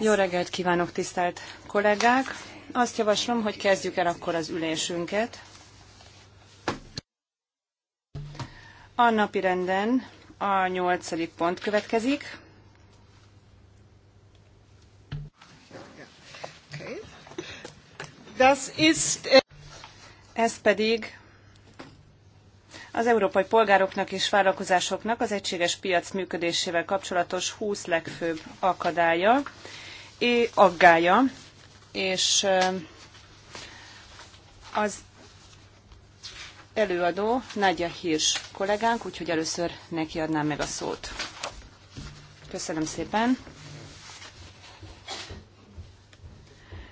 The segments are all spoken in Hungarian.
Jó reggelt kívánok, tisztelt kollégák! Azt javaslom, hogy kezdjük el akkor az ülésünket. A napi renden a nyolcadik pont következik. Das ist... Äh, Ez pedig az európai polgároknak és vállalkozásoknak az egységes piac működésével kapcsolatos 20 legfőbb akadálya, és aggája, és az előadó Nagyja Hirsch kollégánk, úgyhogy először neki adnám meg a szót. Köszönöm szépen.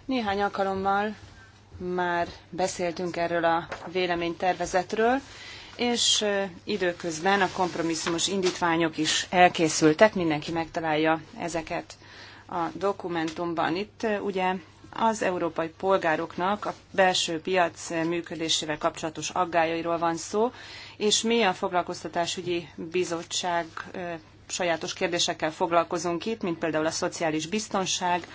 Néhány alkalommal már beszéltünk erről a véleménytervezetről, és időközben a kompromisszumos indítványok is elkészültek, mindenki megtalálja ezeket a dokumentumban. Itt ugye az európai polgároknak a belső piac működésével kapcsolatos aggályairól van szó, és mi a Foglalkoztatásügyi Bizottság sajátos kérdésekkel foglalkozunk itt, mint például a szociális biztonság,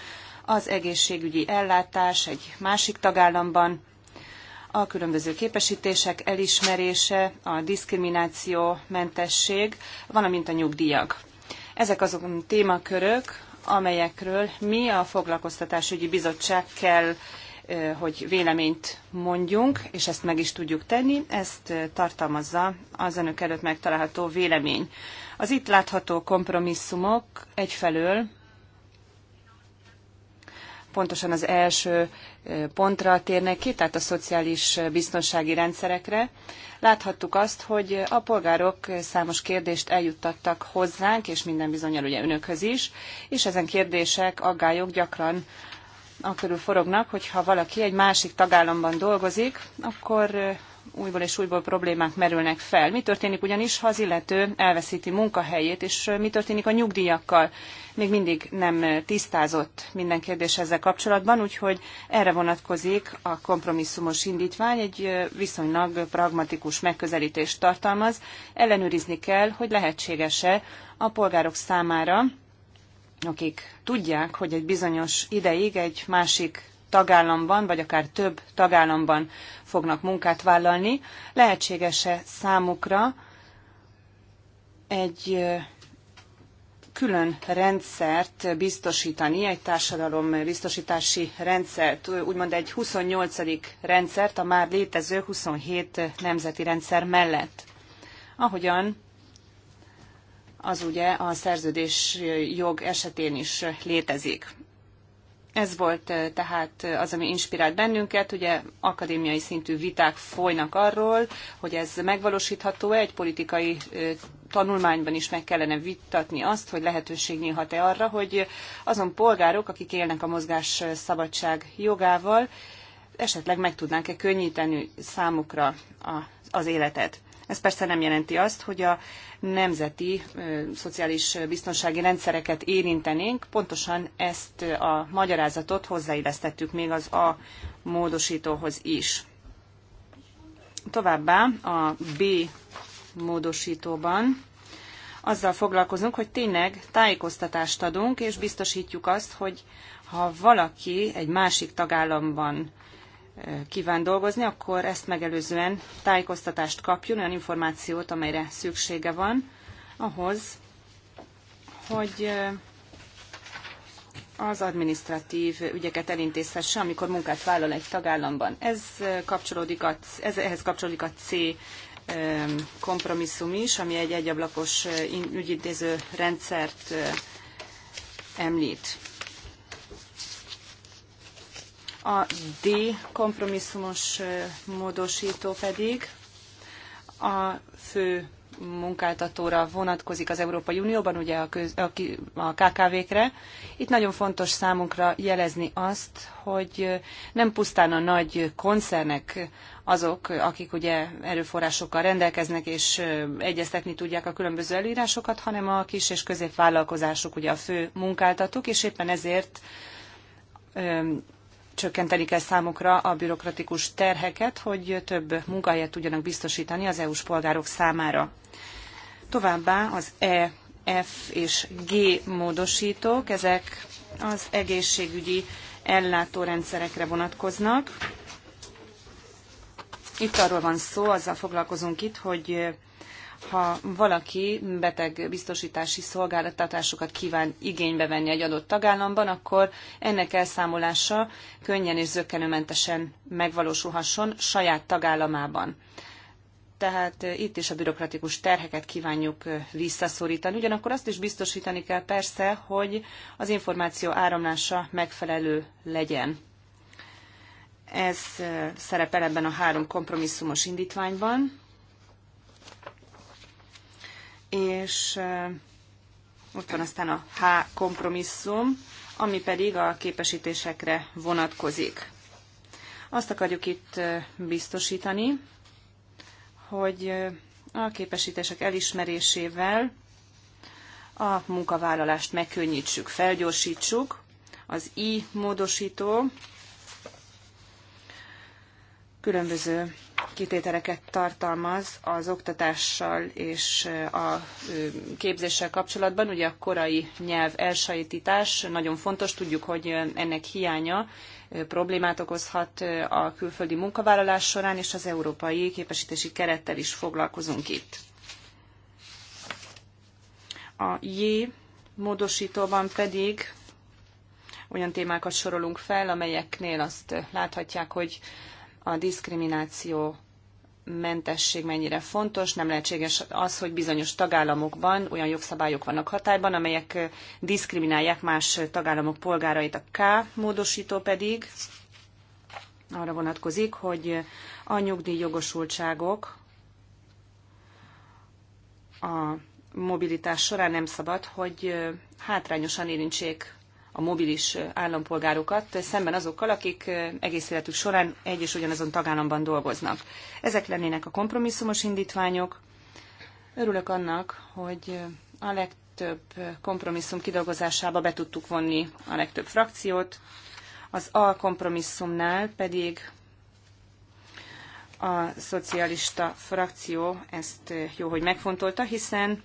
az egészségügyi ellátás egy másik tagállamban, a különböző képesítések elismerése, a diszkrimináció mentesség, valamint a nyugdíjak. Ezek azok a témakörök, amelyekről mi a Foglalkoztatásügyi Bizottság kell, hogy véleményt mondjunk, és ezt meg is tudjuk tenni. Ezt tartalmazza az önök előtt megtalálható vélemény. Az itt látható kompromisszumok egyfelől pontosan az első pontra térnek ki, tehát a szociális biztonsági rendszerekre. Láthattuk azt, hogy a polgárok számos kérdést eljuttattak hozzánk, és minden bizonyal ugye önökhöz is, és ezen kérdések, aggályok gyakran akörül forognak, hogyha valaki egy másik tagállamban dolgozik, akkor újból és újból problémák merülnek fel. Mi történik ugyanis, ha az illető elveszíti munkahelyét, és mi történik a nyugdíjakkal? Még mindig nem tisztázott minden kérdés ezzel kapcsolatban, úgyhogy erre vonatkozik a kompromisszumos indítvány, egy viszonylag pragmatikus megközelítést tartalmaz. Ellenőrizni kell, hogy lehetséges-e a polgárok számára, akik tudják, hogy egy bizonyos ideig egy másik tagállamban, vagy akár több tagállamban fognak munkát vállalni. Lehetséges-e számukra egy külön rendszert biztosítani, egy társadalom biztosítási rendszert, úgymond egy 28. rendszert a már létező 27 nemzeti rendszer mellett. Ahogyan az ugye a szerződés jog esetén is létezik. Ez volt tehát az, ami inspirált bennünket. Ugye akadémiai szintű viták folynak arról, hogy ez megvalósítható-e, egy politikai tanulmányban is meg kellene vitatni azt, hogy lehetőség nyílhat-e arra, hogy azon polgárok, akik élnek a mozgás szabadság jogával, esetleg meg tudnánk-e könnyíteni számukra az életet. Ez persze nem jelenti azt, hogy a nemzeti szociális biztonsági rendszereket érintenénk. Pontosan ezt a magyarázatot hozzáillesztettük még az A módosítóhoz is. Továbbá a B módosítóban azzal foglalkozunk, hogy tényleg tájékoztatást adunk, és biztosítjuk azt, hogy ha valaki egy másik tagállamban kíván dolgozni, akkor ezt megelőzően tájékoztatást kapjon, olyan információt, amelyre szüksége van, ahhoz, hogy az adminisztratív ügyeket elintézhesse, amikor munkát vállal egy tagállamban. Ez kapcsolódik a, ez, ehhez kapcsolódik a C kompromisszum is, ami egy egyablakos ügyintéző rendszert említ. A D kompromisszumos módosító pedig a fő munkáltatóra vonatkozik az Európai Unióban, ugye a, köz, a, a KKV-kre. Itt nagyon fontos számunkra jelezni azt, hogy nem pusztán a nagy koncernek azok, akik ugye erőforrásokkal rendelkeznek és egyeztetni tudják a különböző előírásokat, hanem a kis és középvállalkozások ugye a fő munkáltatók, és éppen ezért csökkenteni kell számukra a bürokratikus terheket, hogy több munkahelyet tudjanak biztosítani az EU-s polgárok számára. Továbbá az E, F és G módosítók, ezek az egészségügyi ellátórendszerekre vonatkoznak. Itt arról van szó, azzal foglalkozunk itt, hogy ha valaki beteg biztosítási szolgáltatásokat kíván igénybe venni egy adott tagállamban, akkor ennek elszámolása könnyen és zökkenőmentesen megvalósulhasson saját tagállamában. Tehát eh, itt is a bürokratikus terheket kívánjuk eh, visszaszorítani. Ugyanakkor azt is biztosítani kell persze, hogy az információ áramlása megfelelő legyen. Ez eh, szerepel ebben a három kompromisszumos indítványban és ott van aztán a H kompromisszum, ami pedig a képesítésekre vonatkozik. Azt akarjuk itt biztosítani, hogy a képesítések elismerésével a munkavállalást megkönnyítsük, felgyorsítsuk. Az I módosító különböző kitételeket tartalmaz az oktatással és a képzéssel kapcsolatban. Ugye a korai nyelv elsajátítás nagyon fontos, tudjuk, hogy ennek hiánya problémát okozhat a külföldi munkavállalás során, és az európai képesítési kerettel is foglalkozunk itt. A J módosítóban pedig olyan témákat sorolunk fel, amelyeknél azt láthatják, hogy a diszkrimináció mentesség mennyire fontos, nem lehetséges az, hogy bizonyos tagállamokban olyan jogszabályok vannak hatályban, amelyek diszkriminálják más tagállamok polgárait. A K módosító pedig arra vonatkozik, hogy a nyugdíjjogosultságok a mobilitás során nem szabad, hogy hátrányosan érintsék mobilis állampolgárokat szemben azokkal, akik egész életük során egy és ugyanazon tagállamban dolgoznak. Ezek lennének a kompromisszumos indítványok. Örülök annak, hogy a legtöbb kompromisszum kidolgozásába be tudtuk vonni a legtöbb frakciót. Az A kompromisszumnál pedig a szocialista frakció ezt jó, hogy megfontolta, hiszen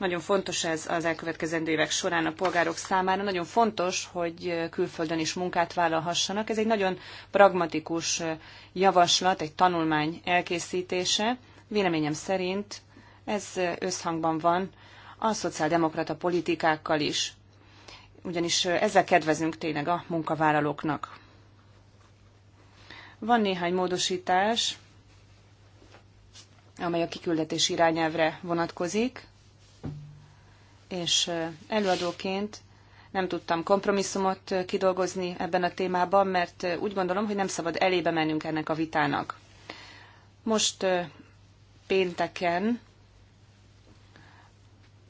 nagyon fontos ez az elkövetkezendő évek során a polgárok számára. Nagyon fontos, hogy külföldön is munkát vállalhassanak. Ez egy nagyon pragmatikus javaslat, egy tanulmány elkészítése. Véleményem szerint ez összhangban van a szociáldemokrata politikákkal is, ugyanis ezzel kedvezünk tényleg a munkavállalóknak. Van néhány módosítás, amely a kiküldetés irányelvre vonatkozik és előadóként nem tudtam kompromisszumot kidolgozni ebben a témában, mert úgy gondolom, hogy nem szabad elébe mennünk ennek a vitának. Most pénteken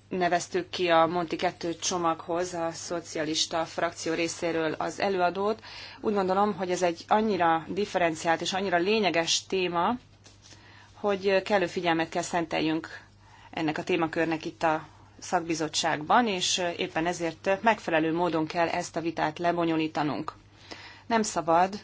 neveztük ki a Monti 2 csomaghoz a szocialista frakció részéről az előadót. Úgy gondolom, hogy ez egy annyira differenciált és annyira lényeges téma, hogy kellő figyelmet kell szenteljünk ennek a témakörnek itt a szakbizottságban, és éppen ezért megfelelő módon kell ezt a vitát lebonyolítanunk. Nem szabad,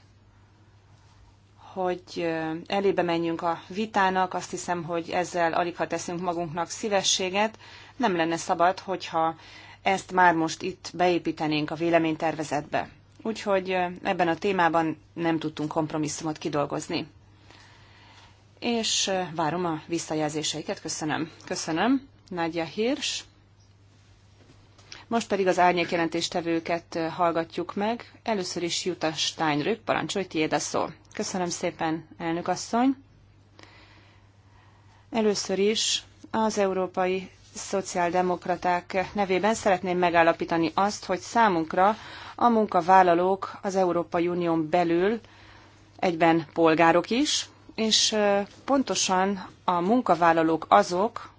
hogy elébe menjünk a vitának, azt hiszem, hogy ezzel alig ha teszünk magunknak szívességet, nem lenne szabad, hogyha ezt már most itt beépítenénk a véleménytervezetbe. Úgyhogy ebben a témában nem tudtunk kompromisszumot kidolgozni. És várom a visszajelzéseiket. Köszönöm. Köszönöm. Nadja Hirsch. Most pedig az árnyék jelentéstevőket hallgatjuk meg. Először is Jutta Steinrück, parancsolj, tiéd a szó. Köszönöm szépen, elnök asszony. Először is az európai szociáldemokraták nevében szeretném megállapítani azt, hogy számunkra a munkavállalók az Európai Unión belül egyben polgárok is, és pontosan a munkavállalók azok,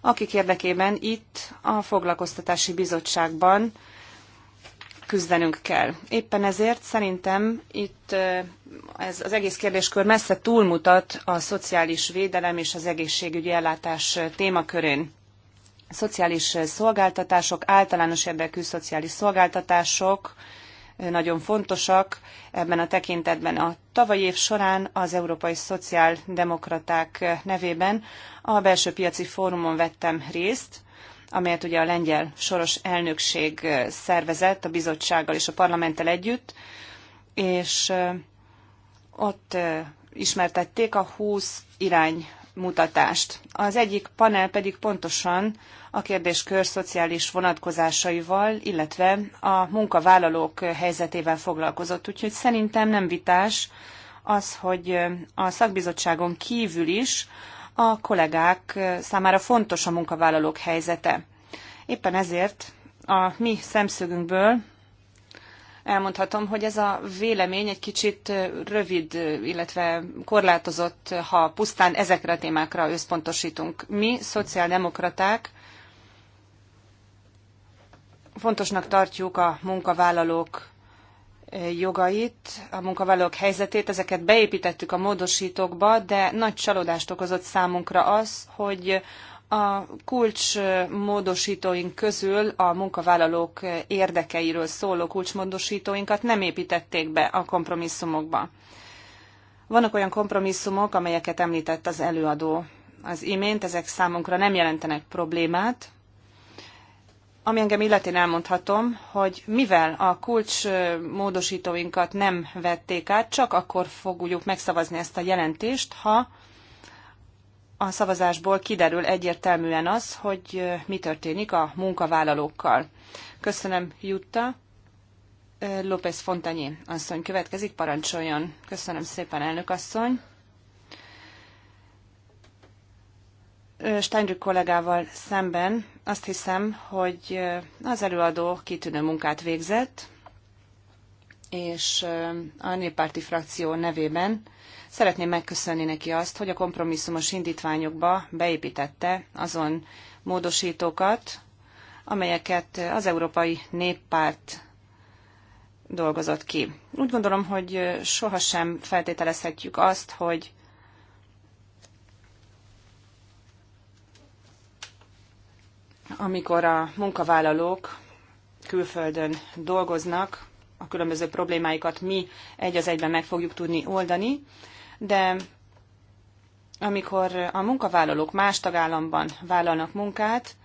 akik érdekében itt a foglalkoztatási bizottságban küzdenünk kell. Éppen ezért szerintem itt ez az egész kérdéskör messze túlmutat a szociális védelem és az egészségügyi ellátás témakörén. A szociális szolgáltatások, általános érdekű szociális szolgáltatások, nagyon fontosak ebben a tekintetben. A tavalyi év során az európai szociáldemokraták nevében a belső piaci fórumon vettem részt, amelyet ugye a lengyel soros elnökség szervezett a bizottsággal és a parlamenttel együtt, és ott ismertették a 20 irány mutatást. Az egyik panel pedig pontosan a kérdéskör szociális vonatkozásaival, illetve a munkavállalók helyzetével foglalkozott. Úgyhogy szerintem nem vitás az, hogy a szakbizottságon kívül is a kollégák számára fontos a munkavállalók helyzete. Éppen ezért a mi szemszögünkből elmondhatom, hogy ez a vélemény egy kicsit rövid, illetve korlátozott, ha pusztán ezekre a témákra összpontosítunk. Mi, szociáldemokraták, fontosnak tartjuk a munkavállalók jogait, a munkavállalók helyzetét, ezeket beépítettük a módosítókba, de nagy csalódást okozott számunkra az, hogy a kulcs közül a munkavállalók érdekeiről szóló kulcsmódosítóinkat nem építették be a kompromisszumokba. Vannak olyan kompromisszumok, amelyeket említett az előadó az imént, ezek számunkra nem jelentenek problémát. Ami engem illetén elmondhatom, hogy mivel a kulcs nem vették át, csak akkor fogjuk megszavazni ezt a jelentést, ha a szavazásból kiderül egyértelműen az, hogy mi történik a munkavállalókkal. Köszönöm, Jutta. López Fontanyi asszony következik, parancsoljon. Köszönöm szépen, elnök asszony. Steinrück kollégával szemben azt hiszem, hogy az előadó kitűnő munkát végzett, és a néppárti frakció nevében Szeretném megköszönni neki azt, hogy a kompromisszumos indítványokba beépítette azon módosítókat, amelyeket az Európai Néppárt dolgozott ki. Úgy gondolom, hogy sohasem feltételezhetjük azt, hogy amikor a munkavállalók külföldön dolgoznak, a különböző problémáikat mi egy az egyben meg fogjuk tudni oldani, de amikor a munkavállalók más tagállamban vállalnak munkát,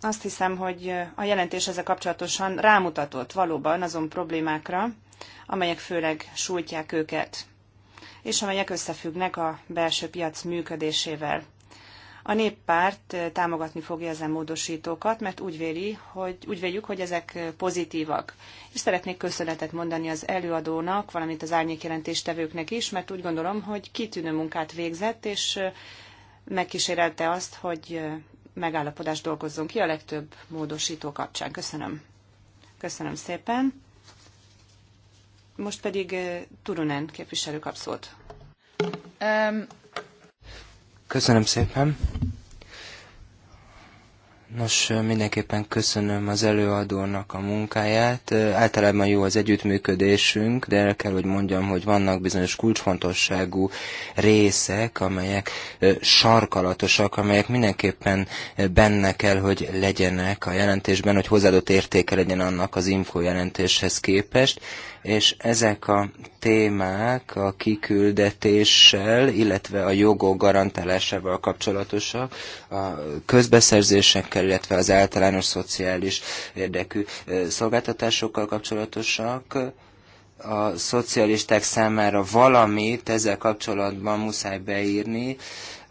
azt hiszem, hogy a jelentés ezzel kapcsolatosan rámutatott valóban azon problémákra, amelyek főleg sújtják őket, és amelyek összefüggnek a belső piac működésével. A néppárt támogatni fogja ezen módosítókat, mert úgy, véli, hogy, úgy véljük, hogy ezek pozitívak. És szeretnék köszönetet mondani az előadónak, valamint az árnyékjelentéstevőknek is, mert úgy gondolom, hogy kitűnő munkát végzett, és megkísérelte azt, hogy megállapodást dolgozzon ki a legtöbb módosító kapcsán. Köszönöm. Köszönöm szépen. Most pedig Turunen képviselő kap szót. Um. Köszönöm szépen. Nos, mindenképpen köszönöm az előadónak a munkáját. Általában jó az együttműködésünk, de el kell, hogy mondjam, hogy vannak bizonyos kulcsfontosságú részek, amelyek sarkalatosak, amelyek mindenképpen benne kell, hogy legyenek a jelentésben, hogy hozzáadott értéke legyen annak az info jelentéshez képest és ezek a témák a kiküldetéssel, illetve a jogok garantálásával kapcsolatosak, a közbeszerzésekkel, illetve az általános szociális érdekű szolgáltatásokkal kapcsolatosak, a szocialisták számára valamit ezzel kapcsolatban muszáj beírni,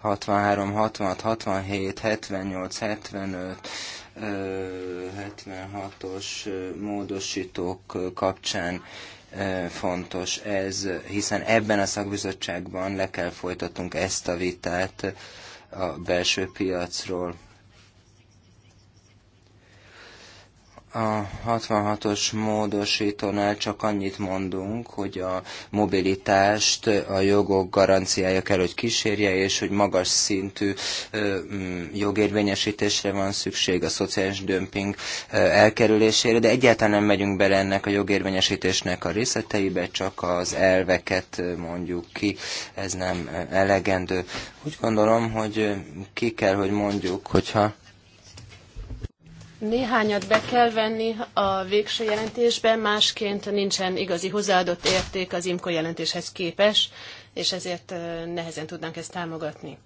63, 66, 67, 78, 75, 76-os módosítók kapcsán fontos ez, hiszen ebben a szakbizottságban le kell folytatnunk ezt a vitát a belső piacról. A 66-os módosítónál csak annyit mondunk, hogy a mobilitást a jogok garanciája kell, hogy kísérje, és hogy magas szintű mm, jogérvényesítésre van szükség a szociális dömping elkerülésére, de egyáltalán nem megyünk bele ennek a jogérvényesítésnek a részleteibe, csak az elveket mondjuk ki, ez nem elegendő. Úgy gondolom, hogy ki kell, hogy mondjuk, hogyha Néhányat be kell venni a végső jelentésbe, másként nincsen igazi hozzáadott érték az IMCO jelentéshez képes, és ezért nehezen tudnánk ezt támogatni.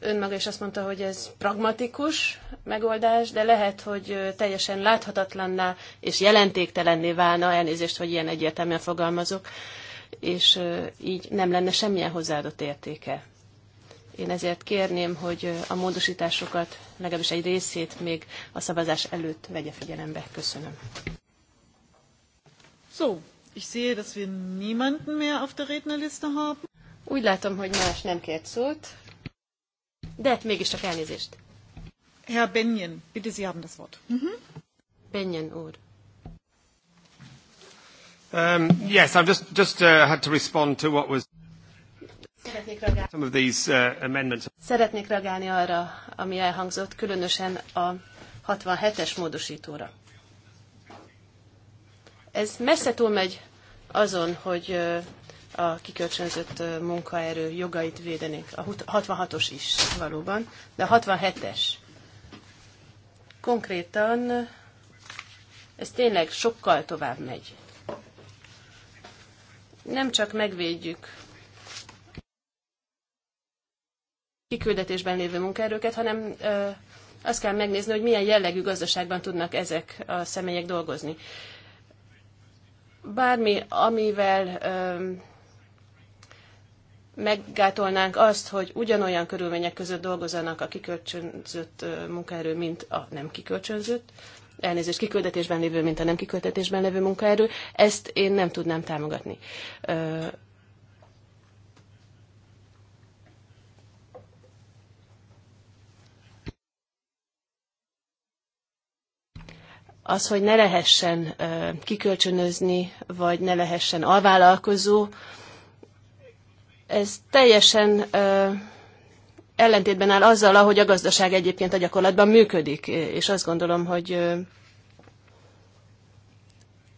Ön maga is azt mondta, hogy ez pragmatikus megoldás, de lehet, hogy teljesen láthatatlanná és jelentéktelenné válna, elnézést, hogy ilyen egyértelműen fogalmazok, és így nem lenne semmilyen hozzáadott értéke. Én ezért kérném, hogy a módosításokat, legalábbis egy részét még a szavazás előtt vegye figyelembe. Köszönöm. So, ich sehe, dass wir niemanden mehr auf der Rednerliste haben. Úgy látom, hogy más nem kért szót, de hát mégiscsak elnézést. Herr Benjen, bitte Sie haben das Wort. Mm-hmm. Benjen úr. Um, yes, I've just, just uh, had to respond to what was... Szeretnék reagálni. Some of these, uh, amendments. Szeretnék reagálni arra, ami elhangzott, különösen a 67-es módosítóra. Ez messze túlmegy azon, hogy a kikölcsönzött munkaerő jogait védenék. A 66-os is valóban, de a 67-es. Konkrétan ez tényleg sokkal tovább megy. Nem csak megvédjük kiküldetésben lévő munkaerőket, hanem azt kell megnézni, hogy milyen jellegű gazdaságban tudnak ezek a személyek dolgozni. Bármi, amivel meggátolnánk azt, hogy ugyanolyan körülmények között dolgozzanak a kikölcsönzött munkaerő, mint a nem kikölcsönzött, elnézést, kiküldetésben lévő, mint a nem kiküldetésben lévő munkaerő, ezt én nem tudnám támogatni. az, hogy ne lehessen kikölcsönözni, vagy ne lehessen alvállalkozó, ez teljesen ellentétben áll azzal, ahogy a gazdaság egyébként a gyakorlatban működik, és azt gondolom, hogy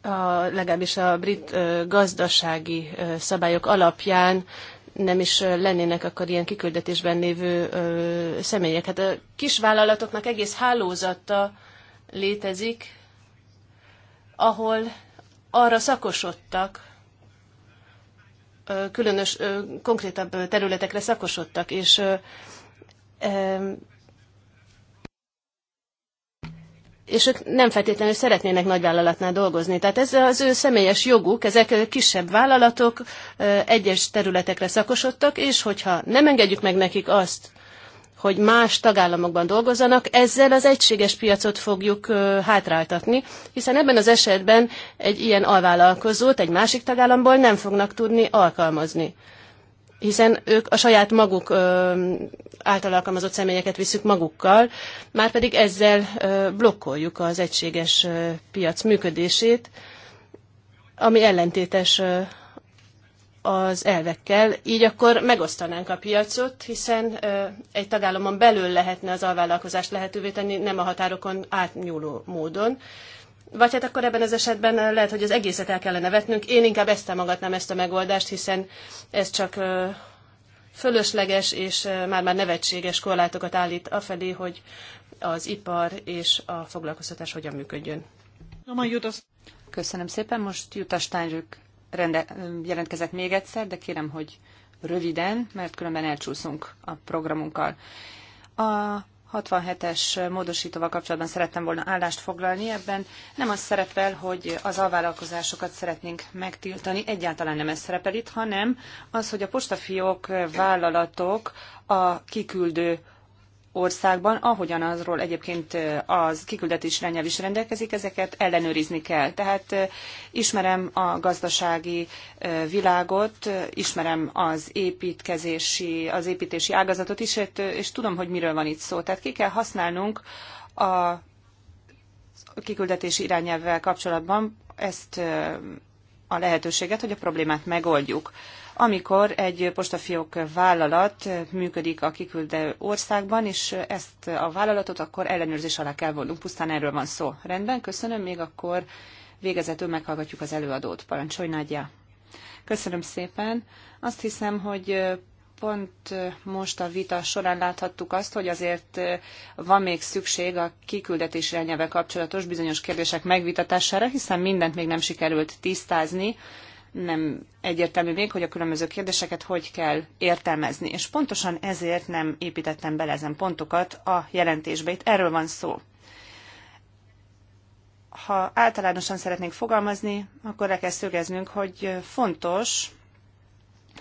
a, legalábbis a brit gazdasági szabályok alapján nem is lennének akkor ilyen kiküldetésben lévő személyek. Hát a kisvállalatoknak egész hálózata létezik, ahol arra szakosodtak, különös, konkrétabb területekre szakosodtak, és és ők nem feltétlenül szeretnének nagyvállalatnál dolgozni. Tehát ez az ő személyes joguk, ezek kisebb vállalatok, egyes területekre szakosodtak, és hogyha nem engedjük meg nekik azt, hogy más tagállamokban dolgozzanak, ezzel az egységes piacot fogjuk hátráltatni, hiszen ebben az esetben egy ilyen alvállalkozót egy másik tagállamból nem fognak tudni alkalmazni hiszen ők a saját maguk ö, által alkalmazott személyeket visszük magukkal, már pedig ezzel ö, blokkoljuk az egységes ö, piac működését, ami ellentétes ö, az elvekkel, így akkor megosztanánk a piacot, hiszen egy tagállamon belül lehetne az alvállalkozást lehetővé tenni, nem a határokon átnyúló módon. Vagy hát akkor ebben az esetben lehet, hogy az egészet el kellene vetnünk. Én inkább ezt támogatnám, ezt a megoldást, hiszen ez csak fölösleges és már-már nevetséges korlátokat állít afelé, hogy az ipar és a foglalkoztatás hogyan működjön. Köszönöm szépen, most Jutta Steinrück rende, jelentkezett még egyszer, de kérem, hogy röviden, mert különben elcsúszunk a programunkkal. A 67-es módosítóval kapcsolatban szerettem volna állást foglalni ebben. Nem az szerepel, hogy az alvállalkozásokat szeretnénk megtiltani, egyáltalán nem ez szerepel itt, hanem az, hogy a postafiók vállalatok a kiküldő országban, ahogyan azról egyébként az kiküldetés irányelv is rendelkezik, ezeket ellenőrizni kell. Tehát ismerem a gazdasági világot, ismerem az építkezési, az építési ágazatot is, hát, és tudom, hogy miről van itt szó. Tehát ki kell használnunk a kiküldetési irányelvvel kapcsolatban ezt a lehetőséget, hogy a problémát megoldjuk amikor egy postafiók vállalat működik a kiküldő országban, és ezt a vállalatot akkor ellenőrzés alá kell vonnunk. Pusztán erről van szó. Rendben, köszönöm. Még akkor végezetül meghallgatjuk az előadót. Parancsolj, Nagyja! Köszönöm szépen. Azt hiszem, hogy pont most a vita során láthattuk azt, hogy azért van még szükség a kiküldetés irányelve kapcsolatos bizonyos kérdések megvitatására, hiszen mindent még nem sikerült tisztázni nem egyértelmű még, hogy a különböző kérdéseket hogy kell értelmezni, és pontosan ezért nem építettem bele ezen pontokat a jelentésbe. Itt erről van szó. Ha általánosan szeretnénk fogalmazni, akkor le kell szögeznünk, hogy fontos,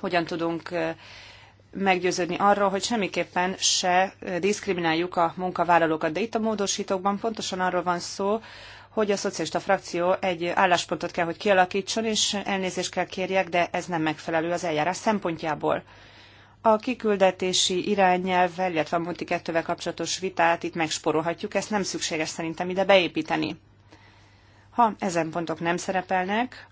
hogyan tudunk meggyőződni arról, hogy semmiképpen se diszkrimináljuk a munkavállalókat. De itt a módosítókban pontosan arról van szó, hogy a szocialista frakció egy álláspontot kell, hogy kialakítson, és elnézést kell kérjek, de ez nem megfelelő az eljárás szempontjából. A kiküldetési irányelvvel, illetve a Monti 2 kapcsolatos vitát itt megsporolhatjuk, ezt nem szükséges szerintem ide beépíteni. Ha ezen pontok nem szerepelnek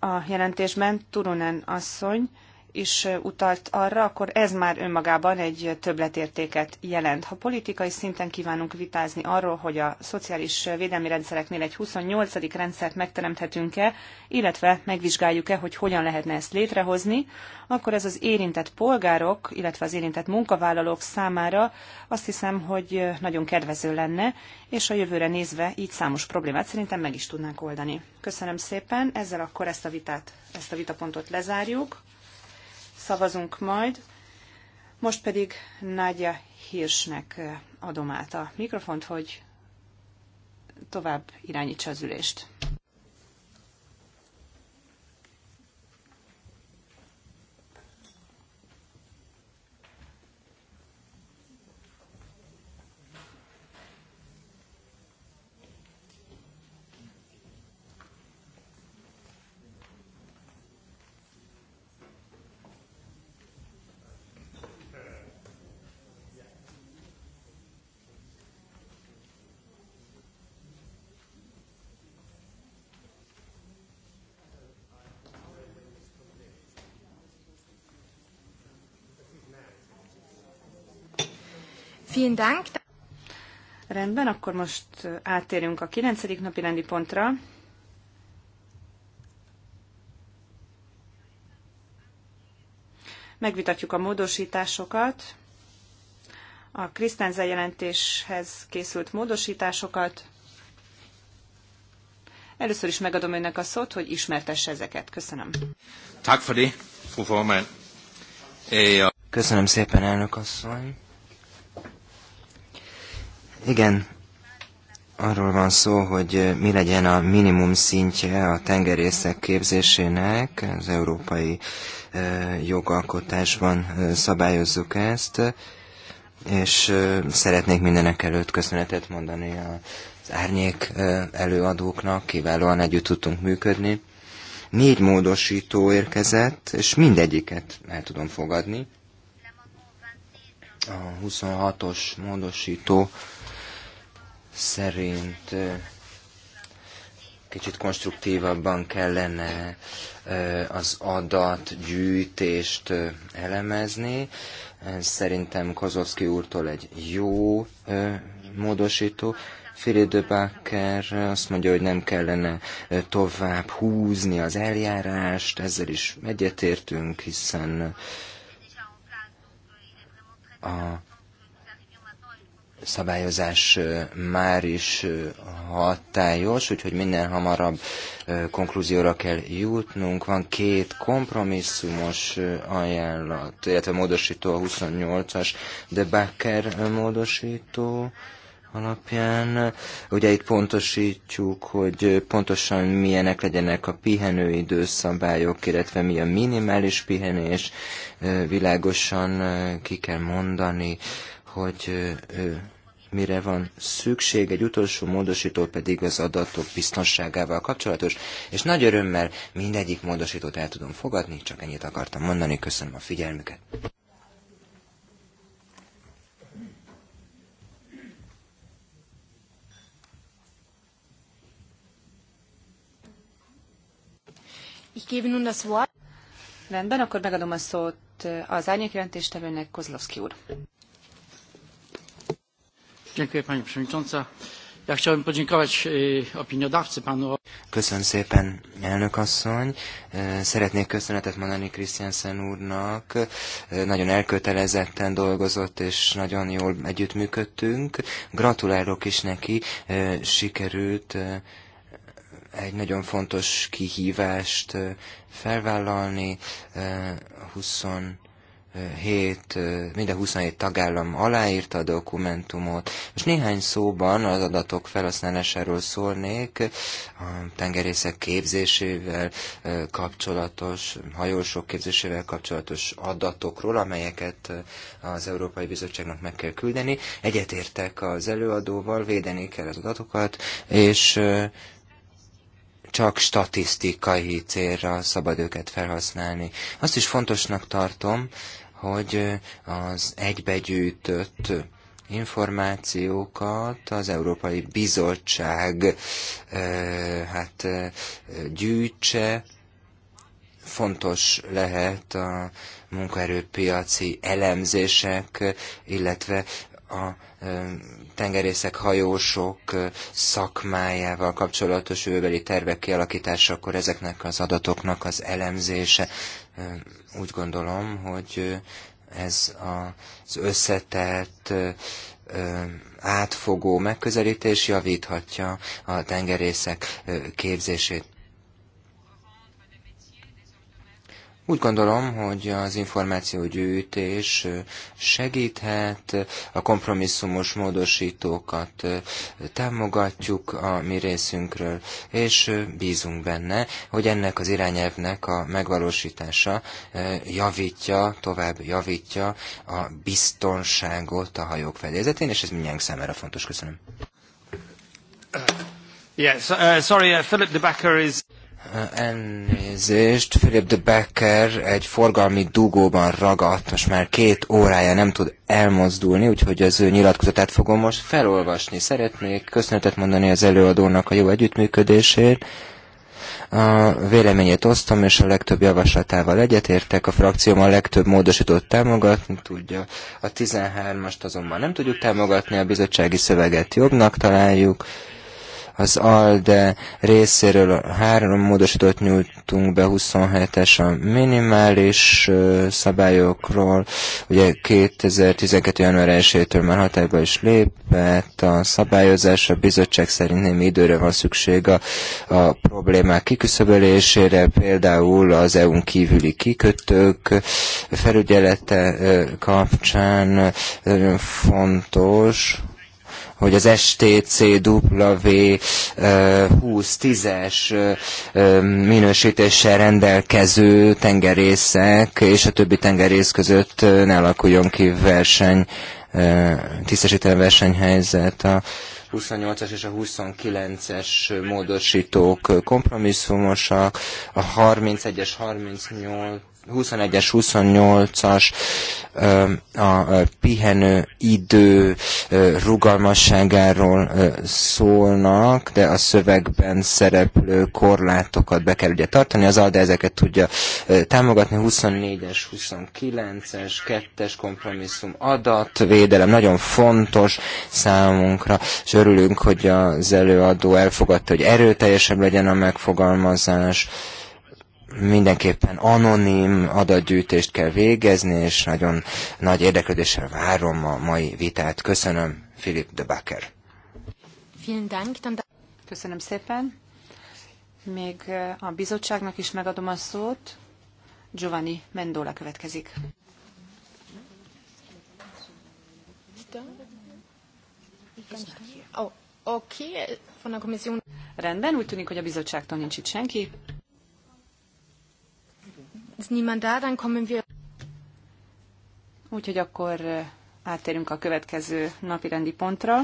a jelentésben, Turunen asszony is utalt arra, akkor ez már önmagában egy többletértéket jelent. Ha politikai szinten kívánunk vitázni arról, hogy a szociális védelmi rendszereknél egy 28. rendszert megteremthetünk-e, illetve megvizsgáljuk-e, hogy hogyan lehetne ezt létrehozni, akkor ez az érintett polgárok, illetve az érintett munkavállalók számára azt hiszem, hogy nagyon kedvező lenne, és a jövőre nézve így számos problémát szerintem meg is tudnánk oldani. Köszönöm szépen, ezzel akkor ezt a vitát, ezt a vitapontot lezárjuk szavazunk majd. Most pedig Nádja Hirsnek adom át a mikrofont, hogy tovább irányítsa az ülést. Vielen Dank. Rendben, akkor most átérünk a 9. napi rendi pontra. Megvitatjuk a módosításokat, a Krisztenze jelentéshez készült módosításokat. Először is megadom önnek a szót, hogy ismertesse ezeket. Köszönöm. Eh, Köszönöm szépen, elnök asszony. Igen, arról van szó, hogy eh, mi legyen a minimum szintje a tengerészek képzésének, az európai eh, jogalkotásban eh, szabályozzuk ezt, és szeretnék mindenek előtt köszönetet mondani az árnyék előadóknak, kiválóan együtt tudtunk működni. Négy módosító érkezett, és mindegyiket el tudom fogadni. A 26-os módosító szerint kicsit konstruktívabban kellene az adatgyűjtést elemezni. Szerintem Kozovszki úrtól egy jó módosító. Firidőbáker azt mondja, hogy nem kellene tovább húzni az eljárást, ezzel is egyetértünk, hiszen a szabályozás már is hatályos, úgyhogy minden hamarabb konklúzióra kell jutnunk. Van két kompromisszumos ajánlat, illetve módosító a 28-as de Bakker módosító alapján. Ugye itt pontosítjuk, hogy pontosan milyenek legyenek a pihenőidő szabályok, illetve mi a minimális pihenés, világosan ki kell mondani, hogy mire van szükség, egy utolsó módosító pedig az adatok biztonságával kapcsolatos, és nagy örömmel mindegyik módosítót el tudom fogadni, csak ennyit akartam mondani, köszönöm a figyelmüket. Ich gebe nun das Wort. Rendben, akkor megadom a szót az árnyékjelentéstevőnek, Kozlovszki úr. Dziękuję Pani Przewodnicząca. Ja podziękować opiniodawcy panu. Köszönöm szépen, elnök asszony. E, szeretnék köszönetet mondani Krisztiánsen úrnak. E, nagyon elkötelezetten dolgozott, és nagyon jól együttműködtünk. Gratulálok is neki. E, sikerült egy nagyon fontos kihívást felvállalni. 20 7, minden 27 tagállam aláírta a dokumentumot. Most néhány szóban az adatok felhasználásáról szólnék, a tengerészek képzésével kapcsolatos, hajósok képzésével kapcsolatos adatokról, amelyeket az Európai Bizottságnak meg kell küldeni. Egyetértek az előadóval, védeni kell az adatokat, és csak statisztikai célra szabad őket felhasználni. Azt is fontosnak tartom, hogy az egybegyűjtött információkat az Európai Bizottság hát gyűjtse, fontos lehet a munkaerőpiaci elemzések, illetve a tengerészek, hajósok szakmájával kapcsolatos jövőbeli tervek kialakításakor ezeknek az adatoknak az elemzése úgy gondolom, hogy ez az összetett, átfogó megközelítés javíthatja a tengerészek képzését. Úgy gondolom, hogy az információgyűjtés segíthet, a kompromisszumos módosítókat támogatjuk a mi részünkről, és bízunk benne, hogy ennek az irányelvnek a megvalósítása javítja, tovább javítja a biztonságot a hajók fedélzetén, és ez mindjárt számára fontos. Köszönöm. Yes, uh, sorry, uh, Philip de Becker is... Elnézést, Philip de Becker egy forgalmi dugóban ragadt, most már két órája nem tud elmozdulni, úgyhogy az ő nyilatkozatát fogom most felolvasni. Szeretnék köszönetet mondani az előadónak a jó együttműködésért. A véleményét osztom, és a legtöbb javaslatával egyetértek. A frakcióm a legtöbb módosítót támogatni tudja. A 13-ast azonban nem tudjuk támogatni, a bizottsági szöveget jobbnak találjuk az ALDE részéről három módosítót nyújtunk be, 27-es a minimális szabályokról. Ugye 2012. január 1-től már hatályba is lépett a szabályozás, a bizottság szerint némi időre van szükség a, a problémák kiküszöbölésére, például az EU-n kívüli kikötők felügyelete kapcsán nagyon fontos, hogy az STCW 20-10-es eh, eh, eh, minősítéssel rendelkező tengerészek és a többi tengerész között ne alakuljon ki verseny, tisztesítelen versenyhelyzet. A 28-as és a 29-es módosítók kompromisszumosak, a 31-es, 38 21-es, 28-as a pihenő idő rugalmasságáról szólnak, de a szövegben szereplő korlátokat be kell ugye tartani, az ALDE ezeket tudja támogatni, 24-es, 29-es, 2-es kompromisszum adatvédelem, nagyon fontos számunkra, és örülünk, hogy az előadó elfogadta, hogy erőteljesebb legyen a megfogalmazás, mindenképpen anonim adatgyűjtést kell végezni, és nagyon nagy érdeklődéssel várom a mai vitát. Köszönöm, Filip de Bakker. Köszönöm szépen. Még eh, a bizottságnak is megadom a szót. Giovanni Mendola következik. Oh, okay. Rendben, úgy tűnik, hogy a bizottságtól nincs itt senki. Úgyhogy akkor átérünk a következő napirendi pontra.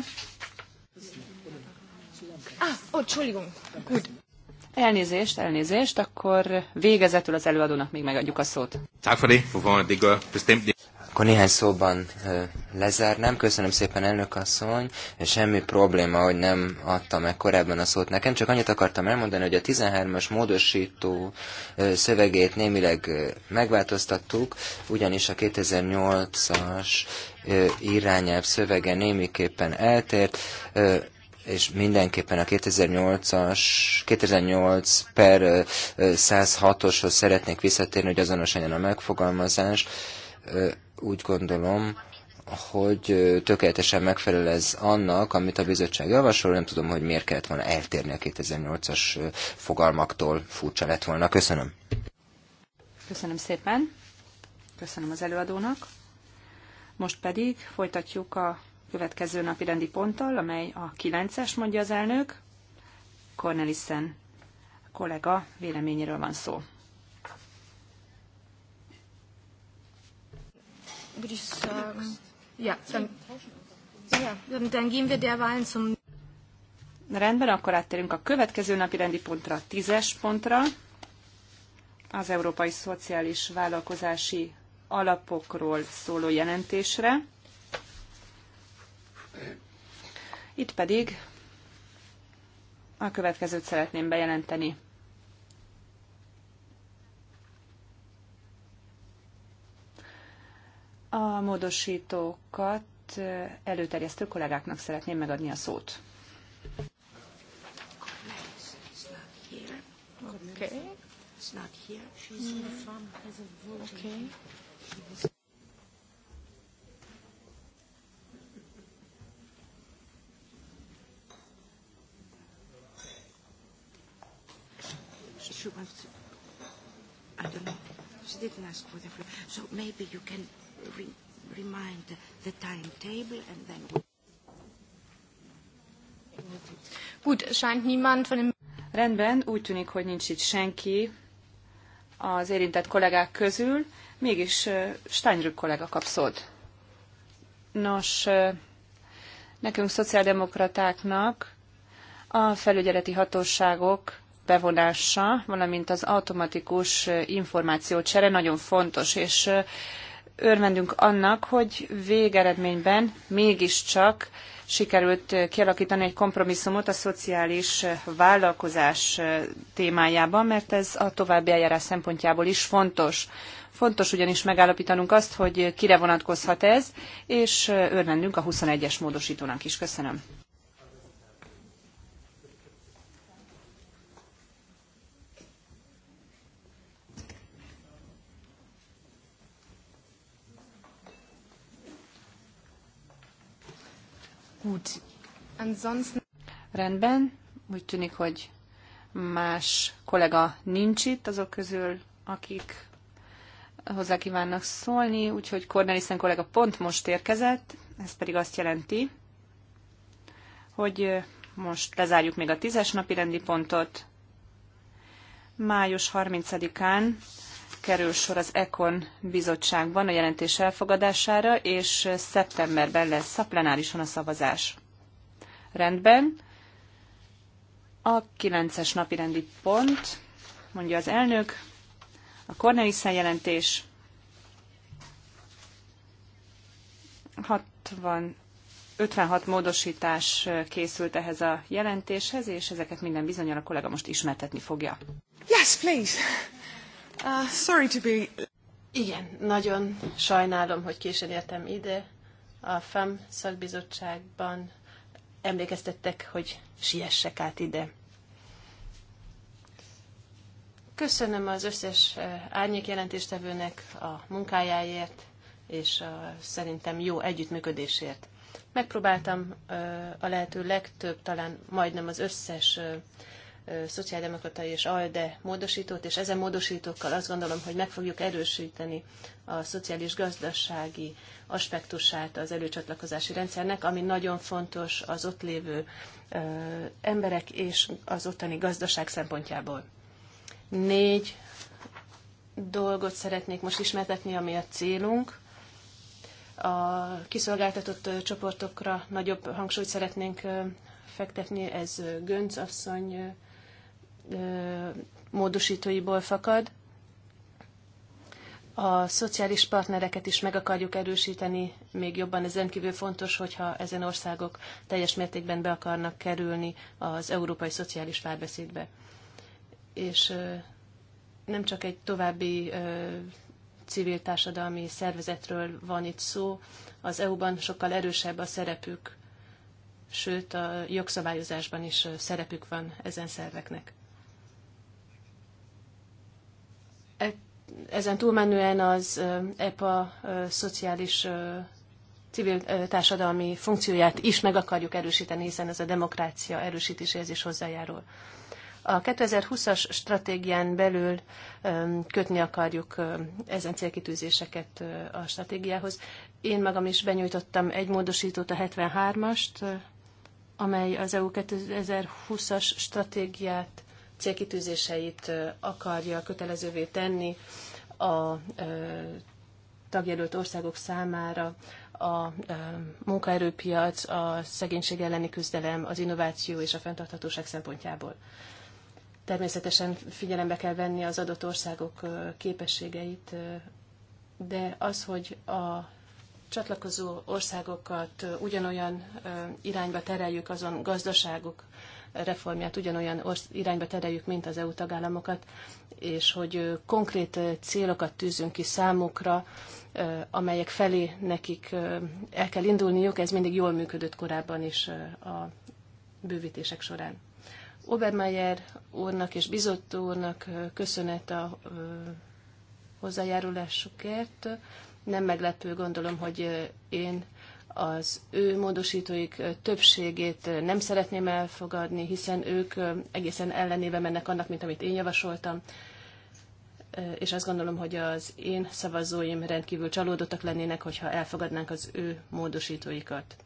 Ah, oh, Entschuldigung. Gut. Elnézést, elnézést, akkor végezetül az előadónak még megadjuk a szót. Tak for det, akkor néhány szóban lezárnám. Köszönöm szépen, elnök asszony. Semmi probléma, hogy nem adtam meg korábban a szót nekem, csak annyit akartam elmondani, hogy a 13-as módosító szövegét némileg megváltoztattuk, ugyanis a 2008-as irányelv szövege némiképpen eltért és mindenképpen a 2008-as, 2008 per 106-oshoz szeretnék visszatérni, hogy azonos legyen a megfogalmazás úgy gondolom, hogy tökéletesen megfelel ez annak, amit a bizottság javasol, nem tudom, hogy miért kellett volna eltérni a 2008-as fogalmaktól, furcsa lett volna. Köszönöm. Köszönöm szépen. Köszönöm az előadónak. Most pedig folytatjuk a következő napi rendi ponttal, amely a 9-es, mondja az elnök. Cornelissen kollega véleményéről van szó. würde ich sagen, ja, dann, ja, dann gehen wir derweilen zum... Rendben, akkor áttérünk a következő napi rendi pontra, tízes pontra, az Európai Szociális Vállalkozási Alapokról szóló jelentésre. Itt pedig a következőt szeretném bejelenteni. A módosítókat eh, előterjesztő kollégáknak szeretném megadni a szót. Okay. It's not here. She's mm. from has a Okay. She she wants to, I don't know. She didn't ask for the floor. So maybe you can re remind the timetable and then we... Gut, scheint niemand von dem... Rendben, úgy tűnik, hogy nincs itt senki az érintett kollégák közül, mégis Steinrück kollega kap szót. Nos, nekünk szociáldemokratáknak a felügyeleti hatóságok bevonása, valamint az automatikus információcsere nagyon fontos, és örvendünk annak, hogy végeredményben mégiscsak sikerült eh, kialakítani egy kompromisszumot a szociális eh, vállalkozás eh, témájában, mert ez a további eljárás szempontjából is fontos. Fontos ugyanis megállapítanunk azt, hogy kire vonatkozhat ez, és örvendünk a 21-es módosítónak is. Köszönöm. Gut. Ansonsten... Rendben, úgy tűnik, hogy más kollega nincs itt azok közül, akik hozzá kívánnak szólni, úgyhogy Cornelissen kollega pont most érkezett, ez pedig azt jelenti, hogy most lezárjuk még a tízes napi rendi pontot. Május 30-án kerül sor az ECON bizottságban a jelentés elfogadására, és szeptemberben lesz a plenárison a szavazás. Rendben. A 9-es napi rendi pont, mondja az elnök, a Cornelissen jelentés 60 56 módosítás készült ehhez a jelentéshez, és ezeket minden bizonyal a kollega most ismertetni fogja. Yes, please. Uh, sorry to be... Igen, nagyon sajnálom, hogy későn értem ide. A FEM szakbizottságban emlékeztettek, hogy siessek át ide. Köszönöm az összes eh, árnyék jelentéstevőnek a munkájáért, és a szerintem jó együttműködésért. Megpróbáltam eh, a lehető legtöbb, talán majdnem az összes eh, szociáldemokrata és ALDE módosítót, és ezen módosítókkal azt gondolom, hogy meg fogjuk erősíteni a szociális gazdasági aspektusát az előcsatlakozási rendszernek, ami nagyon fontos az ott lévő emberek és az ottani gazdaság szempontjából. Négy dolgot szeretnék most ismertetni, ami a célunk. A kiszolgáltatott csoportokra nagyobb hangsúlyt szeretnénk fektetni, ez Gönc asszony módosítóiból fakad. A szociális partnereket is meg akarjuk erősíteni, még jobban ez rendkívül fontos, hogyha ezen országok teljes mértékben be akarnak kerülni az európai szociális párbeszédbe. És nem csak egy további civil társadalmi szervezetről van itt szó, az EU-ban sokkal erősebb a szerepük, sőt a jogszabályozásban is szerepük van ezen szerveknek. ezen túlmenően az EPA szociális civil társadalmi funkcióját is meg akarjuk erősíteni, hiszen ez a demokrácia erősítéséhez is hozzájárul. A 2020-as stratégián belül kötni akarjuk ezen célkitűzéseket a stratégiához. Én magam is benyújtottam egy módosítót, a 73-ast, amely az EU 2020-as stratégiát célkitűzéseit akarja kötelezővé tenni a tagjelölt országok számára a munkaerőpiac, a szegénység elleni küzdelem, az innováció és a fenntarthatóság szempontjából. Természetesen figyelembe kell venni az adott országok képességeit, de az, hogy a csatlakozó országokat ugyanolyan irányba tereljük azon gazdaságok, reformját ugyanolyan irányba tereljük, mint az EU tagállamokat, és hogy konkrét célokat tűzünk ki számukra, amelyek felé nekik el kell indulniuk, ez mindig jól működött korábban is a bővítések során. Obermeyer úrnak és bizott úrnak köszönet a hozzájárulásukért. Nem meglepő, gondolom, hogy én az ő módosítóik többségét nem szeretném elfogadni, hiszen ők egészen ellenébe mennek annak, mint amit én javasoltam, és azt gondolom, hogy az én szavazóim rendkívül csalódottak lennének, hogyha elfogadnánk az ő módosítóikat.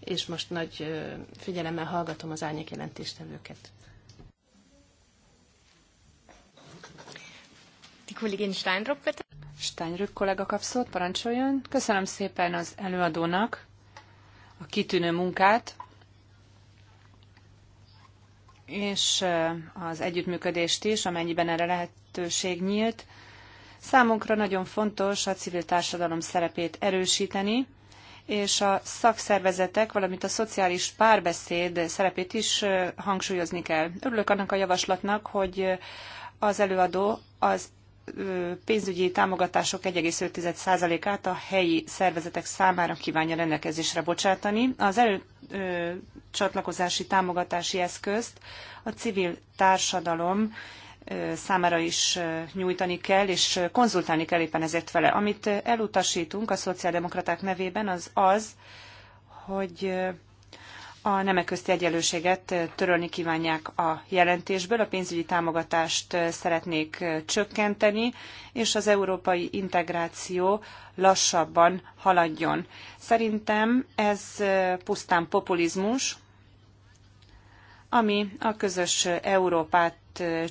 És most nagy figyelemmel hallgatom az árnyék jelentéstevőket. Die Kollegin Steinrupp, bitte. Steinrück kollega kap szót, parancsoljon. Köszönöm szépen az előadónak a kitűnő munkát, és az együttműködést is, amennyiben erre lehetőség nyílt. Számunkra nagyon fontos a civil társadalom szerepét erősíteni, és a szakszervezetek, valamint a szociális párbeszéd szerepét is hangsúlyozni kell. Örülök annak a javaslatnak, hogy az előadó az pénzügyi támogatások 1,5%-át a helyi szervezetek számára kívánja rendelkezésre bocsátani. Az előcsatlakozási támogatási eszközt a civil társadalom számára is nyújtani kell, és konzultálni kell éppen ezért vele. Amit elutasítunk a szociáldemokraták nevében, az az, hogy a nemek közti egyenlőséget törölni kívánják a jelentésből, a pénzügyi támogatást szeretnék csökkenteni, és az európai integráció lassabban haladjon. Szerintem ez pusztán populizmus, ami a közös Európát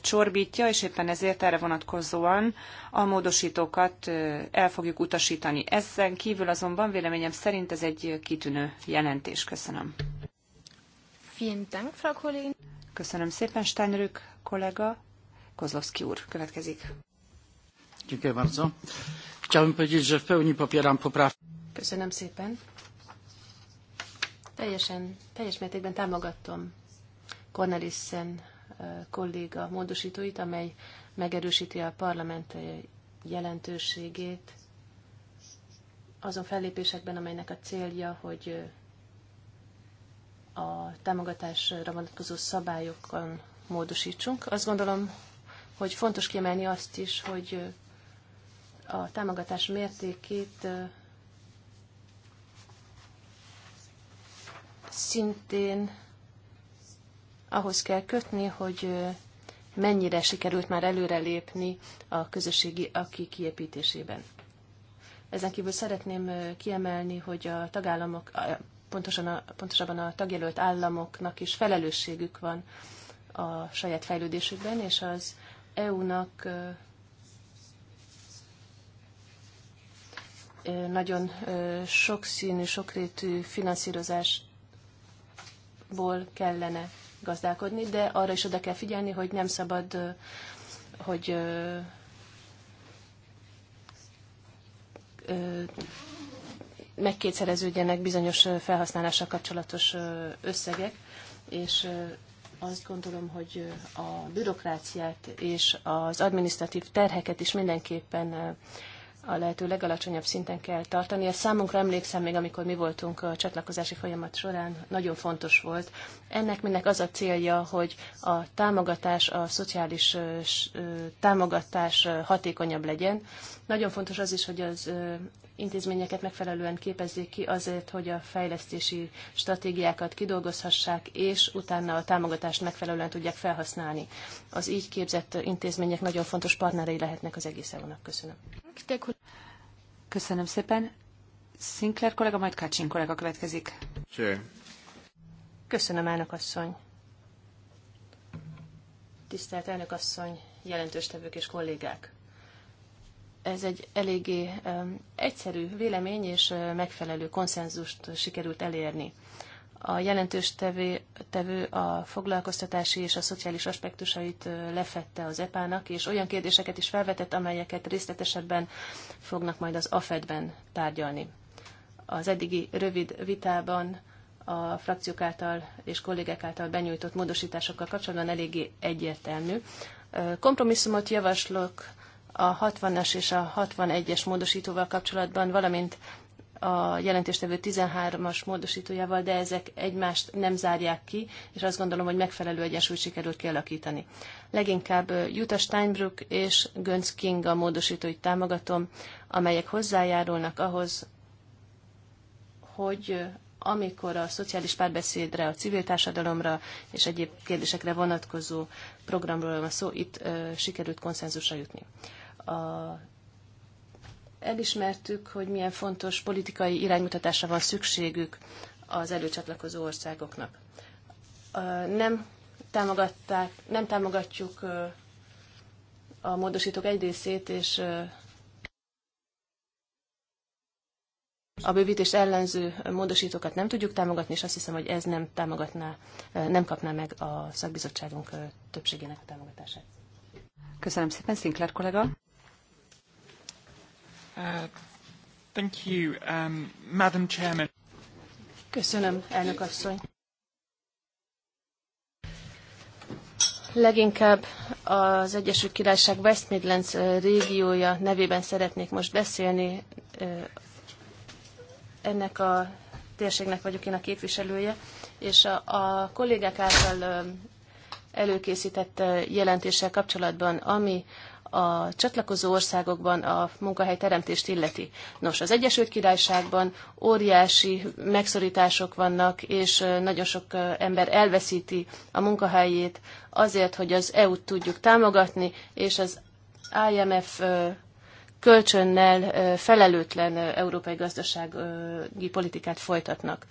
csorbítja, és éppen ezért erre vonatkozóan a módosítókat el fogjuk utasítani. Ezen kívül azonban véleményem szerint ez egy kitűnő jelentés. Köszönöm. Vielen Dank, Frau Köszönöm szépen, Steinrück kollega. Kozlowski úr következik. Dziękuję bardzo. Chciałbym powiedzieć, że w pełni popieram poprawkę. Köszönöm szépen. Teljesen, teljes mértékben támogattam Cornelissen kolléga módosítóit, amely megerősíti a parlament jelentőségét azon fellépésekben, amelynek a célja, hogy a támogatásra vonatkozó szabályokon módosítsunk. Azt gondolom, hogy fontos kiemelni azt is, hogy a támogatás mértékét szintén ahhoz kell kötni, hogy mennyire sikerült már előrelépni a közösségi aki kiépítésében. Ezen kívül szeretném kiemelni, hogy a tagállamok, pontosan a, pontosabban a tagjelölt államoknak is felelősségük van a saját fejlődésükben, és az EU-nak nagyon sokszínű, sokrétű finanszírozásból kellene gazdálkodni, de arra is oda kell figyelni, hogy nem szabad, hogy megkétszereződjenek bizonyos felhasználással kapcsolatos összegek, és azt gondolom, hogy a bürokráciát és az administratív terheket is mindenképpen a lehető legalacsonyabb szinten kell tartani. Ez számunkra emlékszem még, amikor mi voltunk a csatlakozási folyamat során, nagyon fontos volt. Ennek mindnek az a célja, hogy a támogatás, a szociális támogatás hatékonyabb legyen. Nagyon fontos az is, hogy az intézményeket megfelelően képezzék ki azért, hogy a fejlesztési stratégiákat kidolgozhassák, és utána a támogatást megfelelően tudják felhasználni. Az így képzett intézmények nagyon fontos partnerei lehetnek az egész EU-nak. Köszönöm. Köszönöm szépen. Sinclair kollega, majd Kacsin kollega következik. Sure. Köszönöm, elnök asszony. Tisztelt elnök asszony, jelentős tevők és kollégák! ez egy eléggé egyszerű vélemény és megfelelő konszenzust sikerült elérni. A jelentős tevő, tevő a foglalkoztatási és a szociális aspektusait lefette az EPA-nak, és olyan kérdéseket is felvetett, amelyeket részletesebben fognak majd az AFED-ben tárgyalni. Az eddigi rövid vitában a frakciók által és kollégák által benyújtott módosításokkal kapcsolatban eléggé egyértelmű. Kompromisszumot javaslok a 60-as és a 61-es módosítóval kapcsolatban, valamint a jelentéstevő 13-as módosítójával, de ezek egymást nem zárják ki, és azt gondolom, hogy megfelelő egyensúlyt sikerült kialakítani. Leginkább Jutta Steinbrück és Gönc King a módosítóit támogatom, amelyek hozzájárulnak ahhoz, hogy amikor a szociális párbeszédre, a civil társadalomra és egyéb kérdésekre vonatkozó programról van szó, itt ö, sikerült konszenzusra jutni a, elismertük, hogy milyen fontos politikai iránymutatásra van szükségük az előcsatlakozó országoknak. Nem, támogatták, nem támogatjuk a módosítók egy részét, és a bővítést ellenző módosítókat nem tudjuk támogatni, és azt hiszem, hogy ez nem támogatná, nem kapná meg a szakbizottságunk többségének a támogatását. Köszönöm szépen, Sinclair kollega. Uh, thank you, um, Madam Chairman. Köszönöm, elnök asszony. Leginkább az Egyesült Királyság West Midlands uh, régiója nevében szeretnék most beszélni. Uh, ennek a térségnek vagyok én a képviselője, és a, a kollégák által um, előkészített jelentéssel kapcsolatban, ami a csatlakozó országokban a munkahely illeti. Nos, az Egyesült Királyságban óriási megszorítások vannak, és nagyon sok ember elveszíti a munkahelyét azért, hogy az EU-t tudjuk támogatni, és az IMF kölcsönnel felelőtlen európai gazdasági politikát folytatnak.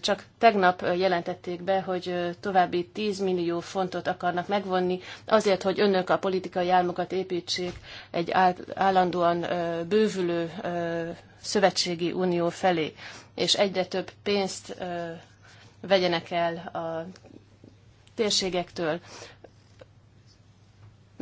Csak tegnap jelentették be, hogy további 10 millió fontot akarnak megvonni azért, hogy önök a politikai álmokat építsék egy állandóan bővülő szövetségi unió felé, és egyre több pénzt vegyenek el a térségektől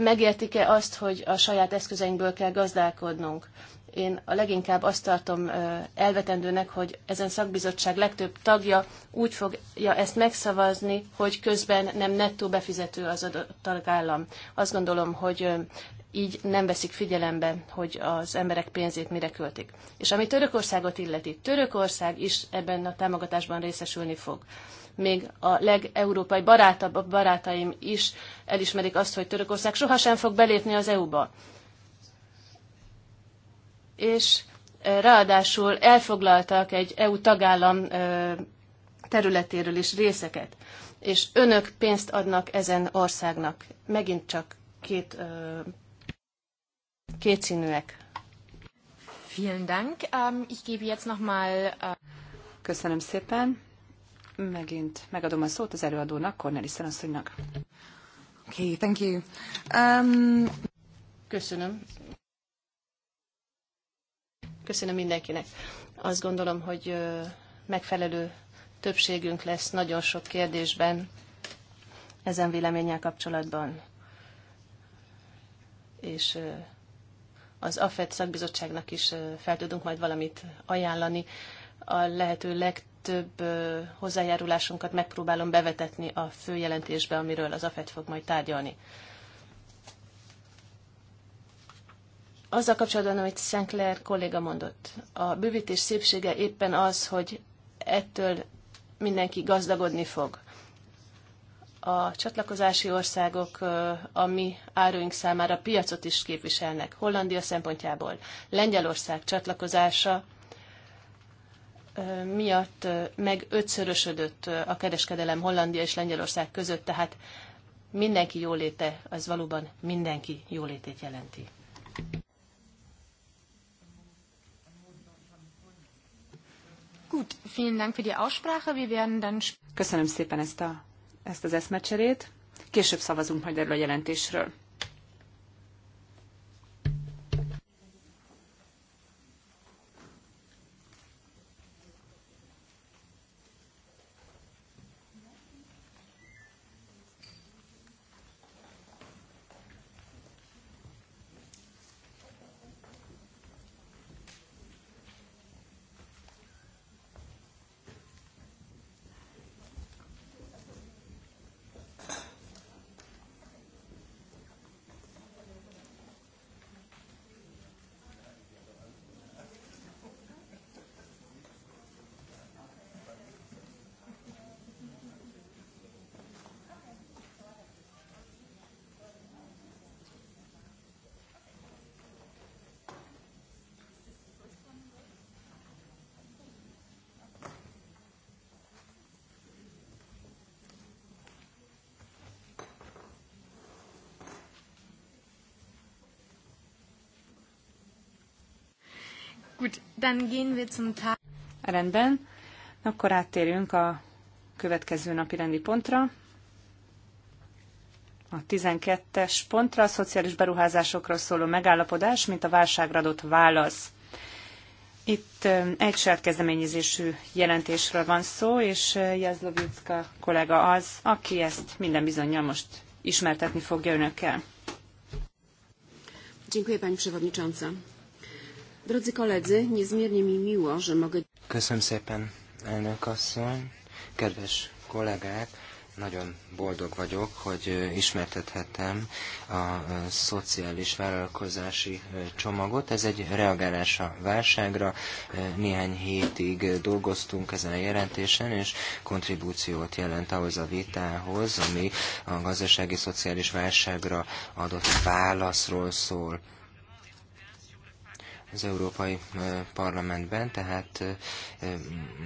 megértik-e azt, hogy a saját eszközeinkből kell gazdálkodnunk. Én a leginkább azt tartom elvetendőnek, hogy ezen szakbizottság legtöbb tagja úgy fogja ezt megszavazni, hogy közben nem nettó befizető az adott tagállam. Azt gondolom, hogy így nem veszik figyelembe, hogy az emberek pénzét mire költik. És ami Törökországot illeti, Törökország is ebben a támogatásban részesülni fog még a legeurópai barátabb barátaim is elismerik azt, hogy Törökország sohasem fog belépni az EU-ba. És eh, ráadásul elfoglaltak egy EU tagállam eh, területéről is részeket, és önök pénzt adnak ezen országnak. Megint csak két, eh, két színűek. Vielen Dank. Ähm, ich gebe jetzt nochmal. Äh, Köszönöm szépen. Megint megadom a szót az előadónak, Szenasszonynak. Oké, Okay, thank you. Um... Köszönöm. Köszönöm mindenkinek. Azt gondolom, hogy megfelelő többségünk lesz nagyon sok kérdésben ezen véleménnyel kapcsolatban. És az AFED szakbizottságnak is fel tudunk majd valamit ajánlani. A lehető leg több hozzájárulásunkat megpróbálom bevetetni a főjelentésbe, amiről az AFET fog majd tárgyalni. Azzal kapcsolatban, amit Sinclair kolléga mondott, a bővítés szépsége éppen az, hogy ettől mindenki gazdagodni fog. A csatlakozási országok a mi áruink számára piacot is képviselnek, Hollandia szempontjából. Lengyelország csatlakozása miatt meg ötszörösödött a kereskedelem Hollandia és Lengyelország között, tehát mindenki jóléte, az valóban mindenki jólétét jelenti. Gut, vielen Dank für die Aussprache. Wir werden dann Köszönöm szépen ezt, a, ezt az eszmecserét. Később szavazunk majd erről a jelentésről. Gut, dann gehen wir zum Tag. Rendben, akkor áttérünk a következő napi rendi pontra. A 12-es pontra a szociális beruházásokról szóló megállapodás, mint a válságra adott válasz. Itt egy saját kezdeményezésű jelentésről van szó, és Jazlovicka kollega az, aki ezt minden bizonyal most ismertetni fogja önökkel. Dziękuję Pani Przewodnicząca. Drodzy koledzy, niezmiernie mi miło, że mogę... Köszönöm szépen, elnök asszony. Kedves kollégák, nagyon boldog vagyok, hogy ismertethetem a szociális vállalkozási csomagot. Ez egy reagálás a válságra. Néhány hétig dolgoztunk ezen a jelentésen, és kontribúciót jelent ahhoz a vitához, ami a gazdasági szociális válságra adott válaszról szól az Európai Parlamentben, tehát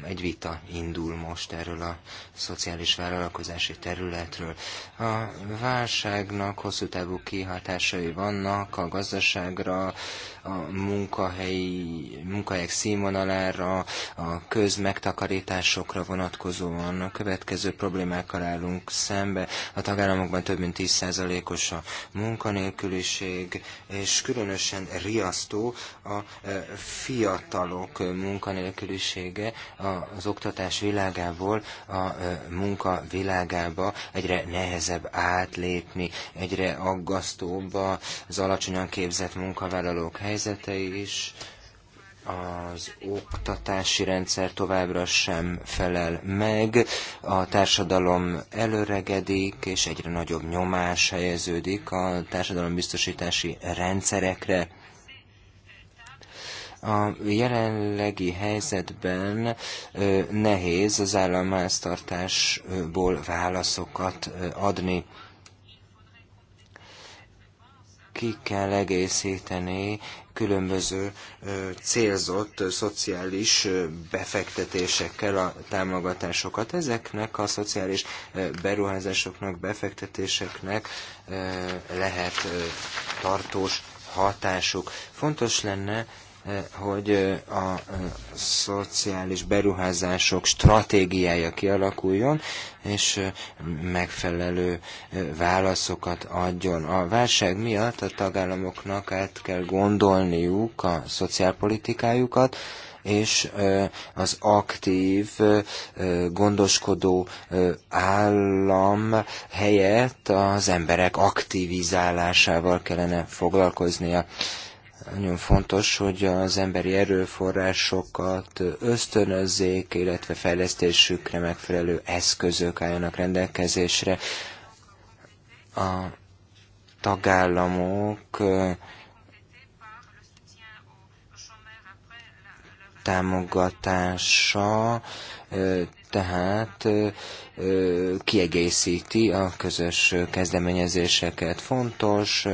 egy vita indul most erről a szociális vállalkozási területről. A válságnak hosszú távú kihatásai vannak a gazdaságra, a munkahelyi, munkahelyek színvonalára, a közmegtakarításokra vonatkozóan a következő problémákkal állunk szembe. A tagállamokban több mint 10%-os a munkanélküliség, és különösen riasztó a a e, fiatalok munkanélkülisége az oktatás világából a e, munka világába egyre nehezebb átlépni, egyre aggasztóbb az alacsonyan képzett munkavállalók helyzete is, az oktatási rendszer továbbra sem felel meg, a társadalom előregedik, és egyre nagyobb nyomás helyeződik a társadalombiztosítási rendszerekre. A jelenlegi helyzetben nehéz az államháztartásból válaszokat adni ki kell egészíteni különböző célzott szociális befektetésekkel a támogatásokat. Ezeknek a szociális beruházásoknak, befektetéseknek lehet tartós hatásuk. Fontos lenne hogy a szociális beruházások stratégiája kialakuljon, és megfelelő válaszokat adjon. A válság miatt a tagállamoknak át kell gondolniuk a szociálpolitikájukat, és az aktív, gondoskodó állam helyett az emberek aktivizálásával kellene foglalkoznia. Nagyon fontos, hogy az emberi erőforrásokat ösztönözzék, illetve fejlesztésükre megfelelő eszközök álljanak rendelkezésre. A tagállamok támogatása tehát kiegészíti a közös kezdeményezéseket. Fontos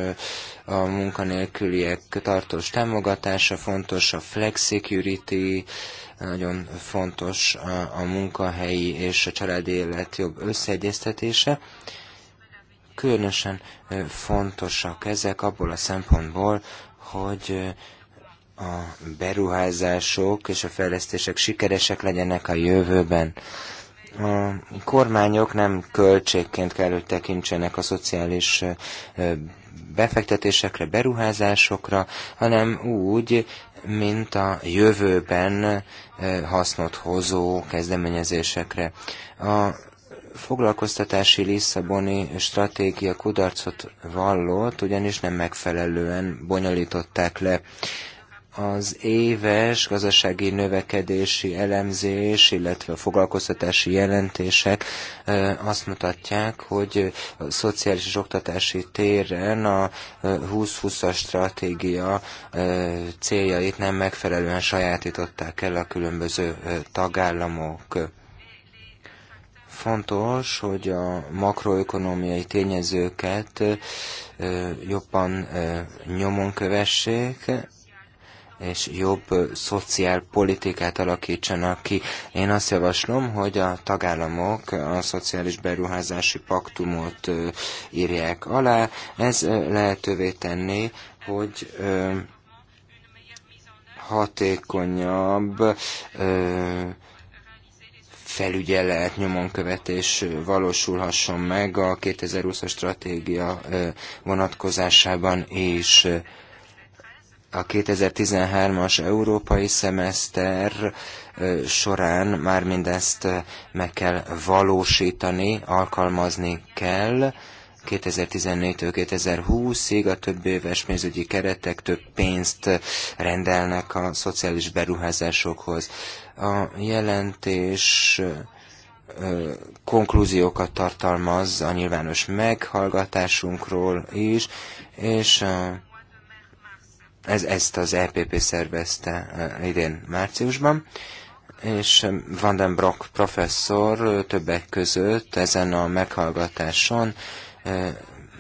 a munkanélküliek tartós támogatása fontos, a flex security, nagyon fontos a, a munkahelyi és a családi élet jobb összeegyeztetése. Különösen fontosak ezek abból a szempontból, hogy a beruházások és a fejlesztések sikeresek legyenek a jövőben. A kormányok nem költségként kell, hogy tekintsenek a szociális befektetésekre, beruházásokra, hanem úgy, mint a jövőben eh, hasznot hozó kezdeményezésekre. A foglalkoztatási Lisszaboni stratégia kudarcot vallott, ugyanis nem megfelelően bonyolították le az éves gazdasági növekedési elemzés, illetve a foglalkoztatási jelentések azt mutatják, hogy a szociális és oktatási téren a 2020-as stratégia céljait nem megfelelően sajátították el a különböző tagállamok fontos, hogy a makroökonomiai tényezőket jobban nyomon kövessék, és jobb szociálpolitikát alakítsanak ki. Én azt javaslom, hogy a tagállamok a szociális beruházási paktumot írják alá. Ez lehetővé tenni, hogy hatékonyabb felügyelet, nyomonkövetés valósulhasson meg a 2020-as stratégia vonatkozásában is. És a 2013-as európai szemeszter során már mindezt meg kell valósítani, alkalmazni kell. 2014-től 2020-ig a több éves pénzügyi keretek több pénzt rendelnek a szociális beruházásokhoz. A jelentés konklúziókat tartalmaz a nyilvános meghallgatásunkról is, és a ez, ezt az EPP szervezte eh, idén márciusban, és den Brock professzor eh, többek között ezen a meghallgatáson eh,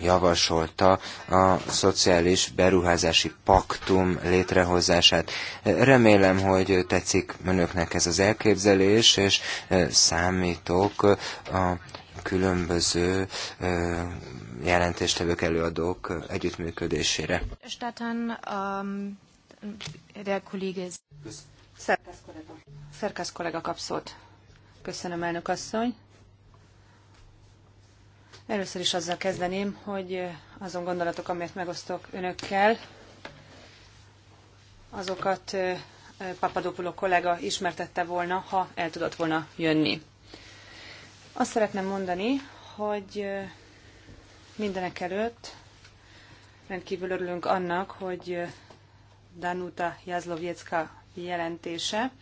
javasolta a szociális beruházási paktum létrehozását. Remélem, hogy tetszik önöknek ez az elképzelés, és számítok a különböző jelentéstevők előadók együttműködésére. Statán, um, kollega. kollega kap szót. Köszönöm, elnök asszony. Először is azzal kezdeném, hogy azon gondolatok, amelyet megosztok önökkel, azokat Papadopulo kollega ismertette volna, ha el tudott volna jönni. Azt szeretném mondani, hogy Mindenek előtt rendkívül örülünk annak, hogy Danuta Jazlovjecka jelentése,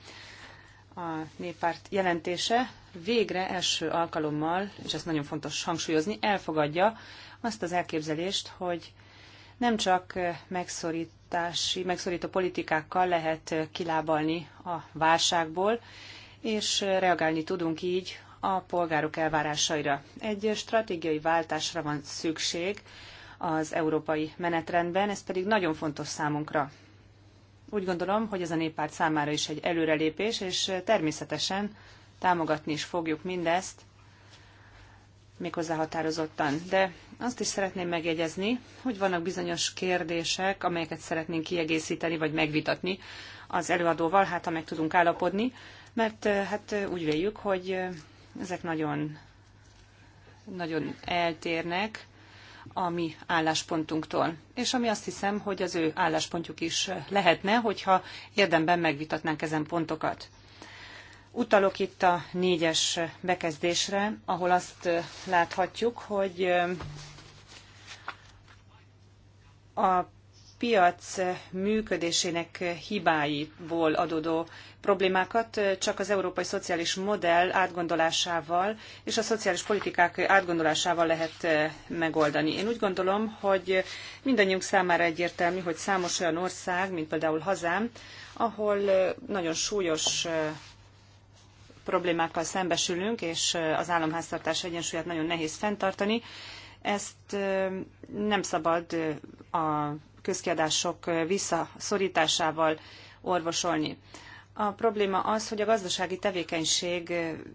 a néppárt jelentése végre első alkalommal, és ezt nagyon fontos hangsúlyozni, elfogadja azt az elképzelést, hogy nem csak megszorítási, megszorító politikákkal lehet kilábalni a válságból, és reagálni tudunk így a polgárok elvárásaira. Egy stratégiai váltásra van szükség az európai menetrendben, ez pedig nagyon fontos számunkra. Úgy gondolom, hogy ez a néppárt számára is egy előrelépés, és természetesen támogatni is fogjuk mindezt, méghozzá határozottan. De azt is szeretném megjegyezni, hogy vannak bizonyos kérdések, amelyeket szeretnénk kiegészíteni vagy megvitatni az előadóval, hát ha meg tudunk állapodni, mert eh, hát eh, úgy véljük, hogy eh, ezek nagyon, nagyon eltérnek a mi álláspontunktól. És ami azt hiszem, hogy az ő álláspontjuk is lehetne, hogyha érdemben megvitatnánk ezen pontokat. Utalok itt a négyes bekezdésre, ahol azt láthatjuk, hogy a piac működésének hibáiból adódó problémákat csak az európai szociális modell átgondolásával és a szociális politikák átgondolásával lehet eh, megoldani. Én úgy gondolom, hogy mindannyiunk számára egyértelmű, hogy számos olyan ország, mint például hazám, ahol eh, nagyon súlyos eh, problémákkal szembesülünk, és az államháztartás egyensúlyát nagyon nehéz fenntartani. Ezt nem szabad a közkiadások visszaszorításával orvosolni. A probléma az, hogy a gazdasági tevékenység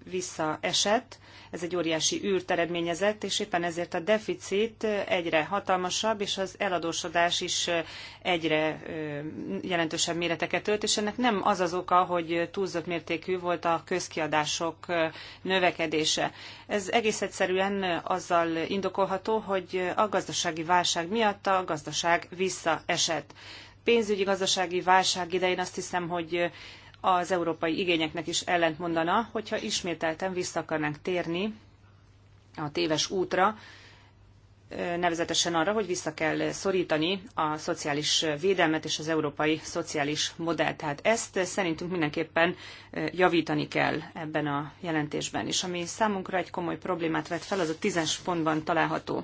visszaesett, ez egy óriási űrt eredményezett, és éppen ezért a deficit egyre hatalmasabb, és az eladósodás is egyre jelentősebb méreteket ölt, és ennek nem az az oka, hogy túlzott mértékű volt a közkiadások növekedése. Ez egész egyszerűen azzal indokolható, hogy a gazdasági válság miatt a gazdaság visszaesett. Pénzügyi gazdasági válság idején azt hiszem, hogy az európai igényeknek is ellentmondana, hogyha ismételten vissza akarnánk térni a téves útra, nevezetesen arra, hogy vissza kell szorítani a szociális védelmet és az európai szociális modellt. Tehát ezt szerintünk mindenképpen javítani kell ebben a jelentésben. És ami számunkra egy komoly problémát vet fel, az a tízes pontban található.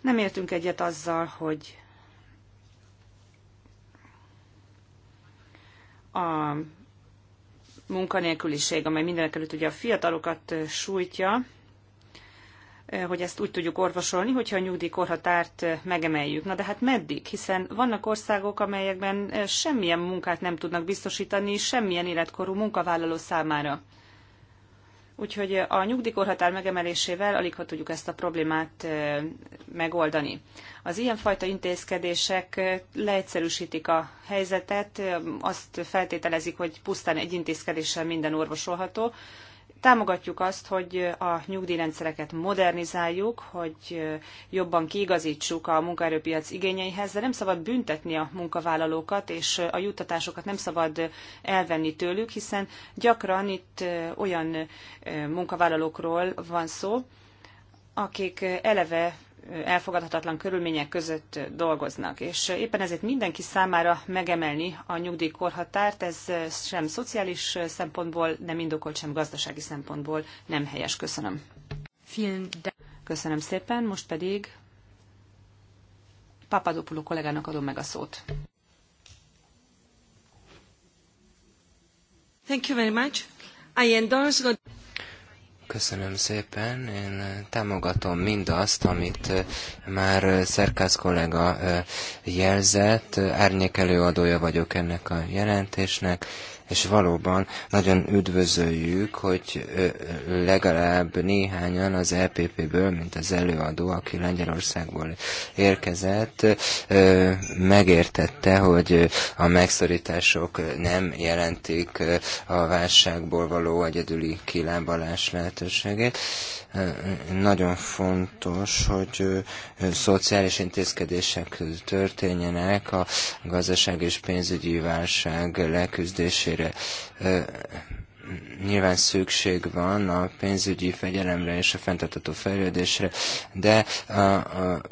Nem értünk egyet azzal, hogy a munkanélküliség, amely mindenek előtt ugye a fiatalokat sújtja, hogy ezt úgy tudjuk orvosolni, hogyha a nyugdíjkorhatárt megemeljük. Na de hát meddig? Hiszen vannak országok, amelyekben semmilyen munkát nem tudnak biztosítani, semmilyen életkorú munkavállaló számára. Úgyhogy a nyugdíjkorhatár megemelésével alig ha tudjuk ezt a problémát megoldani. Az ilyenfajta intézkedések leegyszerűsítik a helyzetet, azt feltételezik, hogy pusztán egy intézkedéssel minden orvosolható, Támogatjuk azt, hogy a nyugdíjrendszereket modernizáljuk, hogy jobban kiigazítsuk a munkaerőpiac igényeihez, de nem szabad büntetni a munkavállalókat, és a juttatásokat nem szabad elvenni tőlük, hiszen gyakran itt olyan munkavállalókról van szó, akik eleve elfogadhatatlan körülmények között dolgoznak. És éppen ezért mindenki számára megemelni a nyugdíjkorhatárt, ez sem szociális szempontból nem indokolt, sem gazdasági szempontból nem helyes. Köszönöm. Köszönöm szépen, most pedig Papadopoulou kollégának adom meg a szót. Thank you very much. I endorse... Köszönöm szépen. Én eh, támogatom mindazt, amit eh, már eh, Szerkász kollega jelzett. Árnyék előadója vagyok ennek a jelentésnek és valóban nagyon üdvözöljük, hogy legalább néhányan az EPP-ből, mint az előadó, aki Lengyelországból érkezett, megértette, hogy a megszorítások nem jelentik a válságból való egyedüli kilábalás lehetőségét, nagyon fontos, hogy szociális intézkedések történjenek a gazdaság és pénzügyi válság leküzdésére nyilván szükség van a pénzügyi fegyelemre és a fenntartató fejlődésre, de a, a, a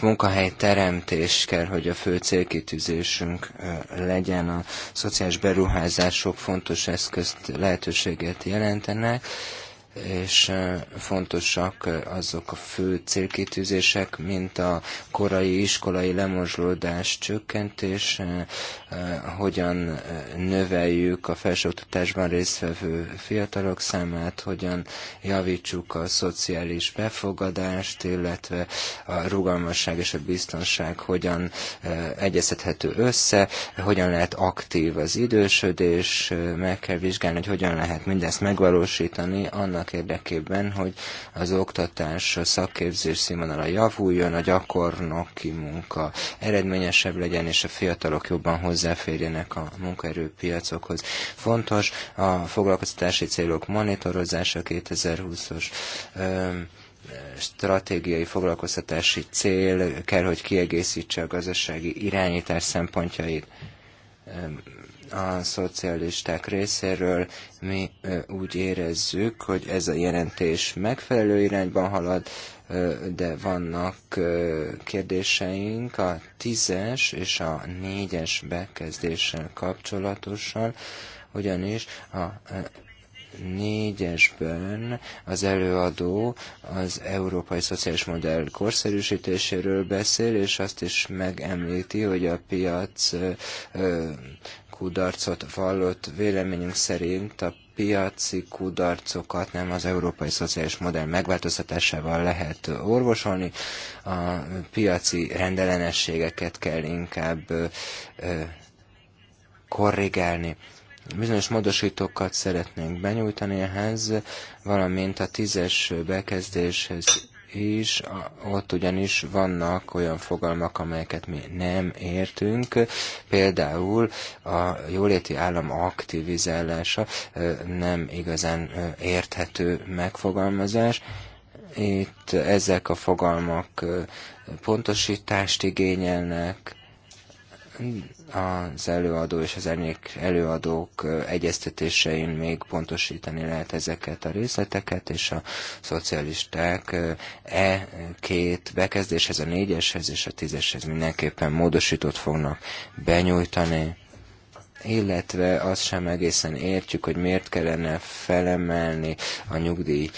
munkahely teremtés kell, hogy a fő célkitűzésünk legyen. A szociális beruházások fontos eszközt, lehetőséget jelentenek és fontosak azok a fő célkitűzések, mint a korai iskolai lemozsolódás csökkentés, hogyan növeljük a felsőoktatásban résztvevő fiatalok számát, hogyan javítsuk a szociális befogadást, illetve a rugalmasság és a biztonság hogyan egyeztethető össze, hogyan lehet aktív az idősödés, meg kell vizsgálni, hogy hogyan lehet mindezt megvalósítani annak annak érdekében, hogy az oktatás, a szakképzés színvonala javuljon, a gyakornoki munka eredményesebb legyen, és a fiatalok jobban hozzáférjenek a munkaerőpiacokhoz. Fontos a foglalkoztatási célok monitorozása 2020-os stratégiai foglalkoztatási cél kell, hogy kiegészítse a gazdasági irányítás szempontjait a szocialisták részéről mi úgy érezzük, hogy ez a jelentés megfelelő irányban halad, de vannak kérdéseink a tízes és a négyes bekezdéssel kapcsolatosan, ugyanis a négyesben az előadó az európai szociális modell korszerűsítéséről beszél, és azt is megemlíti, hogy a piac kudarcot vallott véleményünk szerint a piaci kudarcokat nem az európai szociális modell megváltoztatásával lehet orvosolni, a piaci rendellenességeket kell inkább korrigálni. Bizonyos módosítókat szeretnénk benyújtani ehhez, valamint a tízes bekezdéshez is, ott ugyanis vannak olyan fogalmak, amelyeket mi nem értünk, például a jóléti állam aktivizálása nem igazán érthető megfogalmazás, itt ezek a fogalmak pontosítást igényelnek, az előadó és az emlék előadók egyeztetésein még pontosítani lehet ezeket a részleteket, és a szocialisták e két bekezdéshez, a négyeshez és a tízeshez mindenképpen módosított fognak benyújtani illetve azt sem egészen értjük, hogy miért kellene felemelni a nyugdíj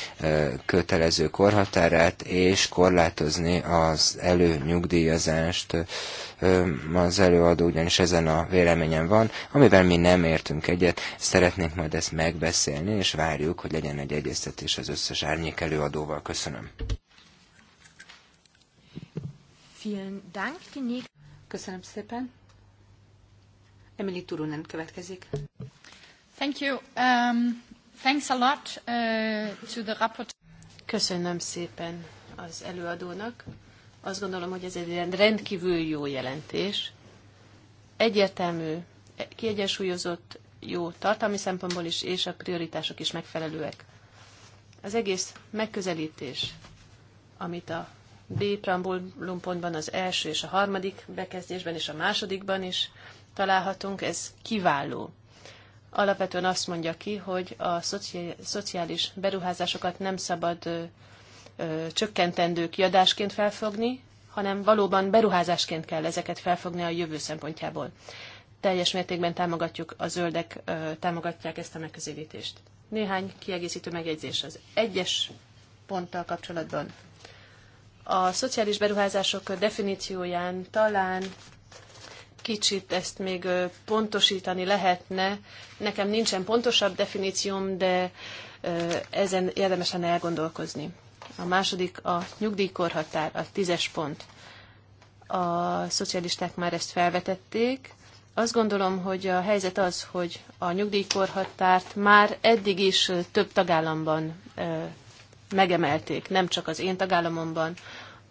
kötelező korhatárát, és korlátozni az előnyugdíjazást. Az előadó ugyanis ezen a véleményen van, amivel mi nem értünk egyet, szeretnénk majd ezt megbeszélni, és várjuk, hogy legyen egy egyeztetés az összes árnyék előadóval. Köszönöm. Köszönöm szépen. Emily Turunen következik. Thank you. Um, thanks a lot uh, to the rapport. Köszönöm szépen az előadónak. Azt gondolom, hogy ez egy rendkívül jó jelentés. Egyértelmű, kiegyensúlyozott, jó tartalmi szempontból is, és a prioritások is megfelelőek. Az egész megközelítés, amit a B preambulum pontban az első és a harmadik bekezdésben és a másodikban is találhatunk, ez kiváló. Alapvetően azt mondja ki, hogy a szociális beruházásokat nem szabad csökkentendő kiadásként felfogni, hanem valóban beruházásként kell ezeket felfogni a jövő szempontjából. Teljes mértékben támogatjuk, a zöldek támogatják ezt a megközelítést. Néhány kiegészítő megjegyzés az egyes ponttal kapcsolatban. A szociális beruházások definícióján talán kicsit ezt még pontosítani lehetne. Nekem nincsen pontosabb definícióm, de ezen érdemes elgondolkozni. A második a nyugdíjkorhatár, a tízes pont. A szocialisták már ezt felvetették. Azt gondolom, hogy a helyzet az, hogy a nyugdíjkorhatárt már eddig is több tagállamban megemelték, nem csak az én tagállamomban,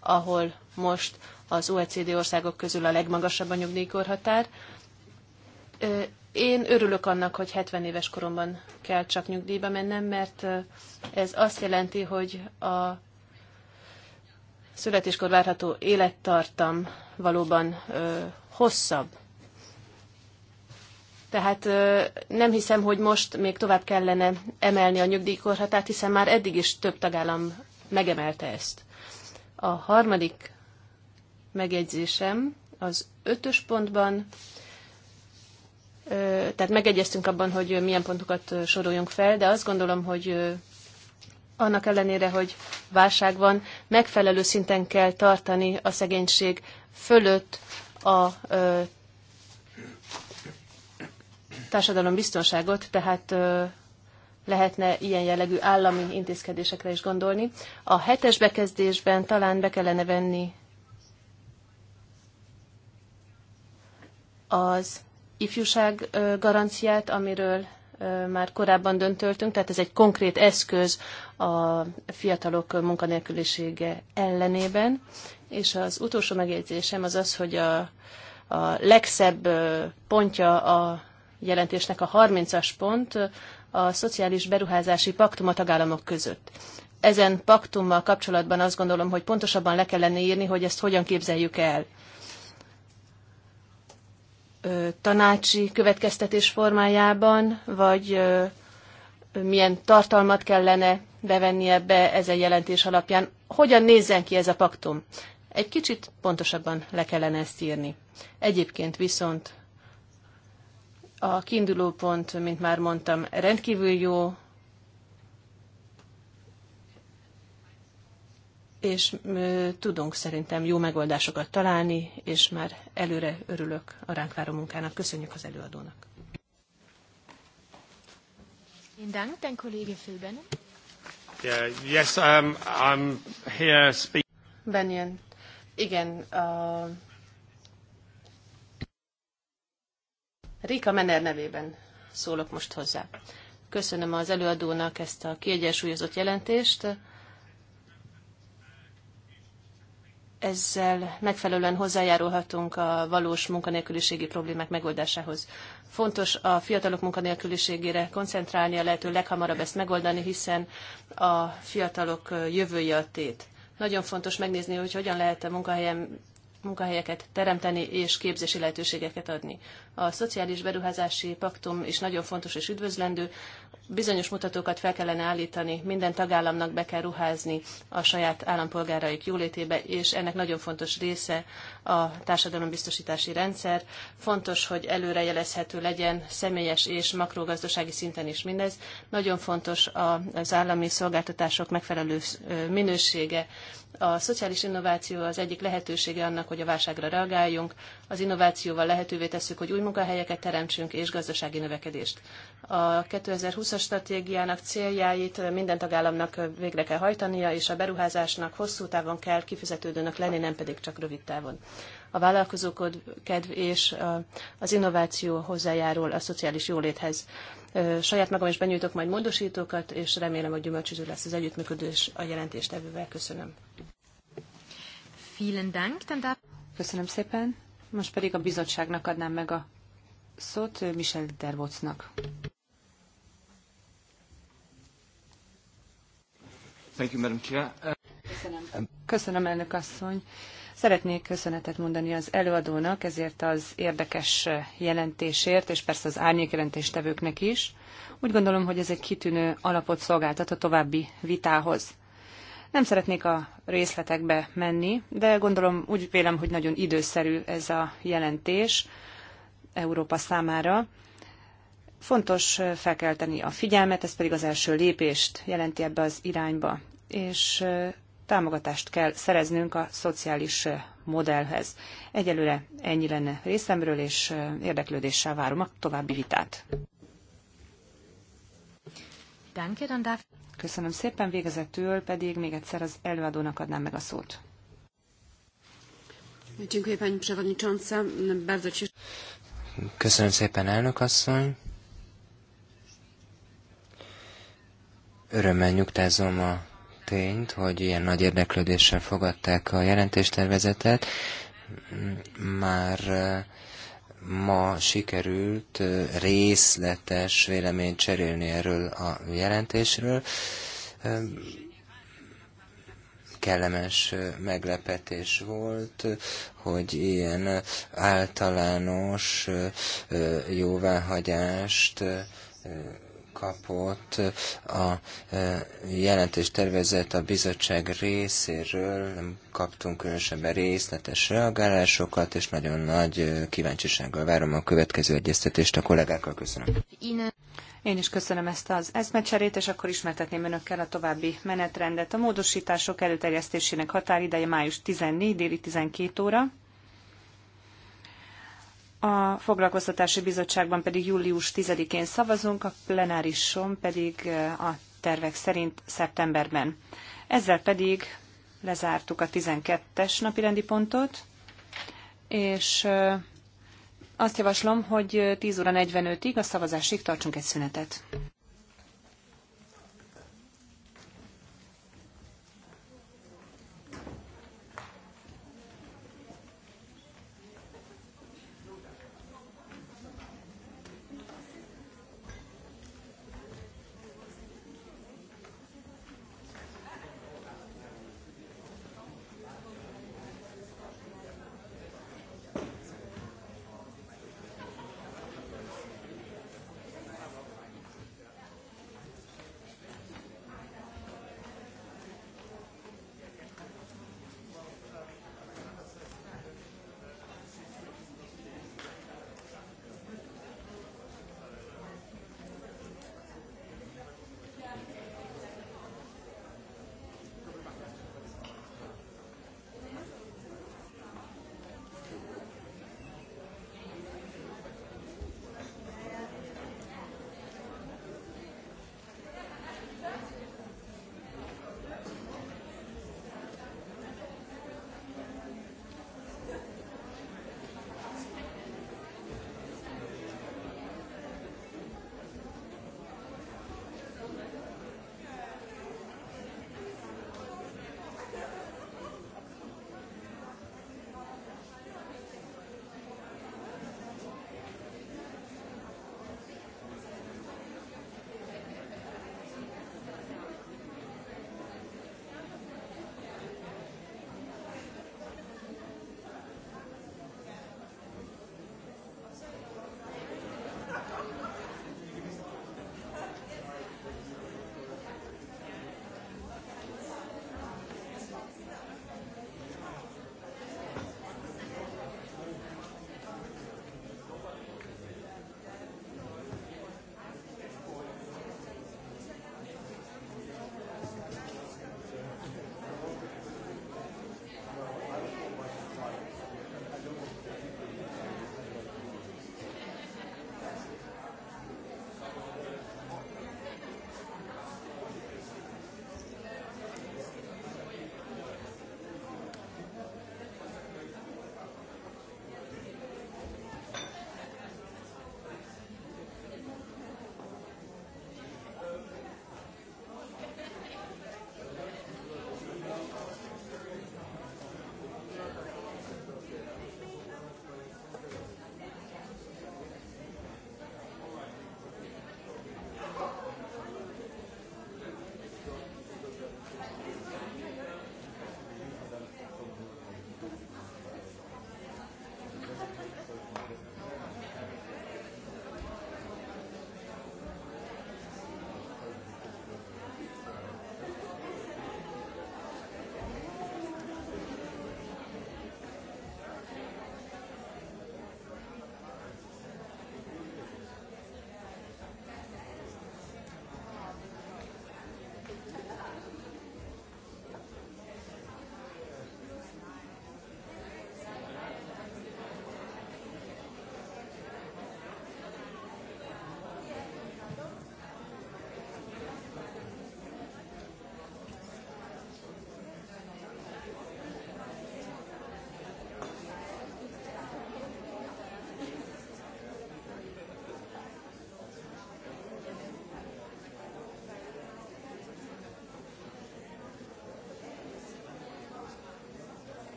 ahol most az OECD országok közül a legmagasabb a nyugdíjkorhatár. Én örülök annak, hogy 70 éves koromban kell csak nyugdíjba mennem, mert ez azt jelenti, hogy a születéskor várható élettartam valóban hosszabb. Tehát nem hiszem, hogy most még tovább kellene emelni a nyugdíjkorhatárt, hiszen már eddig is több tagállam megemelte ezt. A harmadik megjegyzésem az ötös pontban, tehát megegyeztünk abban, hogy milyen pontokat soroljunk fel, de azt gondolom, hogy annak ellenére, hogy válság van, megfelelő szinten kell tartani a szegénység fölött a társadalom biztonságot, tehát lehetne ilyen jellegű állami intézkedésekre is gondolni. A hetes bekezdésben talán be kellene venni az ifjúság garanciát, amiről már korábban döntöltünk, tehát ez egy konkrét eszköz a fiatalok munkanélkülisége ellenében. És az utolsó megjegyzésem az az, hogy a, a legszebb pontja a jelentésnek a 30-as pont a szociális beruházási paktum a tagállamok között. Ezen paktummal kapcsolatban azt gondolom, hogy pontosabban le kellene írni, hogy ezt hogyan képzeljük el tanácsi következtetés formájában, vagy milyen tartalmat kellene bevenni ebbe ezen jelentés alapján. Hogyan nézzen ki ez a paktum? Egy kicsit pontosabban le kellene ezt írni. Egyébként viszont a kiinduló pont, mint már mondtam, rendkívül jó, és tudunk szerintem jó megoldásokat találni, és már előre örülök a ránk váró munkának. Köszönjük az előadónak. Yes, um, I'm here speak- Benjen. Igen, Uh, Rika Menner nevében szólok most hozzá. Köszönöm az előadónak ezt a kiegyensúlyozott jelentést ezzel megfelelően hozzájárulhatunk a valós munkanélküliségi problémák megoldásához. Fontos a fiatalok munkanélküliségére koncentrálni, a lehető leghamarabb ezt megoldani, hiszen a fiatalok jövője a tét. Nagyon fontos megnézni, hogy hogyan lehet a munkahelyen munkahelyeket teremteni és képzési lehetőségeket adni. A szociális beruházási paktum is nagyon fontos és üdvözlendő, bizonyos mutatókat fel kellene állítani, minden tagállamnak be kell ruházni a saját állampolgáraik jólétébe, és ennek nagyon fontos része a társadalombiztosítási rendszer. Fontos, hogy előrejelezhető legyen személyes és makrogazdasági szinten is mindez. Nagyon fontos az állami szolgáltatások megfelelő minősége, a szociális innováció az egyik lehetősége annak, hogy a válságra reagáljunk. Az innovációval lehetővé tesszük, hogy új munkahelyeket teremtsünk és gazdasági növekedést. A 2020-as stratégiának céljáit minden tagállamnak végre kell hajtania, és a beruházásnak hosszú távon kell kifizetődőnek lenni, nem pedig csak rövid távon. A vállalkozókod kedv és az innováció hozzájárul a szociális jóléthez. Saját magam is benyújtok majd módosítókat, és remélem, hogy gyümölcsöző lesz az együttműködés a jelentéstevővel. Köszönöm. Köszönöm szépen. Most pedig a bizottságnak adnám meg a szót Michel Dervocnak. Thank you, Madam Chair. Köszönöm. Köszönöm, elnök asszony. Szeretnék köszönetet mondani az előadónak ezért az érdekes jelentésért, és persze az árnyékjelentéstevőknek is. Úgy gondolom, hogy ez egy kitűnő alapot szolgáltat a további vitához. Nem szeretnék a részletekbe menni, de gondolom úgy vélem, hogy nagyon időszerű ez a jelentés Európa számára. Fontos felkelteni a figyelmet, ez pedig az első lépést jelenti ebbe az irányba. És támogatást kell szereznünk a szociális eh, modellhez. Egyelőre ennyi lenne részemről, és eh, érdeklődéssel várom a további vitát. Köszönöm szépen, végezetül pedig még egyszer az előadónak adnám meg a szót. Köszönöm szépen, elnök asszony. Örömmel nyugtázom a tényt, hogy ilyen nagy érdeklődéssel fogadták a jelentéstervezetet. Már eh, ma sikerült eh, részletes véleményt cserélni erről a jelentésről. Kellemes eh, meglepetés volt, hogy ilyen általános jóváhagyást kapott a e, jelentés tervezet a bizottság részéről, nem kaptunk különösebben részletes reagálásokat, és nagyon nagy e, kíváncsisággal várom a következő egyeztetést a kollégákkal. Köszönöm. Én is köszönöm ezt az eszmecserét, és akkor ismertetném önökkel a további menetrendet. A módosítások előterjesztésének határideje május 14 déli 12 óra. A foglalkoztatási bizottságban pedig július 10-én szavazunk, a plenárison pedig eh, a tervek szerint szeptemberben. Ezzel pedig lezártuk a 12-es rendi pontot, és eh, azt javaslom, hogy 10 eh, óra 45-ig a szavazásig tartsunk egy szünetet.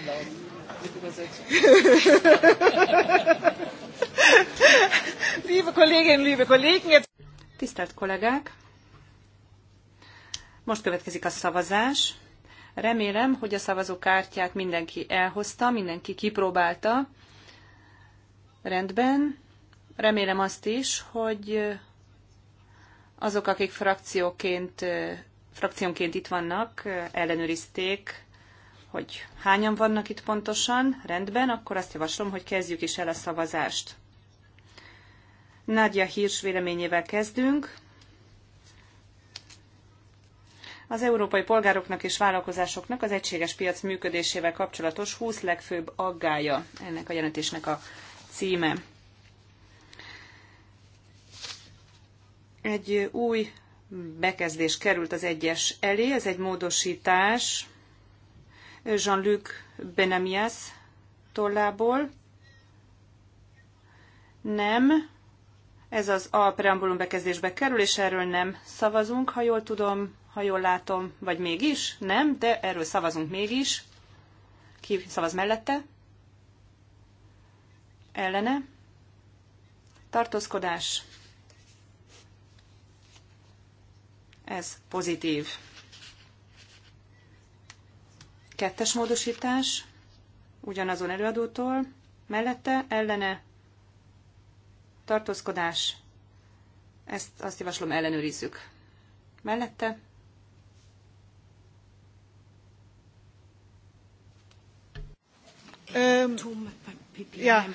liebe Kolleginnen, liebe Kollegen, jetzt... Tisztelt kollégák! Most következik a szavazás. Remélem, hogy a szavazókártyát mindenki elhozta, mindenki kipróbálta. Rendben. Remélem azt is, hogy azok, akik frakcióként, frakciónként itt vannak, ellenőrizték hogy hányan vannak itt pontosan, rendben, akkor azt javaslom, hogy kezdjük is el a szavazást. Nadja Hirsch véleményével kezdünk. Az európai polgároknak és vállalkozásoknak az egységes piac működésével kapcsolatos 20 legfőbb aggája ennek a jelentésnek a címe. Egy új bekezdés került az egyes elé, ez egy módosítás, Jean-Luc Benamias tollából. Nem. Ez az a preambulum bekezdésbe kerül, és erről nem szavazunk, ha jól tudom, ha jól látom, vagy mégis, nem, de erről szavazunk mégis. Ki szavaz mellette? Ellene? Tartózkodás. Ez pozitív. Kettes módosítás, ugyanazon előadótól, mellette ellene tartózkodás, ezt azt javaslom ellenőrizzük. Mellette Um, yeah.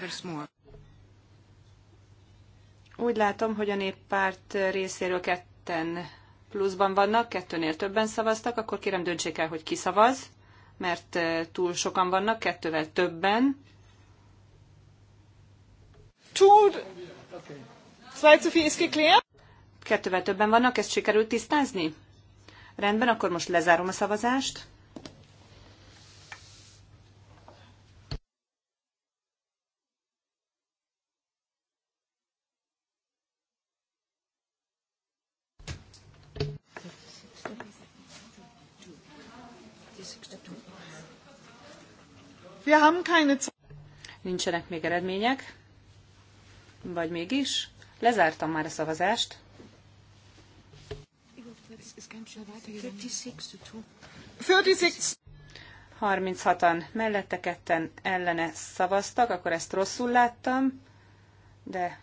Úgy látom, hogy a néppárt részéről ketten pluszban vannak, kettőnél többen szavaztak, akkor kérem döntsék el, hogy ki szavaz mert túl sokan vannak, kettővel többen. Tud! Kettővel többen vannak, ezt sikerült tisztázni? Rendben, akkor most lezárom a szavazást. wir haben keine Nincsenek még eredmények. Vagy mégis? Lezártam már a szavazást. 36 hatan mellette ketten ellene szavaztak, akkor ezt rosszul láttam, de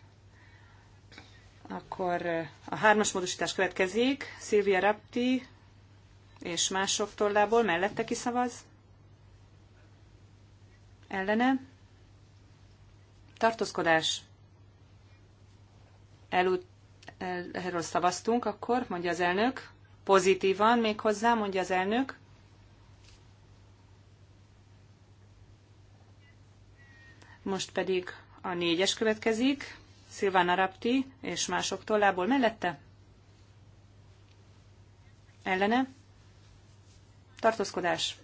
akkor eh, a hármas módosítás következik. Szilvia Rapti és mások tollából mellette kiszavaz ellene, tartózkodás, elut, el, erről szavaztunk, akkor mondja az elnök, pozitívan még hozzá, mondja az elnök, Most pedig a négyes következik, Szilván Arapti és mások tollából mellette. Ellene. Tartózkodás.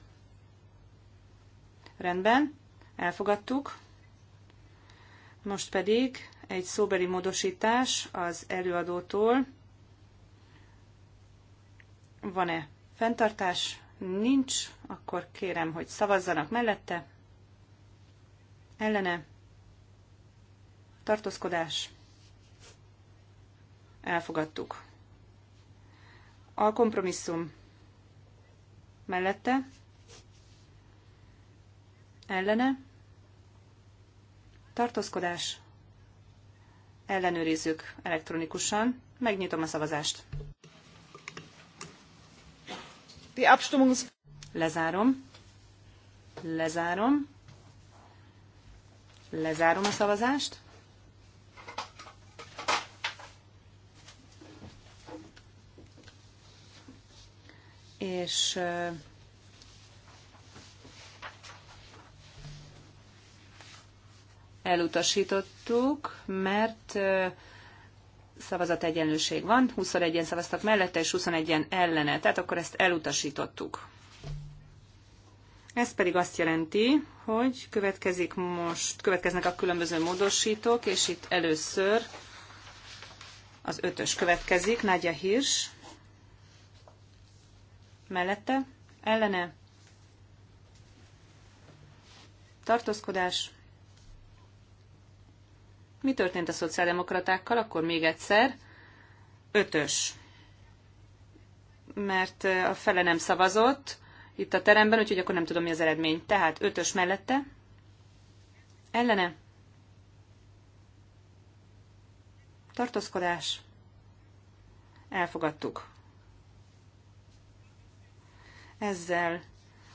Rendben. Elfogadtuk. Most pedig egy szóbeli módosítás az előadótól. Van-e fenntartás? Nincs. Akkor kérem, hogy szavazzanak mellette. Ellene. Tartózkodás. Elfogadtuk. A kompromisszum mellette. Ellene tartózkodás, ellenőrizzük elektronikusan, megnyitom a szavazást. Die Abstimmungs Lezárom. Lezárom. Lezárom a szavazást. És elutasítottuk, mert szavazat egyenlőség van, 21-en szavaztak mellette és 21-en ellene, tehát akkor ezt elutasítottuk. Ez pedig azt jelenti, hogy következik most, következnek a különböző módosítók, és itt először az ötös következik, Nagyja Hirs, mellette, ellene, tartózkodás, mi történt a szociáldemokratákkal? Akkor még egyszer. Ötös. Mert a fele nem szavazott itt a teremben, úgyhogy akkor nem tudom, mi az eredmény. Tehát ötös mellette. Ellene. Tartózkodás. Elfogadtuk. Ezzel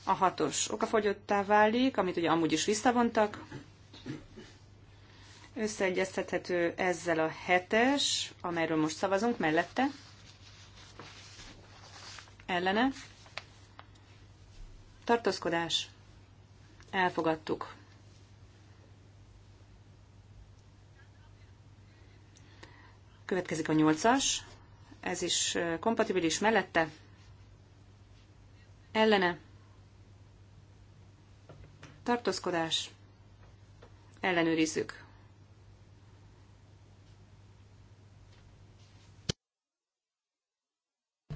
a hatos okafogyottá válik, amit ugye amúgy is visszavontak. Összeegyeztethető ezzel a hetes, amelyről most szavazunk, mellette. Ellene. Tartózkodás. Elfogadtuk. Következik a nyolcas. Ez is kompatibilis mellette. Ellene. Tartózkodás. Ellenőrizzük.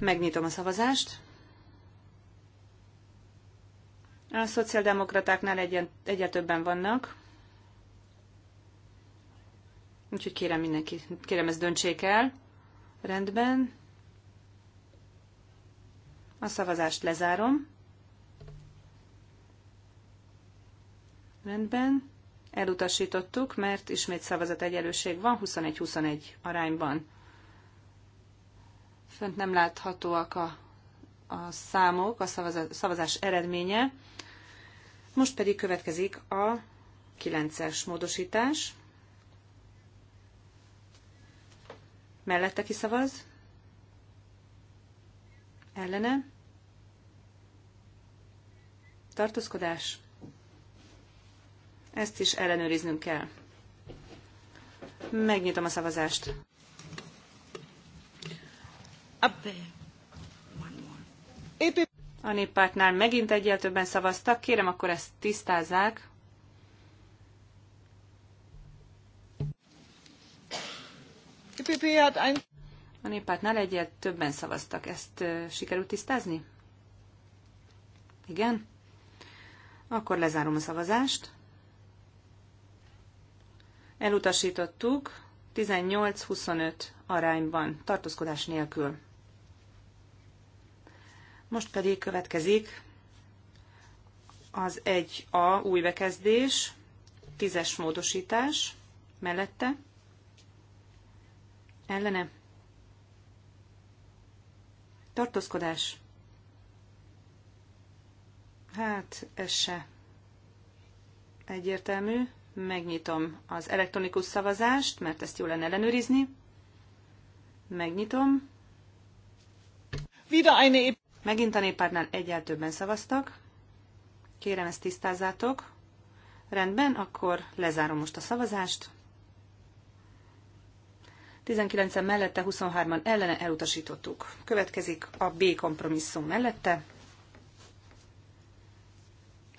Megnyitom a szavazást. A szociáldemokratáknál egyen, egyre többen vannak. Úgyhogy kérem mindenki, kérem ezt döntsék el. Rendben. A szavazást lezárom. Rendben. Elutasítottuk, mert ismét szavazat egyenlőség van, 21-21 arányban. Fönt nem láthatóak a, a számok, a szavazás eredménye. Most pedig következik a 9-es módosítás. Mellette kiszavaz? Ellene? Tartózkodás? Ezt is ellenőriznünk kell. Megnyitom a szavazást. Up there. One more. A néppártnál megint egyel többen szavaztak, kérem akkor ezt tisztázzák. Hát a néppártnál egyet többen szavaztak. Ezt sikerült tisztázni? Igen? Akkor lezárom a szavazást. Elutasítottuk 18-25 arányban, tartózkodás nélkül. Most pedig következik az 1A új bekezdés, 10-es módosítás mellette, ellene, tartózkodás, hát ez se egyértelmű, megnyitom az elektronikus szavazást, mert ezt jól lenne ellenőrizni, megnyitom, Wieder eine Megint a néppártnál egyel többen szavaztak. Kérem, ezt tisztázzátok. Rendben, akkor lezárom most a szavazást. 19 mellette, 23-an ellene elutasítottuk. Következik a B kompromisszum mellette.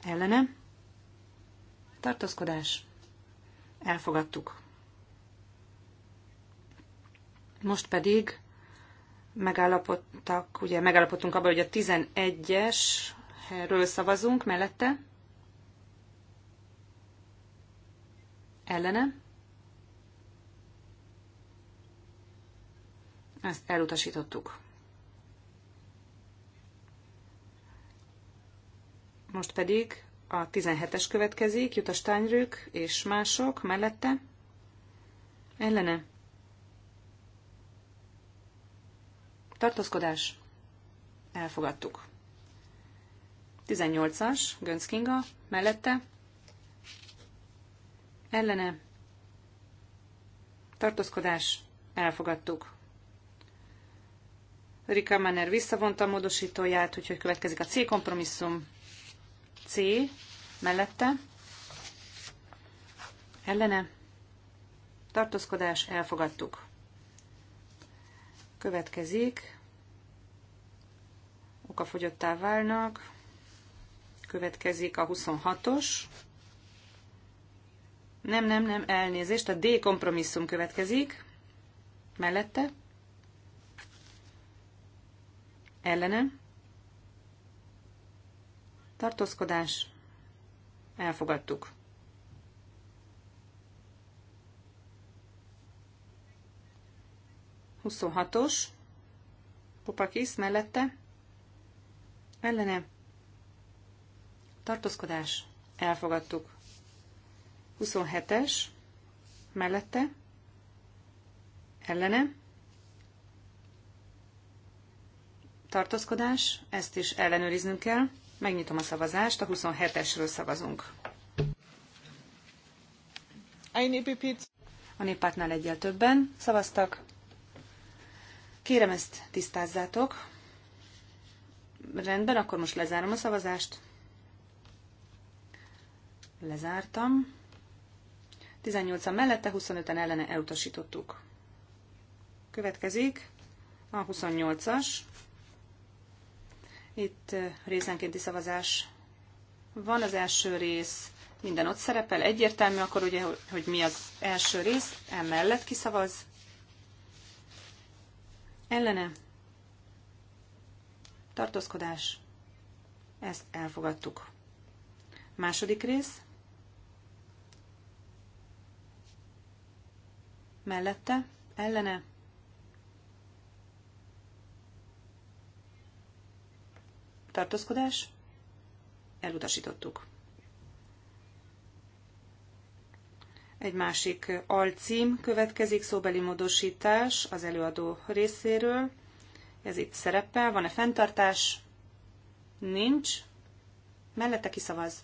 Ellene. Tartózkodás. Elfogadtuk. Most pedig megállapodtak, ugye megállapodtunk abban, hogy a 11-esről szavazunk mellette. Ellene. Ezt elutasítottuk. Most pedig a 17-es következik, jut a és mások mellette. Ellene. tartózkodás, elfogadtuk. 18-as, Gönc Kinga, mellette, ellene, tartózkodás, elfogadtuk. Rika Manner visszavonta a módosítóját, úgyhogy következik a C kompromisszum. C mellette, ellene, tartózkodás, elfogadtuk. Következik. Okafogyottá válnak. Következik a 26-os. Nem, nem, nem, elnézést. A D kompromisszum következik. Mellette. Ellene. Tartózkodás. Elfogadtuk. 26-os, Popakis mellette, ellene, tartózkodás, elfogadtuk. 27-es, mellette, ellene, tartózkodás, ezt is ellenőriznünk kell. Megnyitom a szavazást, a 27-esről szavazunk. E a néppártnál egyel többen szavaztak. Kérem ezt tisztázzátok. Rendben, akkor most lezárom a szavazást. Lezártam. 18-an mellette, 25-en ellene elutasítottuk. Következik a 28-as. Itt részenkénti szavazás van az első rész, minden ott szerepel, egyértelmű akkor ugye, hogy mi az első rész, emellett kiszavaz, Ellene. Tartózkodás. Ezt elfogadtuk. Második rész. Mellette. Ellene. Tartózkodás. Elutasítottuk. Egy másik alcím következik, szóbeli módosítás az előadó részéről. Ez itt szerepel. Van-e fenntartás? Nincs. Mellette kiszavaz.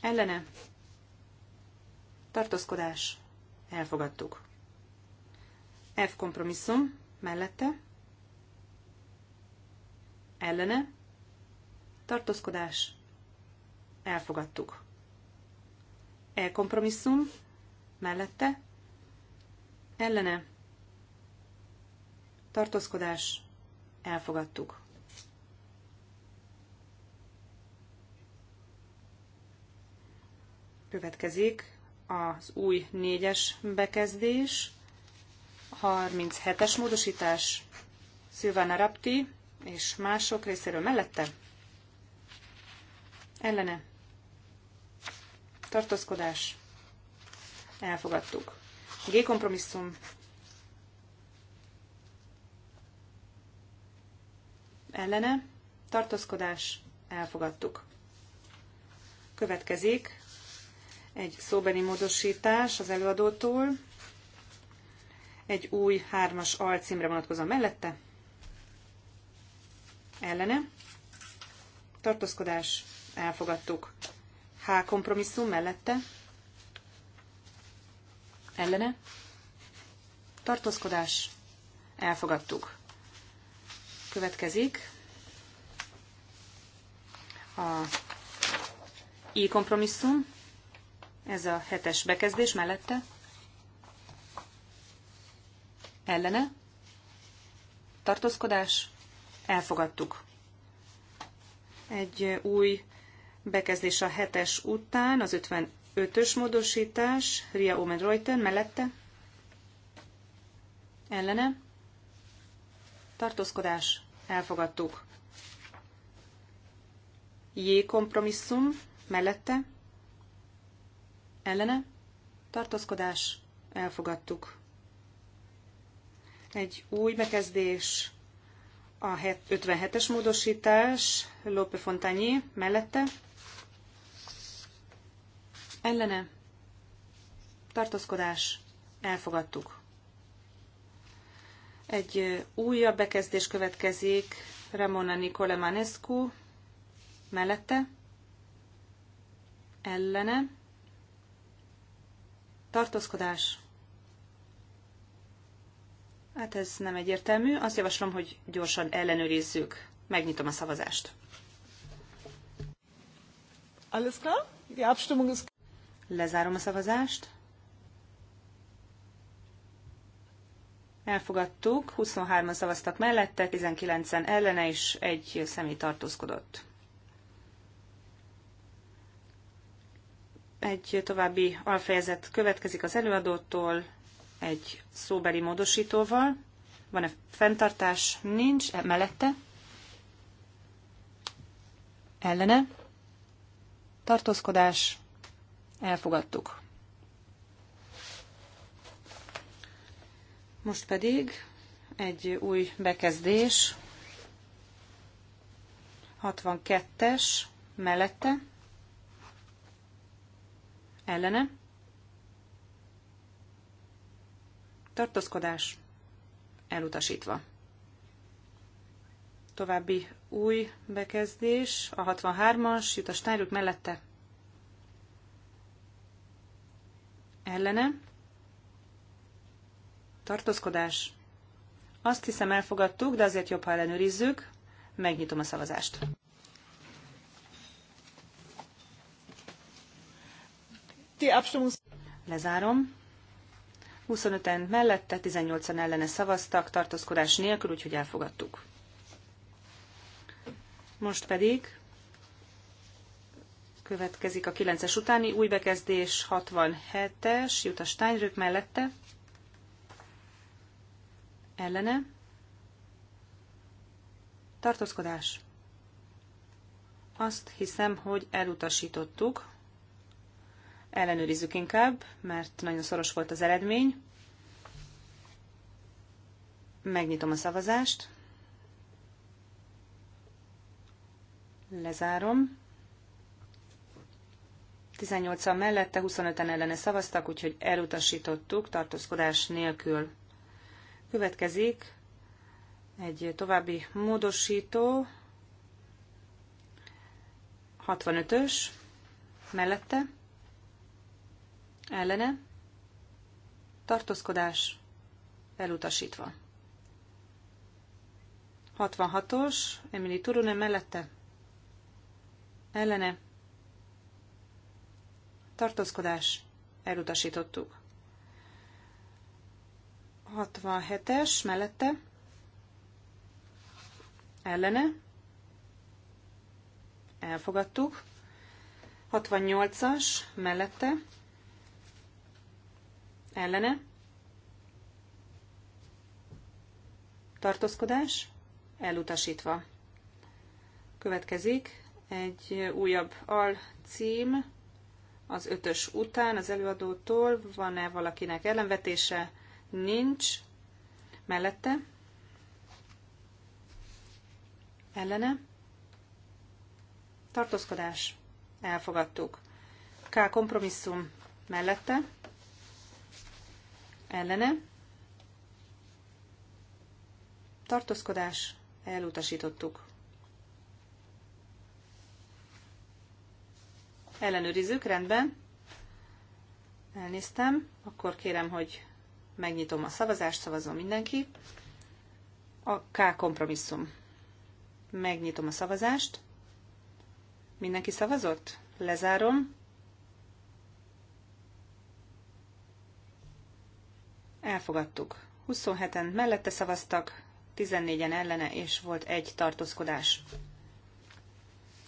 Ellene. Tartózkodás. Elfogadtuk. F kompromisszum. Mellette. Ellene. Tartózkodás. Elfogadtuk. E kompromisszum mellette ellene tartózkodás elfogadtuk. Következik az új négyes bekezdés, 37-es módosítás, Szilvana Rapti és mások részéről mellette. Ellene tartózkodás, elfogadtuk. G kompromisszum, ellene, tartózkodás, elfogadtuk. Következik egy szóbeni módosítás az előadótól, egy új hármas alcímre vonatkozom mellette, ellene, tartózkodás, elfogadtuk. H kompromisszum mellette, ellene, tartózkodás, elfogadtuk. Következik a I kompromisszum, ez a hetes bekezdés mellette, ellene, tartózkodás, elfogadtuk. Egy új Bekezdés a hetes után, az 55-ös módosítás, Ria Omen Reuten mellette, ellene, tartózkodás, elfogadtuk. J kompromisszum, mellette, ellene, tartózkodás, elfogadtuk. Egy új bekezdés, a 57-es módosítás, Lope Fontányi mellette, ellene tartózkodás elfogadtuk. Egy újabb bekezdés következik Ramona Nicole Manescu mellette ellene tartózkodás Hát ez nem egyértelmű. Azt javaslom, hogy gyorsan ellenőrizzük. Megnyitom a szavazást. Alles klar? Die Abstimmung ist... Lezárom a szavazást. Elfogadtuk, 23-an szavaztak mellette, 19-en ellene, és egy személy tartózkodott. Egy további alfejezet következik az előadótól, egy szóbeli módosítóval. Van-e fenntartás? Nincs. E, mellette? Ellene? Tartózkodás? Elfogadtuk. Most pedig egy új bekezdés. 62-es mellette. Ellene. Tartózkodás elutasítva. További új bekezdés, a 63-as, jut a Steinrück mellette ellene, tartózkodás. Azt hiszem elfogadtuk, de azért jobb, ha ellenőrizzük. Megnyitom a szavazást. Lezárom. 25-en mellette, 18 en ellene szavaztak, tartózkodás nélkül, úgyhogy elfogadtuk. Most pedig Következik a 9-es utáni új bekezdés 67-es, jut a Steinrück mellette. Ellene. Tartózkodás. Azt hiszem, hogy elutasítottuk. Ellenőrizzük inkább, mert nagyon szoros volt az eredmény. Megnyitom a szavazást. Lezárom. 18-an mellette, 25-en ellene szavaztak, úgyhogy elutasítottuk tartózkodás nélkül. Következik egy további módosító, 65-ös, mellette, ellene, tartózkodás elutasítva. 66-os, Emily Turunen mellette, ellene, tartózkodás, elutasítottuk. 67-es mellette, ellene, elfogadtuk. 68-as mellette, ellene, tartózkodás, elutasítva. Következik egy újabb alcím, az ötös után az előadótól. Van-e valakinek ellenvetése? Nincs. Mellette? Ellene? Tartózkodás. Elfogadtuk. K. Kompromisszum. Mellette? Ellene? Tartózkodás. Elutasítottuk. Ellenőrizzük, rendben. Elnéztem. Akkor kérem, hogy megnyitom a szavazást, szavazom mindenki. A K kompromisszum. Megnyitom a szavazást. Mindenki szavazott? Lezárom. Elfogadtuk. 27-en mellette szavaztak, 14-en ellene, és volt egy tartózkodás.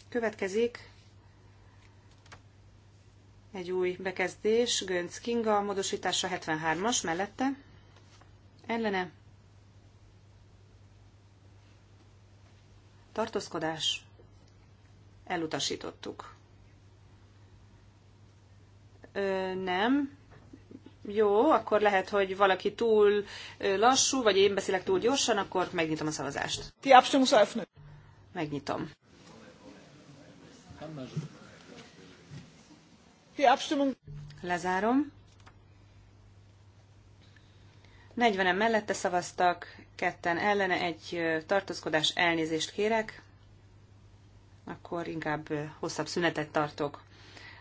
Következik egy új bekezdés, Gönc Kinga, módosítása 73-as, mellette. Ellene. Tartózkodás. Elutasítottuk. Ö, nem. Jó, akkor lehet, hogy valaki túl lassú, vagy én beszélek túl gyorsan, akkor megnyitom a szavazást. Ti Abstimmung Megnyitom. Lezárom. 40-en mellette szavaztak, ketten ellene, egy tartózkodás elnézést kérek, akkor inkább hosszabb szünetet tartok.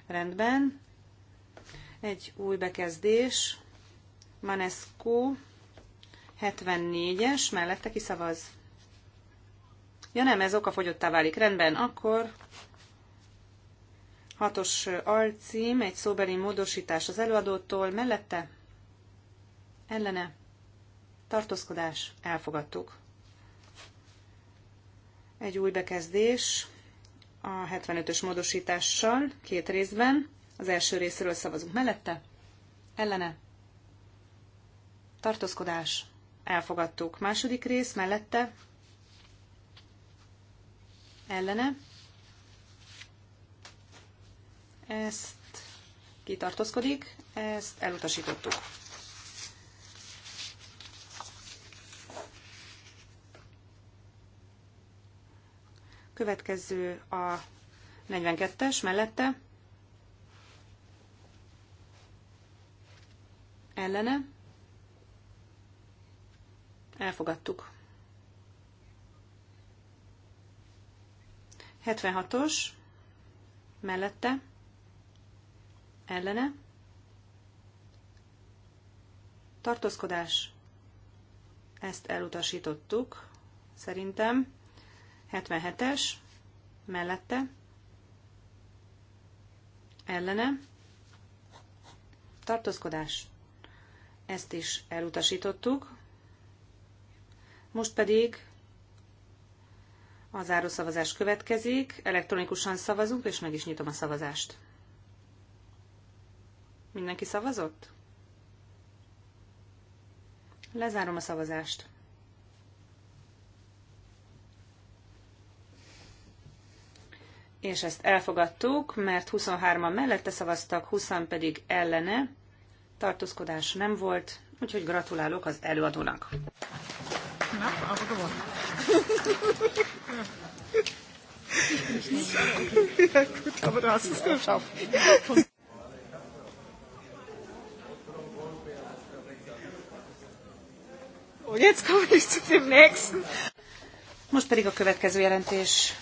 Rendben. Egy új bekezdés. Manescu 74-es, mellette kiszavaz. Ja nem, ez okafogyottá válik. Rendben, akkor Hatos alcím, egy szóbeli módosítás az előadótól, mellette ellene tartózkodás, elfogadtuk. Egy új bekezdés a 75-ös módosítással, két részben. Az első részről szavazunk mellette, ellene tartózkodás, elfogadtuk. Második rész mellette, ellene ezt kitartózkodik, ezt elutasítottuk. Következő a 42-es mellette. Ellene. Elfogadtuk. 76-os mellette ellene, tartózkodás, ezt elutasítottuk, szerintem, 77-es, mellette, ellene, tartózkodás, ezt is elutasítottuk, most pedig a zárószavazás következik, elektronikusan szavazunk, és meg is nyitom a szavazást. Mindenki szavazott? Lezárom a szavazást. És ezt elfogadtuk, mert 23-an mellette szavaztak, 20 pedig ellene. Tartózkodás nem volt, úgyhogy gratulálok az előadónak. Na, akkor volt. Ja, gut, aber du hast es geschafft. Jetzt komme ich zu dem nächsten. Most pedig a következő jelentés.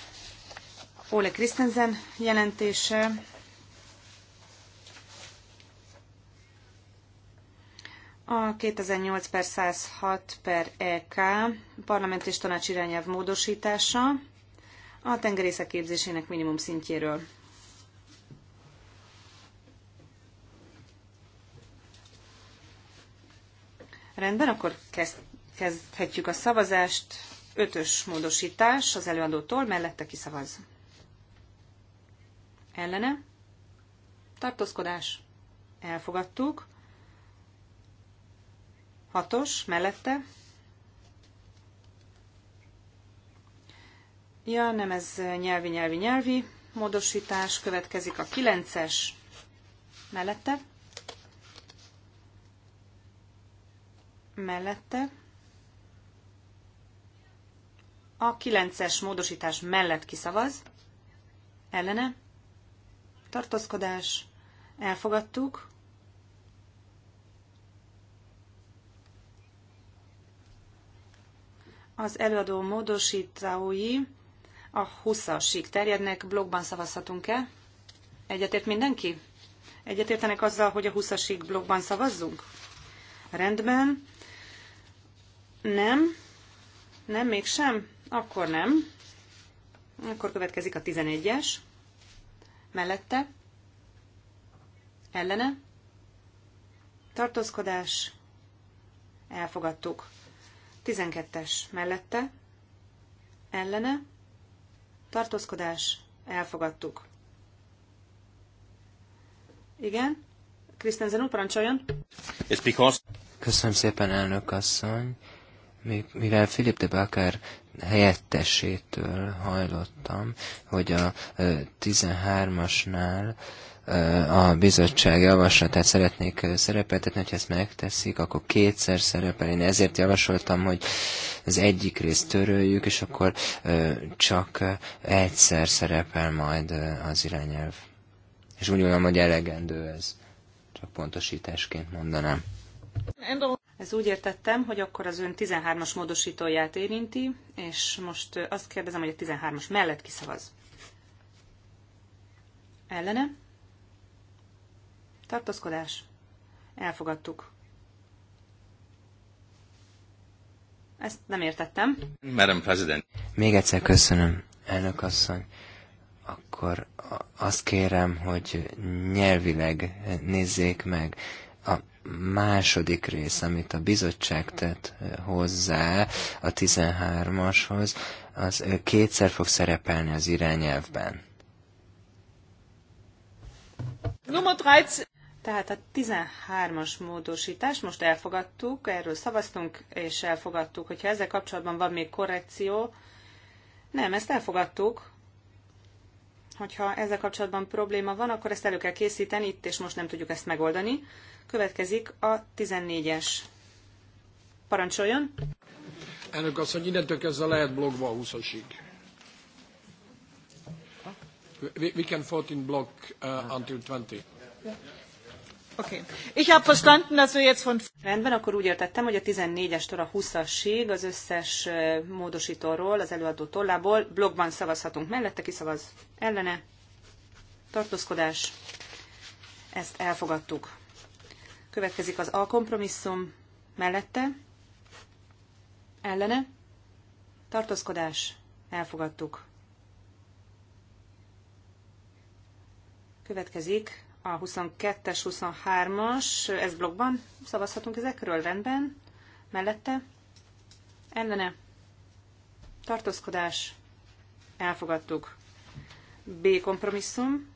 Ole Christensen jelentése. A 2008 per 106 per EK parlament és tanács irányelv módosítása a tengerészek képzésének minimum szintjéről. Rendben, akkor kezd, Kezdhetjük a szavazást. Ötös módosítás az előadótól, mellette kiszavaz. Ellene. Tartózkodás. Elfogadtuk. Hatos, mellette. Ja, nem ez nyelvi, nyelvi, nyelvi módosítás. Következik a kilences mellette. Mellette a 9-es módosítás mellett kiszavaz, ellene, tartózkodás, elfogadtuk, az előadó módosítói a 20-asig terjednek, blogban szavazhatunk-e? Egyetért mindenki? Egyetértenek azzal, hogy a 20-asig blogban szavazzunk? Rendben. Nem. Nem, mégsem. Akkor nem. Akkor következik a 11-es. Mellette. Ellene. Tartózkodás. Elfogadtuk. 12-es mellette, ellene, tartózkodás, elfogadtuk. Igen? Krisztenzen úr, parancsoljon! Köszönöm szépen, elnök asszony mivel Philip de Bakker helyettesétől hajlottam, hogy a 13-asnál a bizottság javaslatát szeretnék szerepeltetni, hogyha ezt megteszik, akkor kétszer szerepel. Én ezért javasoltam, hogy az egyik részt töröljük, és akkor csak egyszer szerepel majd az irányelv. És úgy gondolom, hogy elegendő ez. Csak pontosításként mondanám. Ez úgy értettem, hogy akkor az ön 13-as módosítóját érinti, és most azt kérdezem, hogy a 13-as mellett kiszavaz. Ellene? Tartózkodás? Elfogadtuk. Ezt nem értettem. Madam President. Még egyszer köszönöm, elnök asszony. Akkor azt kérem, hogy nyelvileg nézzék meg. A második rész, amit a bizottság tett hozzá a 13-ashoz, az kétszer fog szerepelni az irányelvben. Nummer 13. Tehát a 13-as módosítás most elfogadtuk, erről szavaztunk, és elfogadtuk, hogyha ezzel kapcsolatban van még korrekció. Nem, ezt elfogadtuk. Hogyha ezzel kapcsolatban probléma van, akkor ezt elő kell készíteni, itt és most nem tudjuk ezt megoldani. Következik a 14-es. Parancsoljon! Elnök asszony, innentől kezdve lehet blogba a 20-asig. We, can vote in block uh, until 20. Okay. Ich habe verstanden, dass wir jetzt von... Rendben, akkor úgy értettem, hogy a 14-estől a 20-asig az összes uh, módosítóról, az előadó tollából blogban szavazhatunk mellette, ki szavaz ellene, tartózkodás, ezt elfogadtuk. Következik az A kompromisszum mellette, ellene, tartózkodás, elfogadtuk. Következik a 22-es, 23-as, ez blogban szavazhatunk ezekről, rendben, mellette, ellene, tartózkodás, elfogadtuk. B kompromisszum,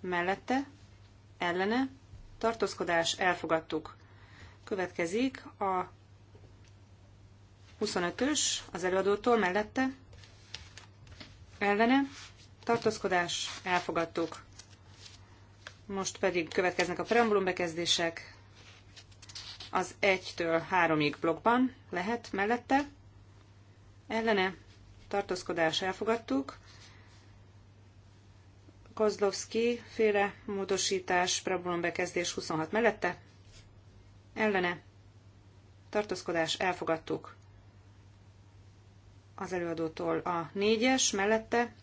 mellette, ellene, tartózkodás, elfogadtuk. Következik a 25-ös az előadótól mellette, ellene, tartózkodás, elfogadtuk. Most pedig következnek a preambulum bekezdések, az 1-től 3-ig blokkban lehet mellette, ellene, tartózkodás, elfogadtuk. Kozlovszki féle módosítás, preambulum bekezdés 26 mellette, ellene, tartózkodás, elfogadtuk az előadótól a négyes mellette,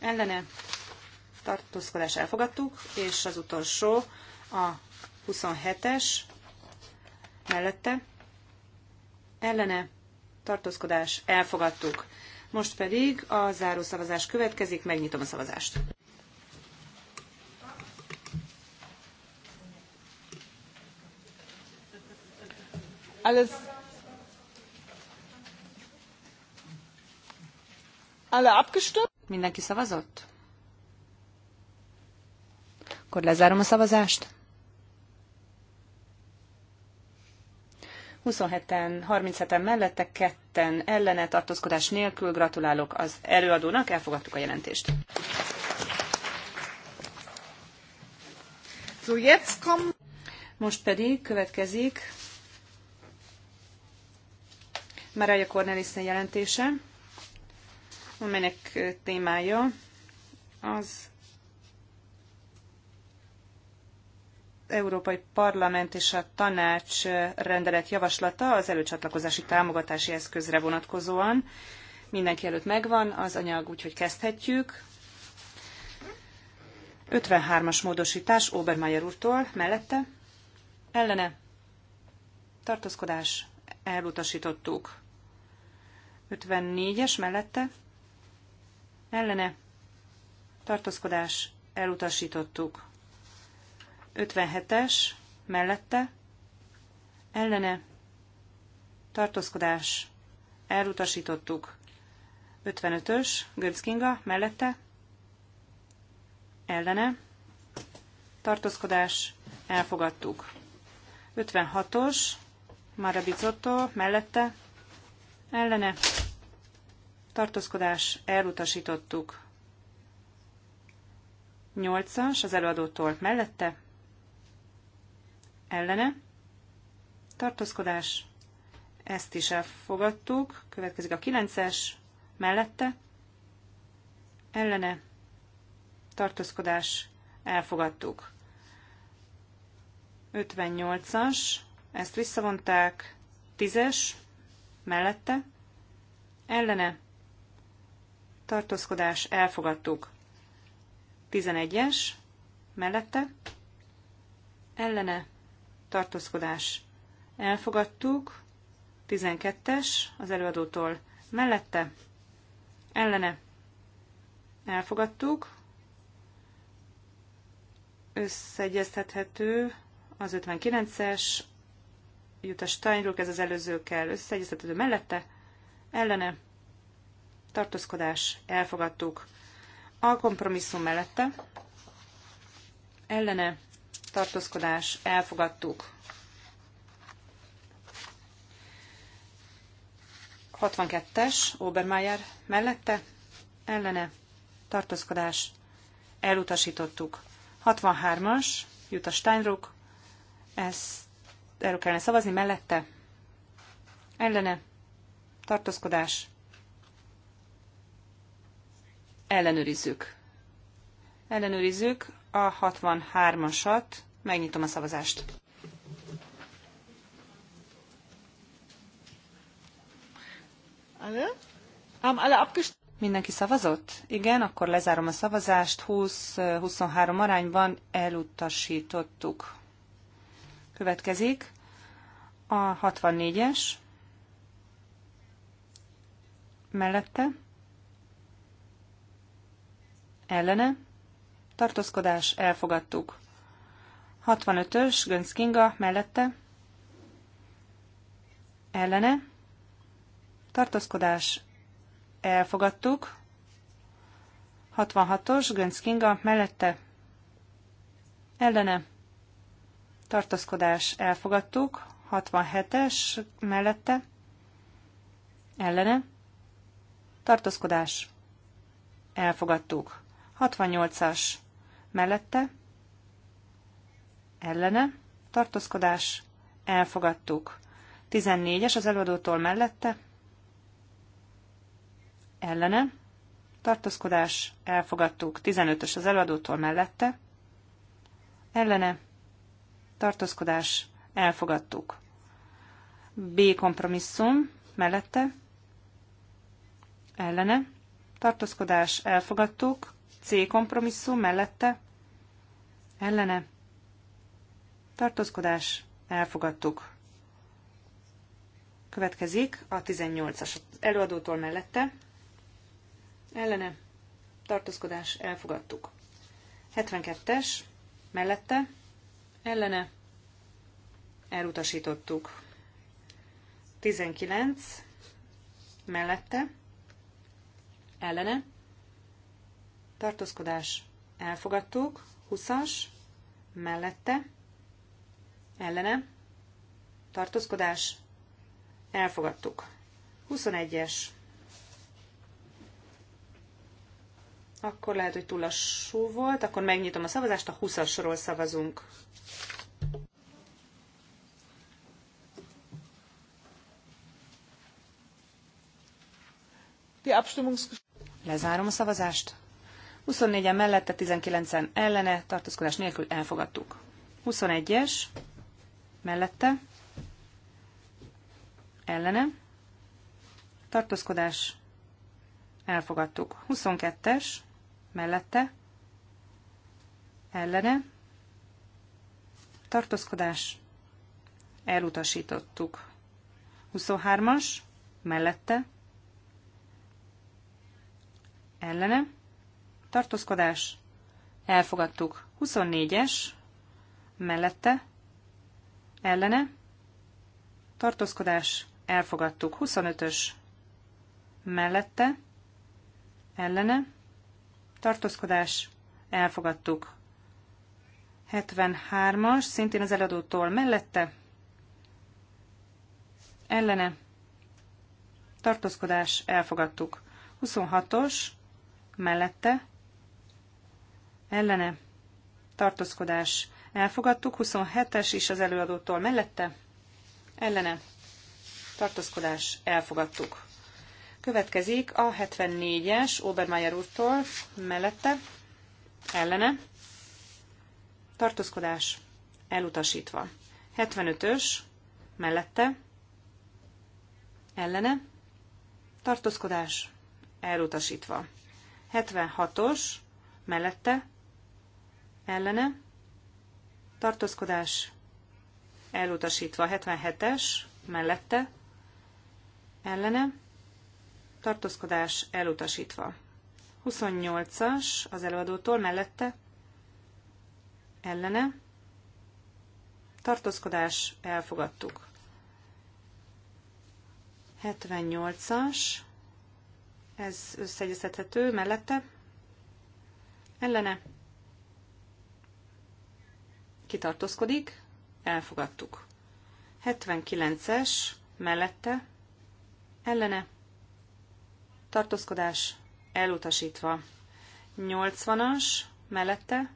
ellene, tartózkodás elfogadtuk, és az utolsó a 27-es mellette, ellene, tartózkodás elfogadtuk. Most pedig a záró szavazás következik, megnyitom a szavazást. alles alle abgestimmt? Mindenki szavazott? Akkor lezárom a szavazást. 27-en, 37-en mellette, ketten ellene, tartózkodás nélkül. Gratulálok az előadónak, elfogadtuk a jelentést. So jetzt kommen... Most pedig következik Marája Cornelissen jelentése, amelynek témája az Európai Parlament és a Tanács rendelet javaslata az előcsatlakozási támogatási eszközre vonatkozóan. Mindenki előtt megvan az anyag, úgyhogy kezdhetjük. 53-as módosítás Obermeier úrtól, mellette, ellene, tartózkodás, elutasítottuk. 54-es mellette ellene tartózkodás elutasítottuk. 57-es mellette ellene tartózkodás elutasítottuk. 55-ös Göbz mellette ellene tartózkodás elfogadtuk. 56-os Marabizotto mellette ellene tartózkodás, elutasítottuk. 8-as az előadótól mellette, ellene, tartózkodás, ezt is elfogadtuk. Következik a 9-es mellette, ellene, tartózkodás, elfogadtuk. 58-as, ezt visszavonták, 10-es, mellette, ellene, tartózkodás, elfogadtuk. 11-es, mellette, ellene, tartózkodás, elfogadtuk. 12-es, az előadótól, mellette, ellene, elfogadtuk. Összeegyeztethető az 59-es, Jutta Steinruck, ez az előzőkkel összeegyeztethető mellette, ellene, tartózkodás, elfogadtuk. A kompromisszum mellette, ellene, tartózkodás, elfogadtuk. 62-es Obermeier mellette, ellene, tartózkodás, elutasítottuk. 63-as Jutta Steinruck, ezt erről kellene szavazni, mellette, ellene, tartózkodás, ellenőrizzük. Ellenőrizzük a 63-asat, megnyitom a szavazást. Mindenki szavazott? Igen, akkor lezárom a szavazást. 20-23 arányban elutasítottuk. Következik a 64-es mellette ellene, tartózkodás, elfogadtuk. 65-ös, Gönc Kinga, mellette, ellene, tartózkodás, elfogadtuk. 66-os, Gönc Kinga, mellette, ellene, tartózkodás, elfogadtuk. 67-es, mellette, ellene, tartózkodás, elfogadtuk. 68-as mellette, ellene, tartózkodás, elfogadtuk. 14-es az előadótól mellette, ellene, tartózkodás, elfogadtuk. 15-ös az előadótól mellette, ellene, tartózkodás, elfogadtuk. B kompromisszum, mellette, ellene, tartózkodás, elfogadtuk. C kompromisszum mellette ellene tartózkodás elfogadtuk. Következik a 18-as előadótól mellette ellene tartózkodás elfogadtuk. 72-es mellette ellene elutasítottuk. 19 mellette ellene tartózkodás elfogadtuk, 20-as, mellette, ellene, tartózkodás elfogadtuk, 21-es, akkor lehet, hogy túl lassú volt, akkor megnyitom a szavazást, a 20-asról szavazunk. Lezárom a szavazást. 24-en mellette, 19-en ellene, tartózkodás nélkül elfogadtuk. 21-es mellette, ellene, tartózkodás elfogadtuk. 22-es mellette, ellene, tartózkodás elutasítottuk. 23-as mellette, ellene, tartózkodás, elfogadtuk. 24-es, mellette, ellene, tartózkodás, elfogadtuk. 25-ös, mellette, ellene, tartózkodás, elfogadtuk. 73-as, szintén az eladótól mellette, ellene, tartózkodás, elfogadtuk. 26-os, mellette, ellene tartózkodás elfogadtuk, 27-es is az előadótól mellette ellene tartózkodás elfogadtuk. Következik a 74-es Obermeier úrtól mellette ellene tartózkodás elutasítva. 75-ös mellette ellene tartózkodás elutasítva. 76-os mellette ellene, tartózkodás elutasítva 77-es, mellette, ellene, tartózkodás elutasítva. 28-as az előadótól mellette, ellene, tartózkodás elfogadtuk. 78-as, ez összeegyeztethető mellette, ellene, kitartózkodik, elfogadtuk. 79-es mellette ellene tartózkodás elutasítva. 80-as mellette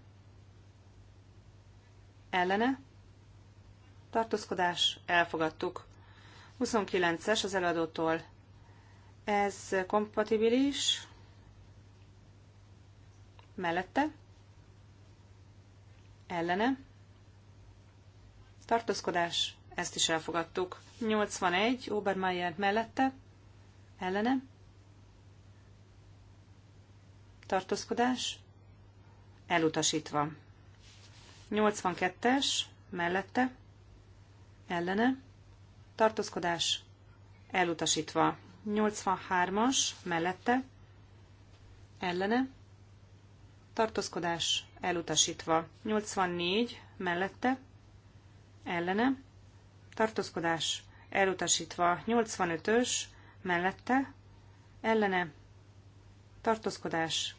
ellene tartózkodás elfogadtuk. 29-es az eladótól. Ez kompatibilis mellette ellene tartózkodás, ezt is elfogadtuk. 81, Obermeier mellette, ellene, tartózkodás, elutasítva. 82-es, mellette, ellene, tartózkodás, elutasítva. 83-as, mellette, ellene, tartózkodás, elutasítva. 84, mellette, ellene, tartózkodás elutasítva 85-ös mellette, ellene, tartózkodás,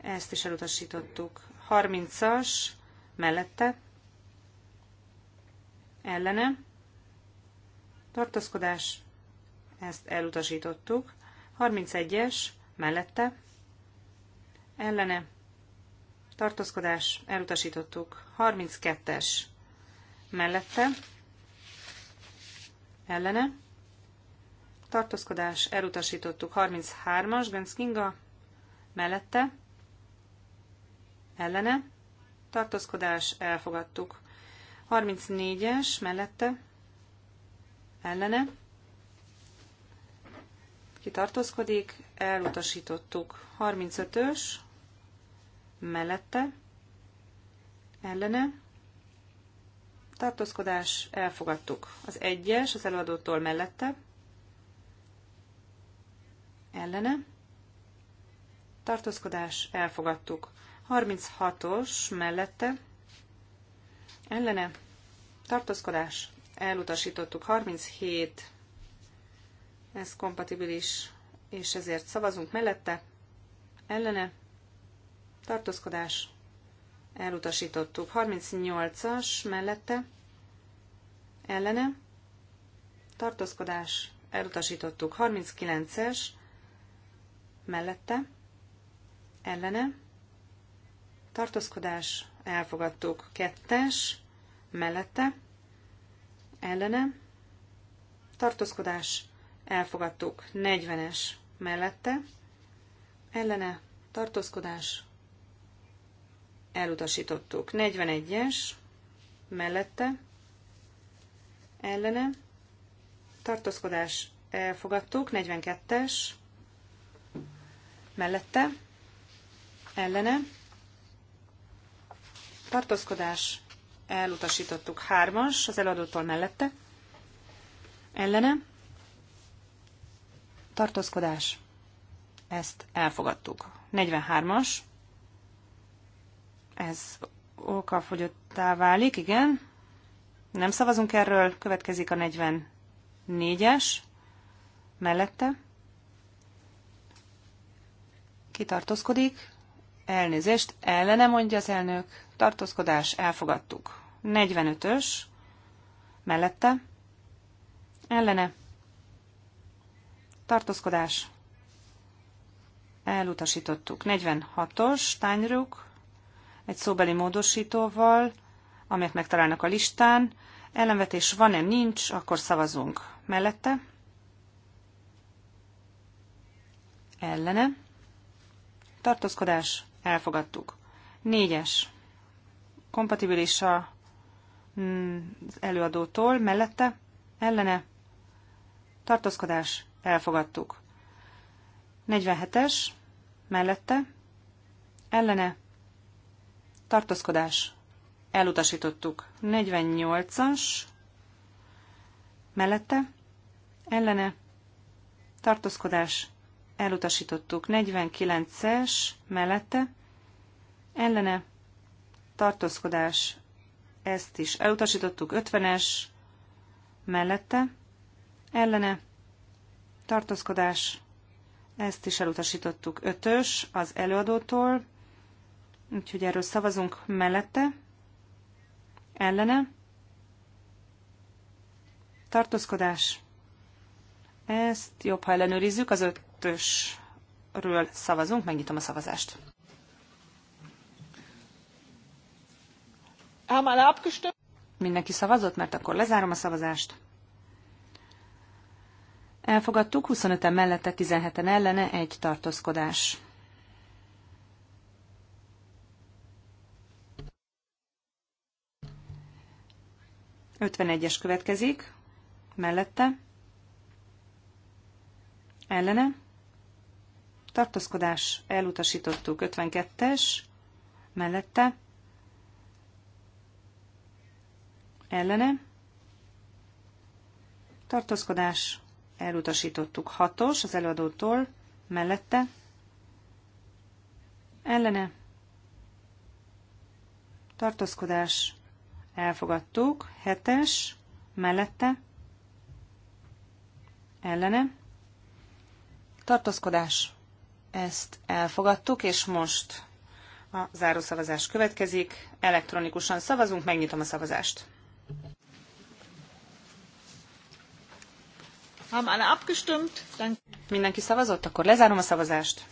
ezt is elutasítottuk, 30-as mellette, ellene, tartózkodás, ezt elutasítottuk, 31-es mellette, ellene, tartózkodás, elutasítottuk, 32-es mellette, ellene, tartózkodás, elutasítottuk 33-as, Gönc Kinga, mellette, ellene, tartózkodás, elfogadtuk 34-es, mellette, ellene, kitartózkodik, elutasítottuk 35-ös, mellette, ellene, tartózkodás, elfogadtuk. Az egyes az előadótól mellette, ellene, tartózkodás, elfogadtuk. 36-os mellette, ellene, tartózkodás, elutasítottuk. 37, ez kompatibilis, és ezért szavazunk mellette, ellene, tartózkodás, elutasítottuk. 38-as mellette ellene tartózkodás elutasítottuk. 39-es mellette ellene tartózkodás elfogadtuk. 2-es mellette ellene tartózkodás elfogadtuk. 40-es mellette ellene tartózkodás elutasítottuk. 41-es mellette ellene tartózkodás elfogadtuk. 42-es mellette ellene tartózkodás elutasítottuk. 3-as az eladótól mellette ellene tartózkodás ezt elfogadtuk. 43-as ez okafogyottá válik, igen. Nem szavazunk erről, következik a 44-es mellette. Kitartózkodik. Elnézést, ellene mondja az elnök. Tartózkodás, elfogadtuk. 45-ös mellette. Ellene. Tartózkodás. Elutasítottuk. 46-os, tányruk egy szóbeli módosítóval, amelyet megtalálnak a listán. Ellenvetés van-e? Nincs, akkor szavazunk. Mellette? Ellene? Tartózkodás? Elfogadtuk. Négyes. Kompatibilis mm, a előadótól. Mellette? Ellene? Tartózkodás? Elfogadtuk. 47-es. Mellette? Ellene? tartózkodás, elutasítottuk. 48-as, mellette, ellene, tartózkodás, elutasítottuk. 49-es, mellette, ellene, tartózkodás, ezt is elutasítottuk. 50-es, mellette, ellene, tartózkodás, ezt is elutasítottuk. 5-ös, az előadótól, Úgyhogy erről szavazunk mellette, ellene, tartózkodás. Ezt jobb, ha ellenőrizzük, az ötösről szavazunk, megnyitom a szavazást. Mindenki szavazott, mert akkor lezárom a szavazást. Elfogadtuk 25-en mellette, 17-en ellene, egy tartózkodás. 51-es következik, mellette, ellene, tartózkodás, elutasítottuk, 52-es, mellette, ellene, tartózkodás, elutasítottuk, 6-os az előadótól, mellette, ellene, tartózkodás, elfogadtuk, hetes, mellette, ellene, tartózkodás, ezt elfogadtuk, és most a zárószavazás következik. Elektronikusan szavazunk, megnyitom a szavazást. Haben alle abgestimmt? Mindenki szavazott, akkor lezárom a szavazást.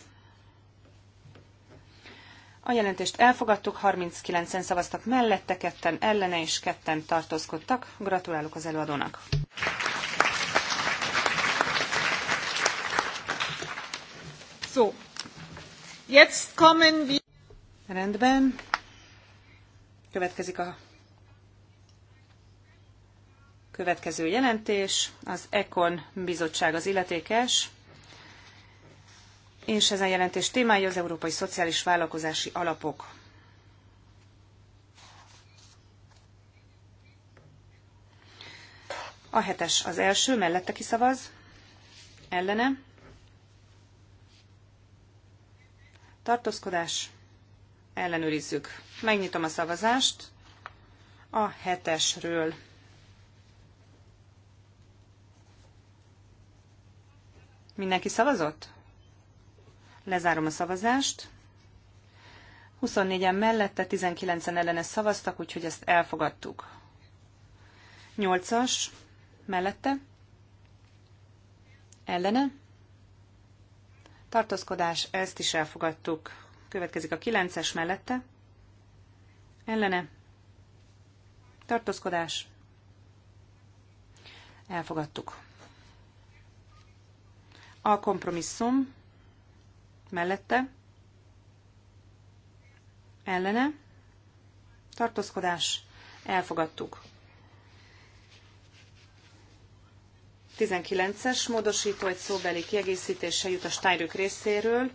A jelentést elfogadtuk, 39-en szavaztak mellette, ketten ellene és ketten tartózkodtak. Gratulálok az előadónak! So, jetzt kommen wir... Rendben. Következik a következő jelentés. Az ECON bizottság az illetékes és a jelentés témája az Európai Szociális Vállalkozási Alapok. A hetes az első, mellette kiszavaz, ellene, tartózkodás, ellenőrizzük. Megnyitom a szavazást a hetesről. Mindenki szavazott? Lezárom a szavazást. 24-en mellette, 19-en ellene szavaztak, úgyhogy ezt elfogadtuk. 8-as mellette, ellene. Tartózkodás, ezt is elfogadtuk. Következik a 9-es mellette, ellene. Tartózkodás, elfogadtuk. A kompromisszum mellette, ellene, tartózkodás, elfogadtuk. 19-es módosító egy szóbeli kiegészítése jut a Steinrück részéről,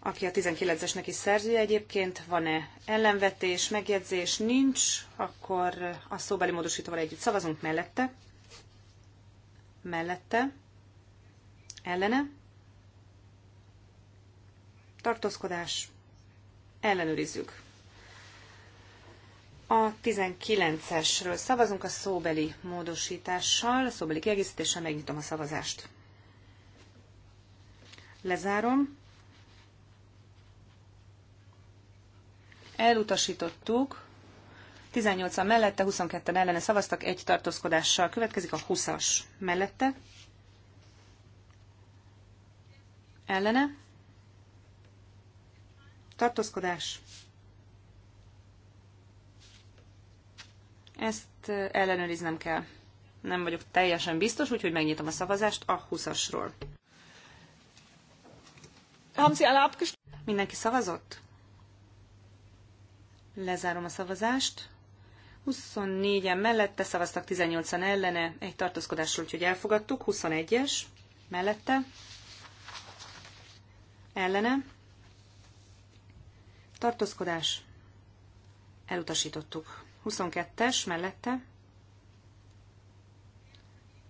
aki a 19-esnek is szerző egyébként. Van-e ellenvetés, megjegyzés? Nincs. Akkor a szóbeli módosítóval együtt szavazunk mellette. Mellette. Ellene tartózkodás, ellenőrizzük. A 19-esről szavazunk a szóbeli módosítással, a szóbeli kiegészítéssel megnyitom a szavazást. Lezárom. Elutasítottuk. 18-an mellette, 22-en ellene szavaztak, egy tartózkodással. Következik a 20-as mellette. Ellene tartózkodás. Ezt ellenőriznem kell. Nem vagyok teljesen biztos, úgyhogy megnyitom a szavazást a 20-asról. Mindenki szavazott? Lezárom a szavazást. 24-en mellette szavaztak 18-an ellene, egy tartózkodásról, úgyhogy elfogadtuk. 21-es mellette, ellene, tartózkodás, elutasítottuk. 22-es mellette,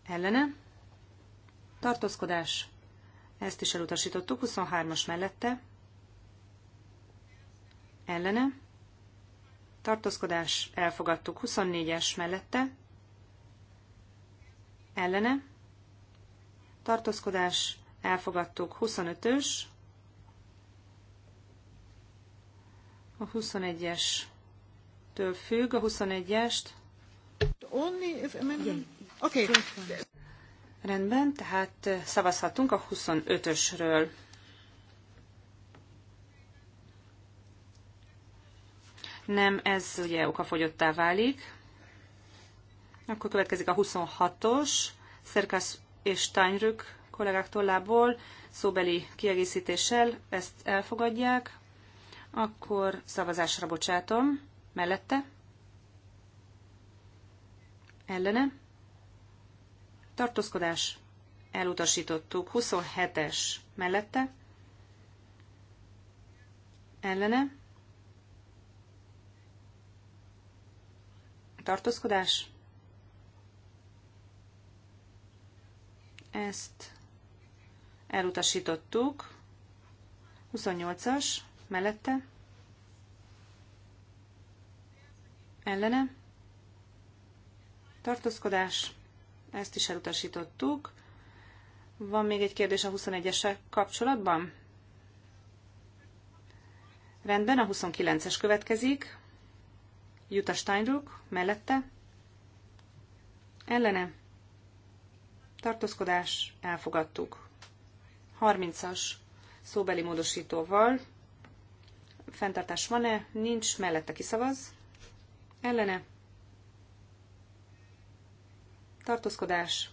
ellene, tartózkodás, ezt is elutasítottuk. 23-as mellette, ellene, tartózkodás, elfogadtuk. 24-es mellette, ellene, tartózkodás, elfogadtuk. 25-ös, a 21-es től függ, a 21-est. Only if Okay. Rendben, tehát szavazhatunk a 25-ösről. Nem, ez ugye okafogyottá válik. Akkor következik a 26-os, Szerkász és Tányrük kollégáktól lából, szóbeli kiegészítéssel ezt elfogadják. Akkor szavazásra bocsátom. Mellette? Ellene? Tartózkodás. Elutasítottuk. 27-es. Mellette? Ellene? Tartózkodás. Ezt elutasítottuk. 28-as mellette, ellene, tartózkodás, ezt is elutasítottuk. Van még egy kérdés a 21-esek kapcsolatban? Rendben, a 29-es következik. Jutta Steinruck, mellette. Ellene. Tartózkodás, elfogadtuk. 30-as szóbeli módosítóval fenntartás van-e? Nincs, mellette kiszavaz. Ellene. Tartózkodás.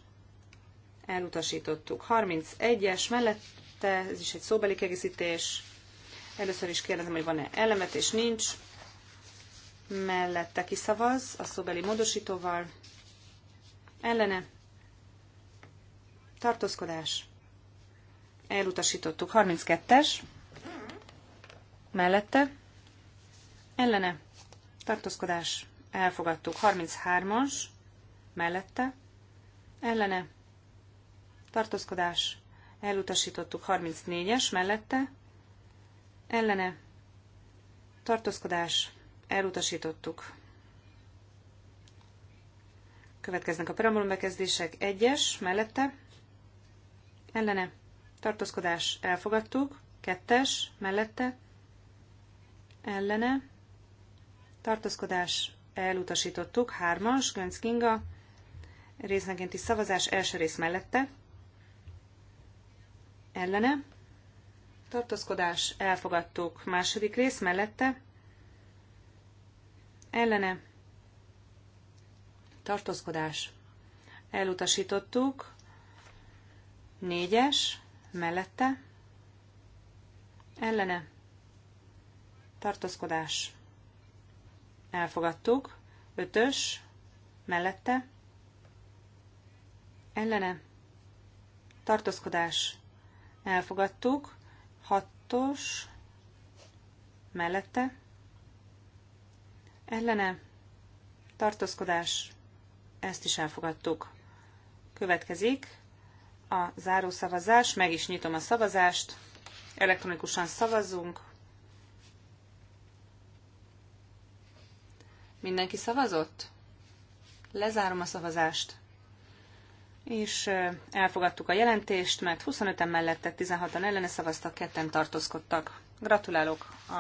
Elutasítottuk. 31-es mellette, ez is egy szóbeli kiegészítés. Először is kérdezem, hogy van-e elemet, és nincs. Mellette kiszavaz a szóbeli módosítóval. Ellene. Tartózkodás. Elutasítottuk. 32-es mellette, ellene, tartózkodás, elfogadtuk. 33-as, mellette, ellene, tartózkodás, elutasítottuk. 34-es, mellette, ellene, tartózkodás, elutasítottuk. Következnek a preambulum bekezdések. 1-es, mellette, ellene, tartózkodás, elfogadtuk. 2-es, mellette, ellene, tartózkodás elutasítottuk, hármas, Gönc Kinga, részlegénti szavazás első rész mellette, ellene, tartózkodás elfogadtuk, második rész mellette, ellene, tartózkodás elutasítottuk, négyes, mellette, ellene, tartózkodás, elfogadtuk, ötös, mellette, ellene, tartózkodás, elfogadtuk, hatos, mellette, ellene, tartózkodás, ezt is elfogadtuk. Következik a zárószavazás, meg is nyitom a szavazást, elektronikusan szavazunk, Mindenki szavazott? Lezárom a szavazást. És elfogadtuk a jelentést, mert 25-en mellette 16-an ellene szavaztak, ketten tartózkodtak. Gratulálok a,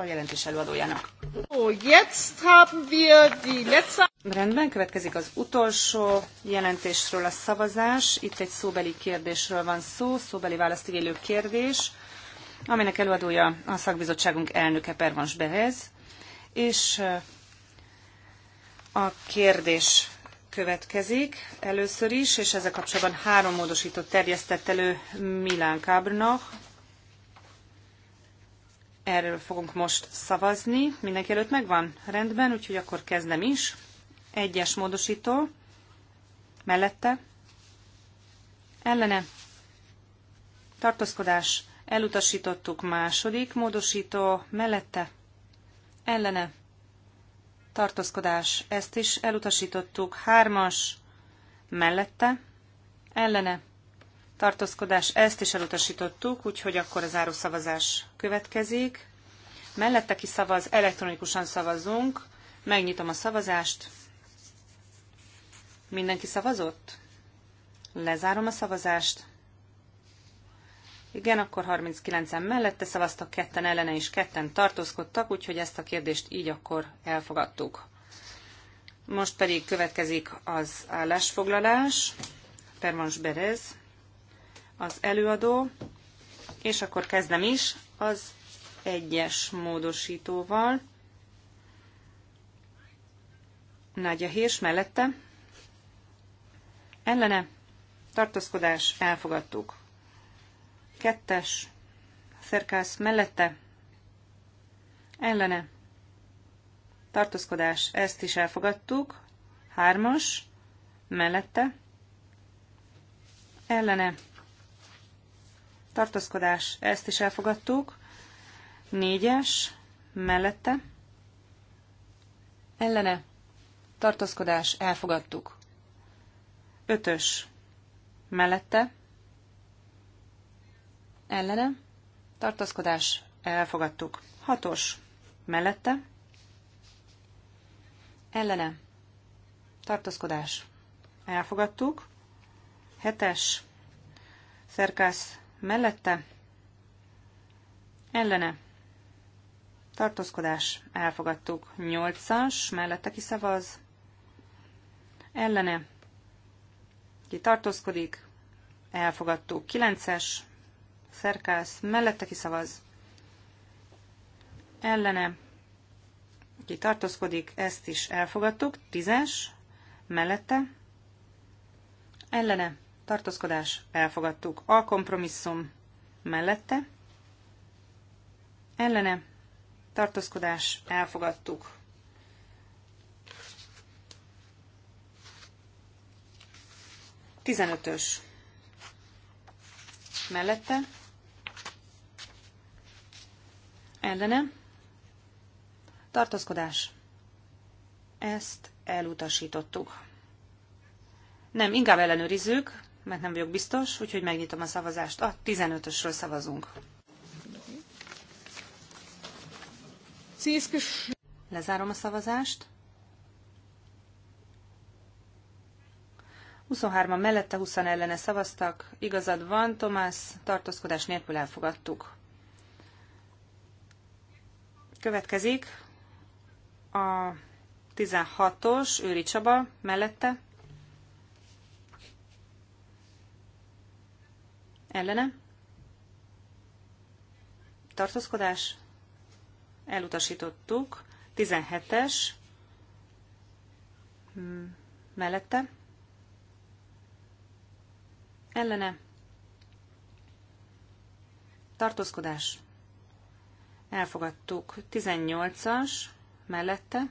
a jelentés előadójának. Oh, jetzt haben wir die letzte... Rendben, következik az utolsó jelentésről a szavazás. Itt egy szóbeli kérdésről van szó, szóbeli választigélő kérdés, aminek előadója a szakbizottságunk elnöke Pervans Behez, és a kérdés következik először is, és ezzel kapcsolatban három módosított terjesztett elő Milán Cabrnoch Erről fogunk most szavazni. Mindenki előtt megvan? Rendben, úgyhogy akkor kezdem is. Egyes módosító. Mellette. Ellene. Tartózkodás. Elutasítottuk második módosító. Mellette. Ellene tartózkodás, ezt is elutasítottuk. Hármas mellette, ellene, tartózkodás, ezt is elutasítottuk, úgyhogy akkor a záró szavazás következik. Mellette ki szavaz, elektronikusan szavazunk. Megnyitom a szavazást. Mindenki szavazott? Lezárom a szavazást. Igen, akkor 39-en mellette szavaztak, ketten ellene és ketten tartózkodtak, úgyhogy ezt a kérdést így akkor elfogadtuk. Most pedig következik az állásfoglalás. Permans Berez, az előadó, és akkor kezdem is az egyes módosítóval. a Hírs mellette. Ellene. Tartózkodás. Elfogadtuk. Kettes. Szerkász mellette. Ellene. Tartózkodás. Ezt is elfogadtuk. Hármas. Mellette. Ellene. Tartózkodás. Ezt is elfogadtuk. Négyes. Mellette. Ellene. Tartózkodás. Elfogadtuk. Ötös. Mellette ellene, tartózkodás, elfogadtuk. Hatos, mellette, ellene, tartózkodás, elfogadtuk. Hetes, szerkász, mellette, ellene, tartózkodás, elfogadtuk. Nyolcas, mellette kiszavaz, ellene, ki tartózkodik, elfogadtuk. Kilences, Szerkász mellette kiszavaz. Ellene. Ki tartózkodik, ezt is elfogadtuk. Tízes. Mellette. Ellene. Tartózkodás. Elfogadtuk. A kompromisszum. Mellette. Ellene. Tartózkodás. Elfogadtuk. Tizenötös mellette, ellene, tartózkodás, ezt elutasítottuk. Nem, inkább ellenőrizzük, mert nem vagyok biztos, úgyhogy megnyitom a szavazást. A 15-ösről szavazunk. Lezárom a szavazást. 23-an mellette, 20 ellene szavaztak. Igazad van, Tomás, tartózkodás nélkül elfogadtuk. Következik a 16-os Őri Csaba mellette. Ellene. Tartózkodás. Elutasítottuk. 17-es hmm, mellette. Ellene. Tartózkodás. Elfogadtuk. 18-as mellette.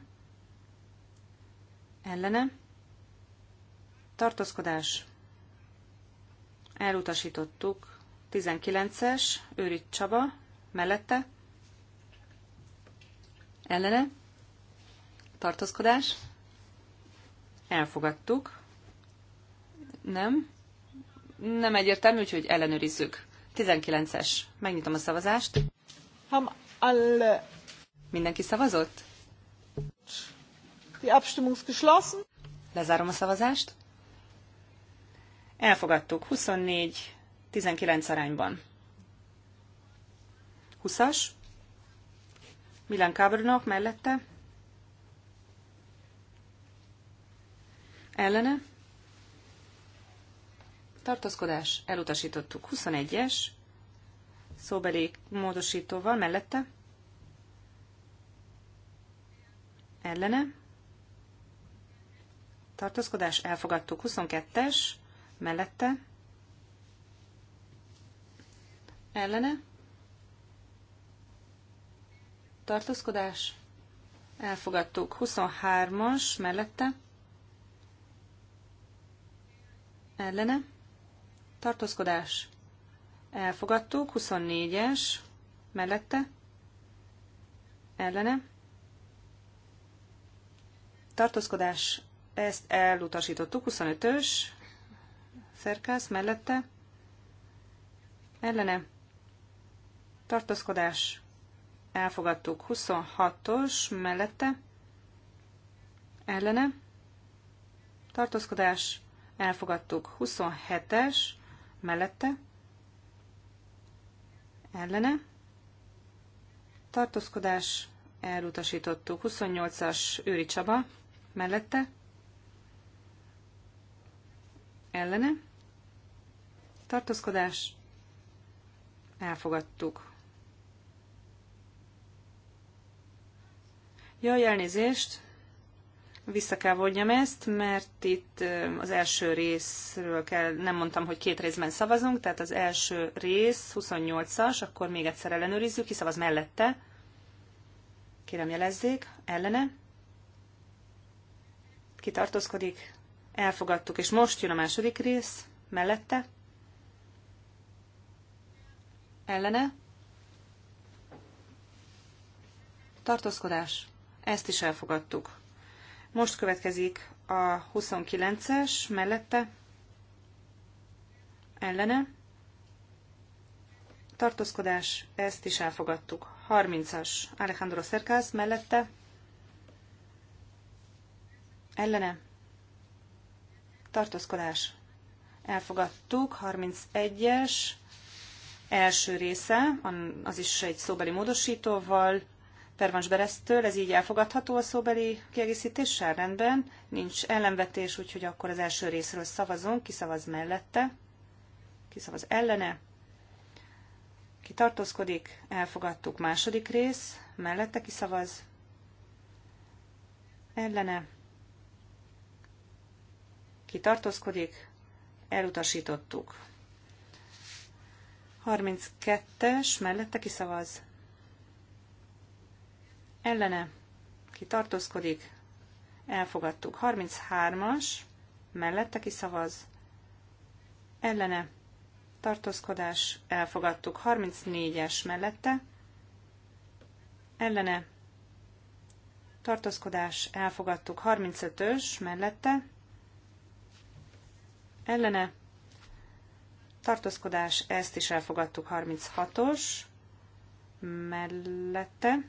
Ellene. Tartózkodás. Elutasítottuk. 19-es Őrit Csaba mellette. Ellene. Tartózkodás. Elfogadtuk. Nem. Nem egyértelmű, úgyhogy ellenőrizzük. 19-es. Megnyitom a szavazást. Ha Alle. Mindenki szavazott? Die Abstimmung ist geschlossen. Lezárom a szavazást. Elfogadtuk 24-19 arányban. 20-as. Milan Cabronok mellette. Ellene. Tartózkodás. Elutasítottuk. 21-es szóbeli módosítóval mellette. Ellene. Tartózkodás elfogadtuk 22-es mellette. Ellene. Tartózkodás elfogadtuk 23-as mellette. Ellene. Tartózkodás elfogadtuk, 24-es mellette, ellene, tartózkodás, ezt elutasítottuk, 25-ös, szerkász mellette, ellene, tartózkodás, elfogadtuk, 26-os mellette, ellene, tartózkodás, elfogadtuk, 27-es mellette, ellene. Tartózkodás elutasítottuk. 28-as Őri Csaba mellette ellene. Tartózkodás elfogadtuk. Jaj, elnézést! vissza kell vonjam ezt, mert itt az első részről kell, nem mondtam, hogy két részben szavazunk, tehát az első rész 28-as, akkor még egyszer ellenőrizzük, ki szavaz mellette. Kérem jelezzék, ellene. Ki tartózkodik? Elfogadtuk, és most jön a második rész, mellette. Ellene. Tartózkodás. Ezt is elfogadtuk. Most következik a 29-es mellette ellene. Tartózkodás, ezt is elfogadtuk. 30-as Alejandro Szerkász mellette ellene. Tartózkodás, elfogadtuk. 31-es első része, az is egy szóbeli módosítóval Pervans Beresztől, ez így elfogadható a szóbeli kiegészítéssel? Rendben, nincs ellenvetés, úgyhogy akkor az első részről szavazunk, ki szavaz mellette, ki szavaz ellene, ki tartózkodik, elfogadtuk második rész, mellette ki szavaz, ellene, ki tartózkodik, elutasítottuk. 32-es, mellette ki szavaz, ellene, ki tartózkodik, elfogadtuk. 33-as, mellette szavaz, ellene, tartózkodás, elfogadtuk. 34-es mellette, ellene, tartózkodás, elfogadtuk. 35-ös mellette, ellene, tartózkodás, ezt is elfogadtuk. 36-os mellette,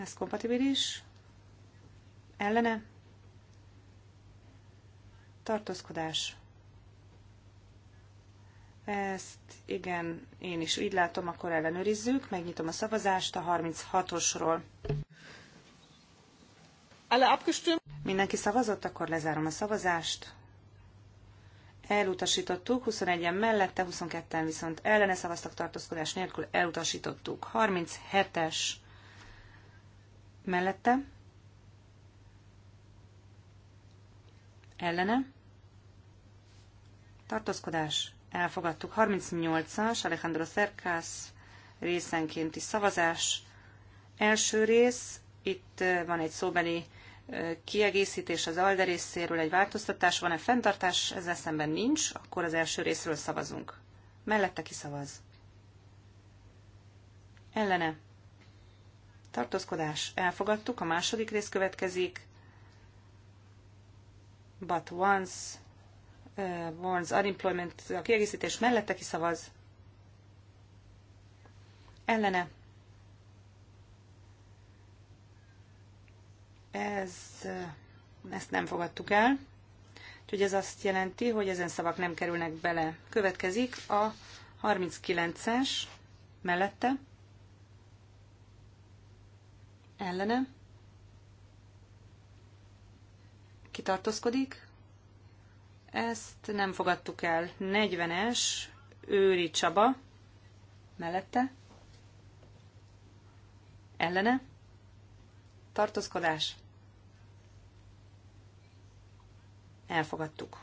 ez kompatibilis. Ellene. Tartózkodás. Ezt igen, én is így látom, akkor ellenőrizzük. Megnyitom a szavazást a 36-osról. Mindenki szavazott, akkor lezárom a szavazást. Elutasítottuk, 21-en mellette, 22-en viszont ellene szavaztak tartózkodás nélkül, elutasítottuk. 37-es mellette, ellene, tartózkodás, elfogadtuk. 38-as, Alejandro Szerkász részenkénti szavazás, első rész, itt van egy szóbeli kiegészítés az ALDE részéről, egy változtatás, van-e fenntartás, ezzel szemben nincs, akkor az első részről szavazunk. Mellette kiszavaz. Ellene tartózkodás, elfogadtuk, a második rész következik, but once uh, warns unemployment, a kiegészítés mellette kiszavaz, ellene. Ez, uh, ezt nem fogadtuk el. Úgyhogy ez azt jelenti, hogy ezen szavak nem kerülnek bele. Következik a 39-es mellette ellene, kitartózkodik. Ezt nem fogadtuk el. 40-es Őri Csaba mellette, ellene, tartózkodás, elfogadtuk.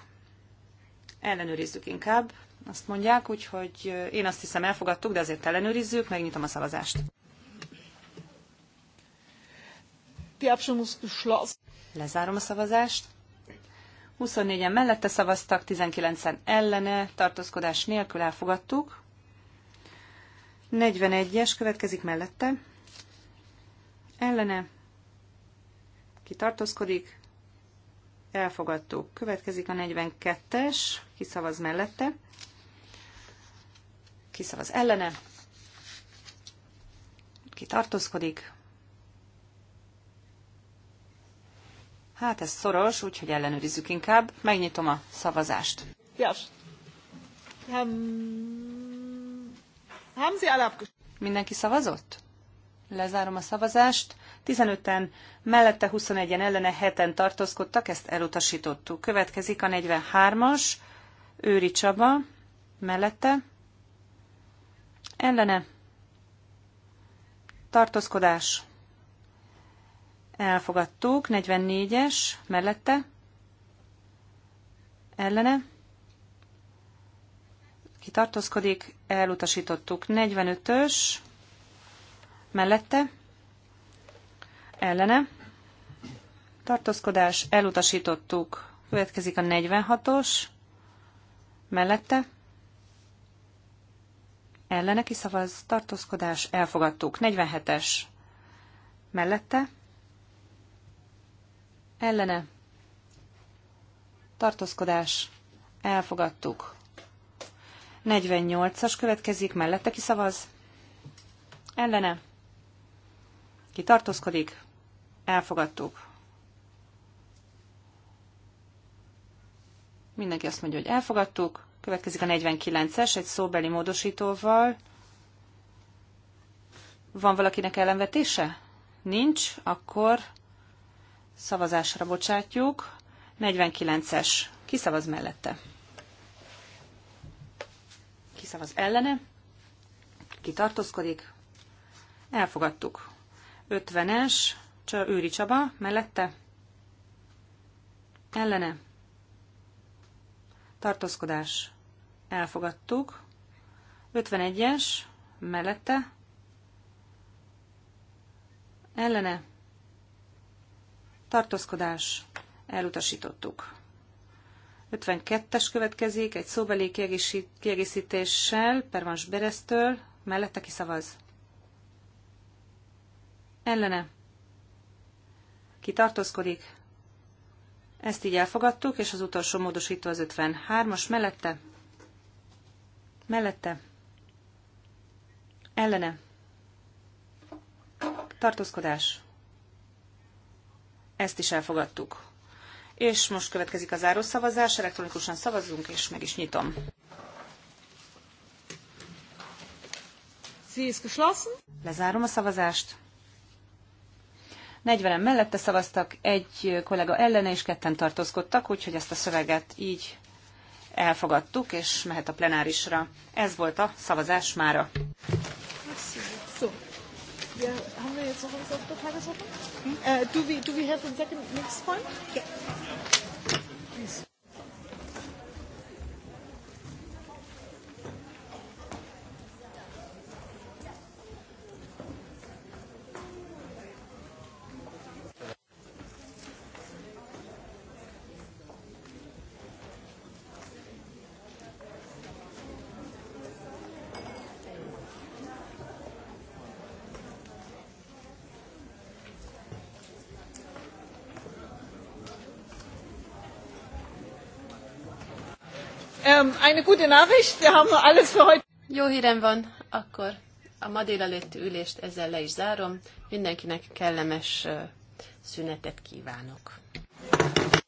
Ellenőrizzük inkább, azt mondják, úgyhogy eh, én azt hiszem elfogadtuk, de azért ellenőrizzük, megnyitom a szavazást. Lezárom a szavazást. 24-en mellette szavaztak, 19-en ellene, tartózkodás nélkül elfogadtuk. 41-es következik mellette. Ellene. Ki tartózkodik? Elfogadtuk. Következik a 42-es. Ki szavaz mellette? Ki szavaz ellene? Ki tartózkodik? Hát ez szoros, úgyhogy ellenőrizzük inkább. Megnyitom a szavazást. Yes. Um, Mindenki szavazott? Lezárom a szavazást. 15-en, mellette 21-en ellene 7-en tartózkodtak, ezt elutasítottuk. Következik a 43-as, Őri Csaba, mellette, ellene, tartózkodás, Elfogadtuk. 44-es mellette. Ellene. kitartózkodik, Elutasítottuk. 45-ös mellette. Ellene. Tartózkodás. Elutasítottuk. Következik a 46-os mellette. Ellene kiszavaz, tartózkodás, elfogadtuk. 47-es mellette ellene, tartózkodás, elfogadtuk. 48-as következik, mellette szavaz. ellene, ki tartózkodik, elfogadtuk. Mindenki azt mondja, hogy elfogadtuk. Következik a 49-es, egy szóbeli módosítóval. Van valakinek ellenvetése? Nincs, akkor Szavazásra bocsátjuk. 49-es. Ki szavaz mellette? Ki szavaz ellene? Ki tartózkodik? Elfogadtuk. 50-es. Őri Csaba mellette? Ellene? Tartózkodás. Elfogadtuk. 51-es. Mellette? Ellene? tartózkodás, elutasítottuk. 52-es következik, egy szóbeli kiegészítéssel, Pervans Beresztől, mellette szavaz. Ellene. Ki tartózkodik? Ezt így elfogadtuk, és az utolsó módosító az 53-as mellette. Mellette. Ellene. Tartózkodás. Ezt is elfogadtuk. És most következik a záró szavazás. Elektronikusan szavazunk, és meg is nyitom. Lezárom a szavazást. 40-en mellette szavaztak, egy kollega ellene és ketten tartózkodtak, úgyhogy ezt a szöveget így elfogadtuk, és mehet a plenárisra. Ez volt a szavazás mára. Tagesordnung? Äh, do, we, do we have a second next point? Yeah. eine gute Nachricht. Wir haben alles für heute. Jó hírem van, akkor a ma délelőtti ülést ezzel le is zárom. Mindenkinek kellemes szünetet kívánok.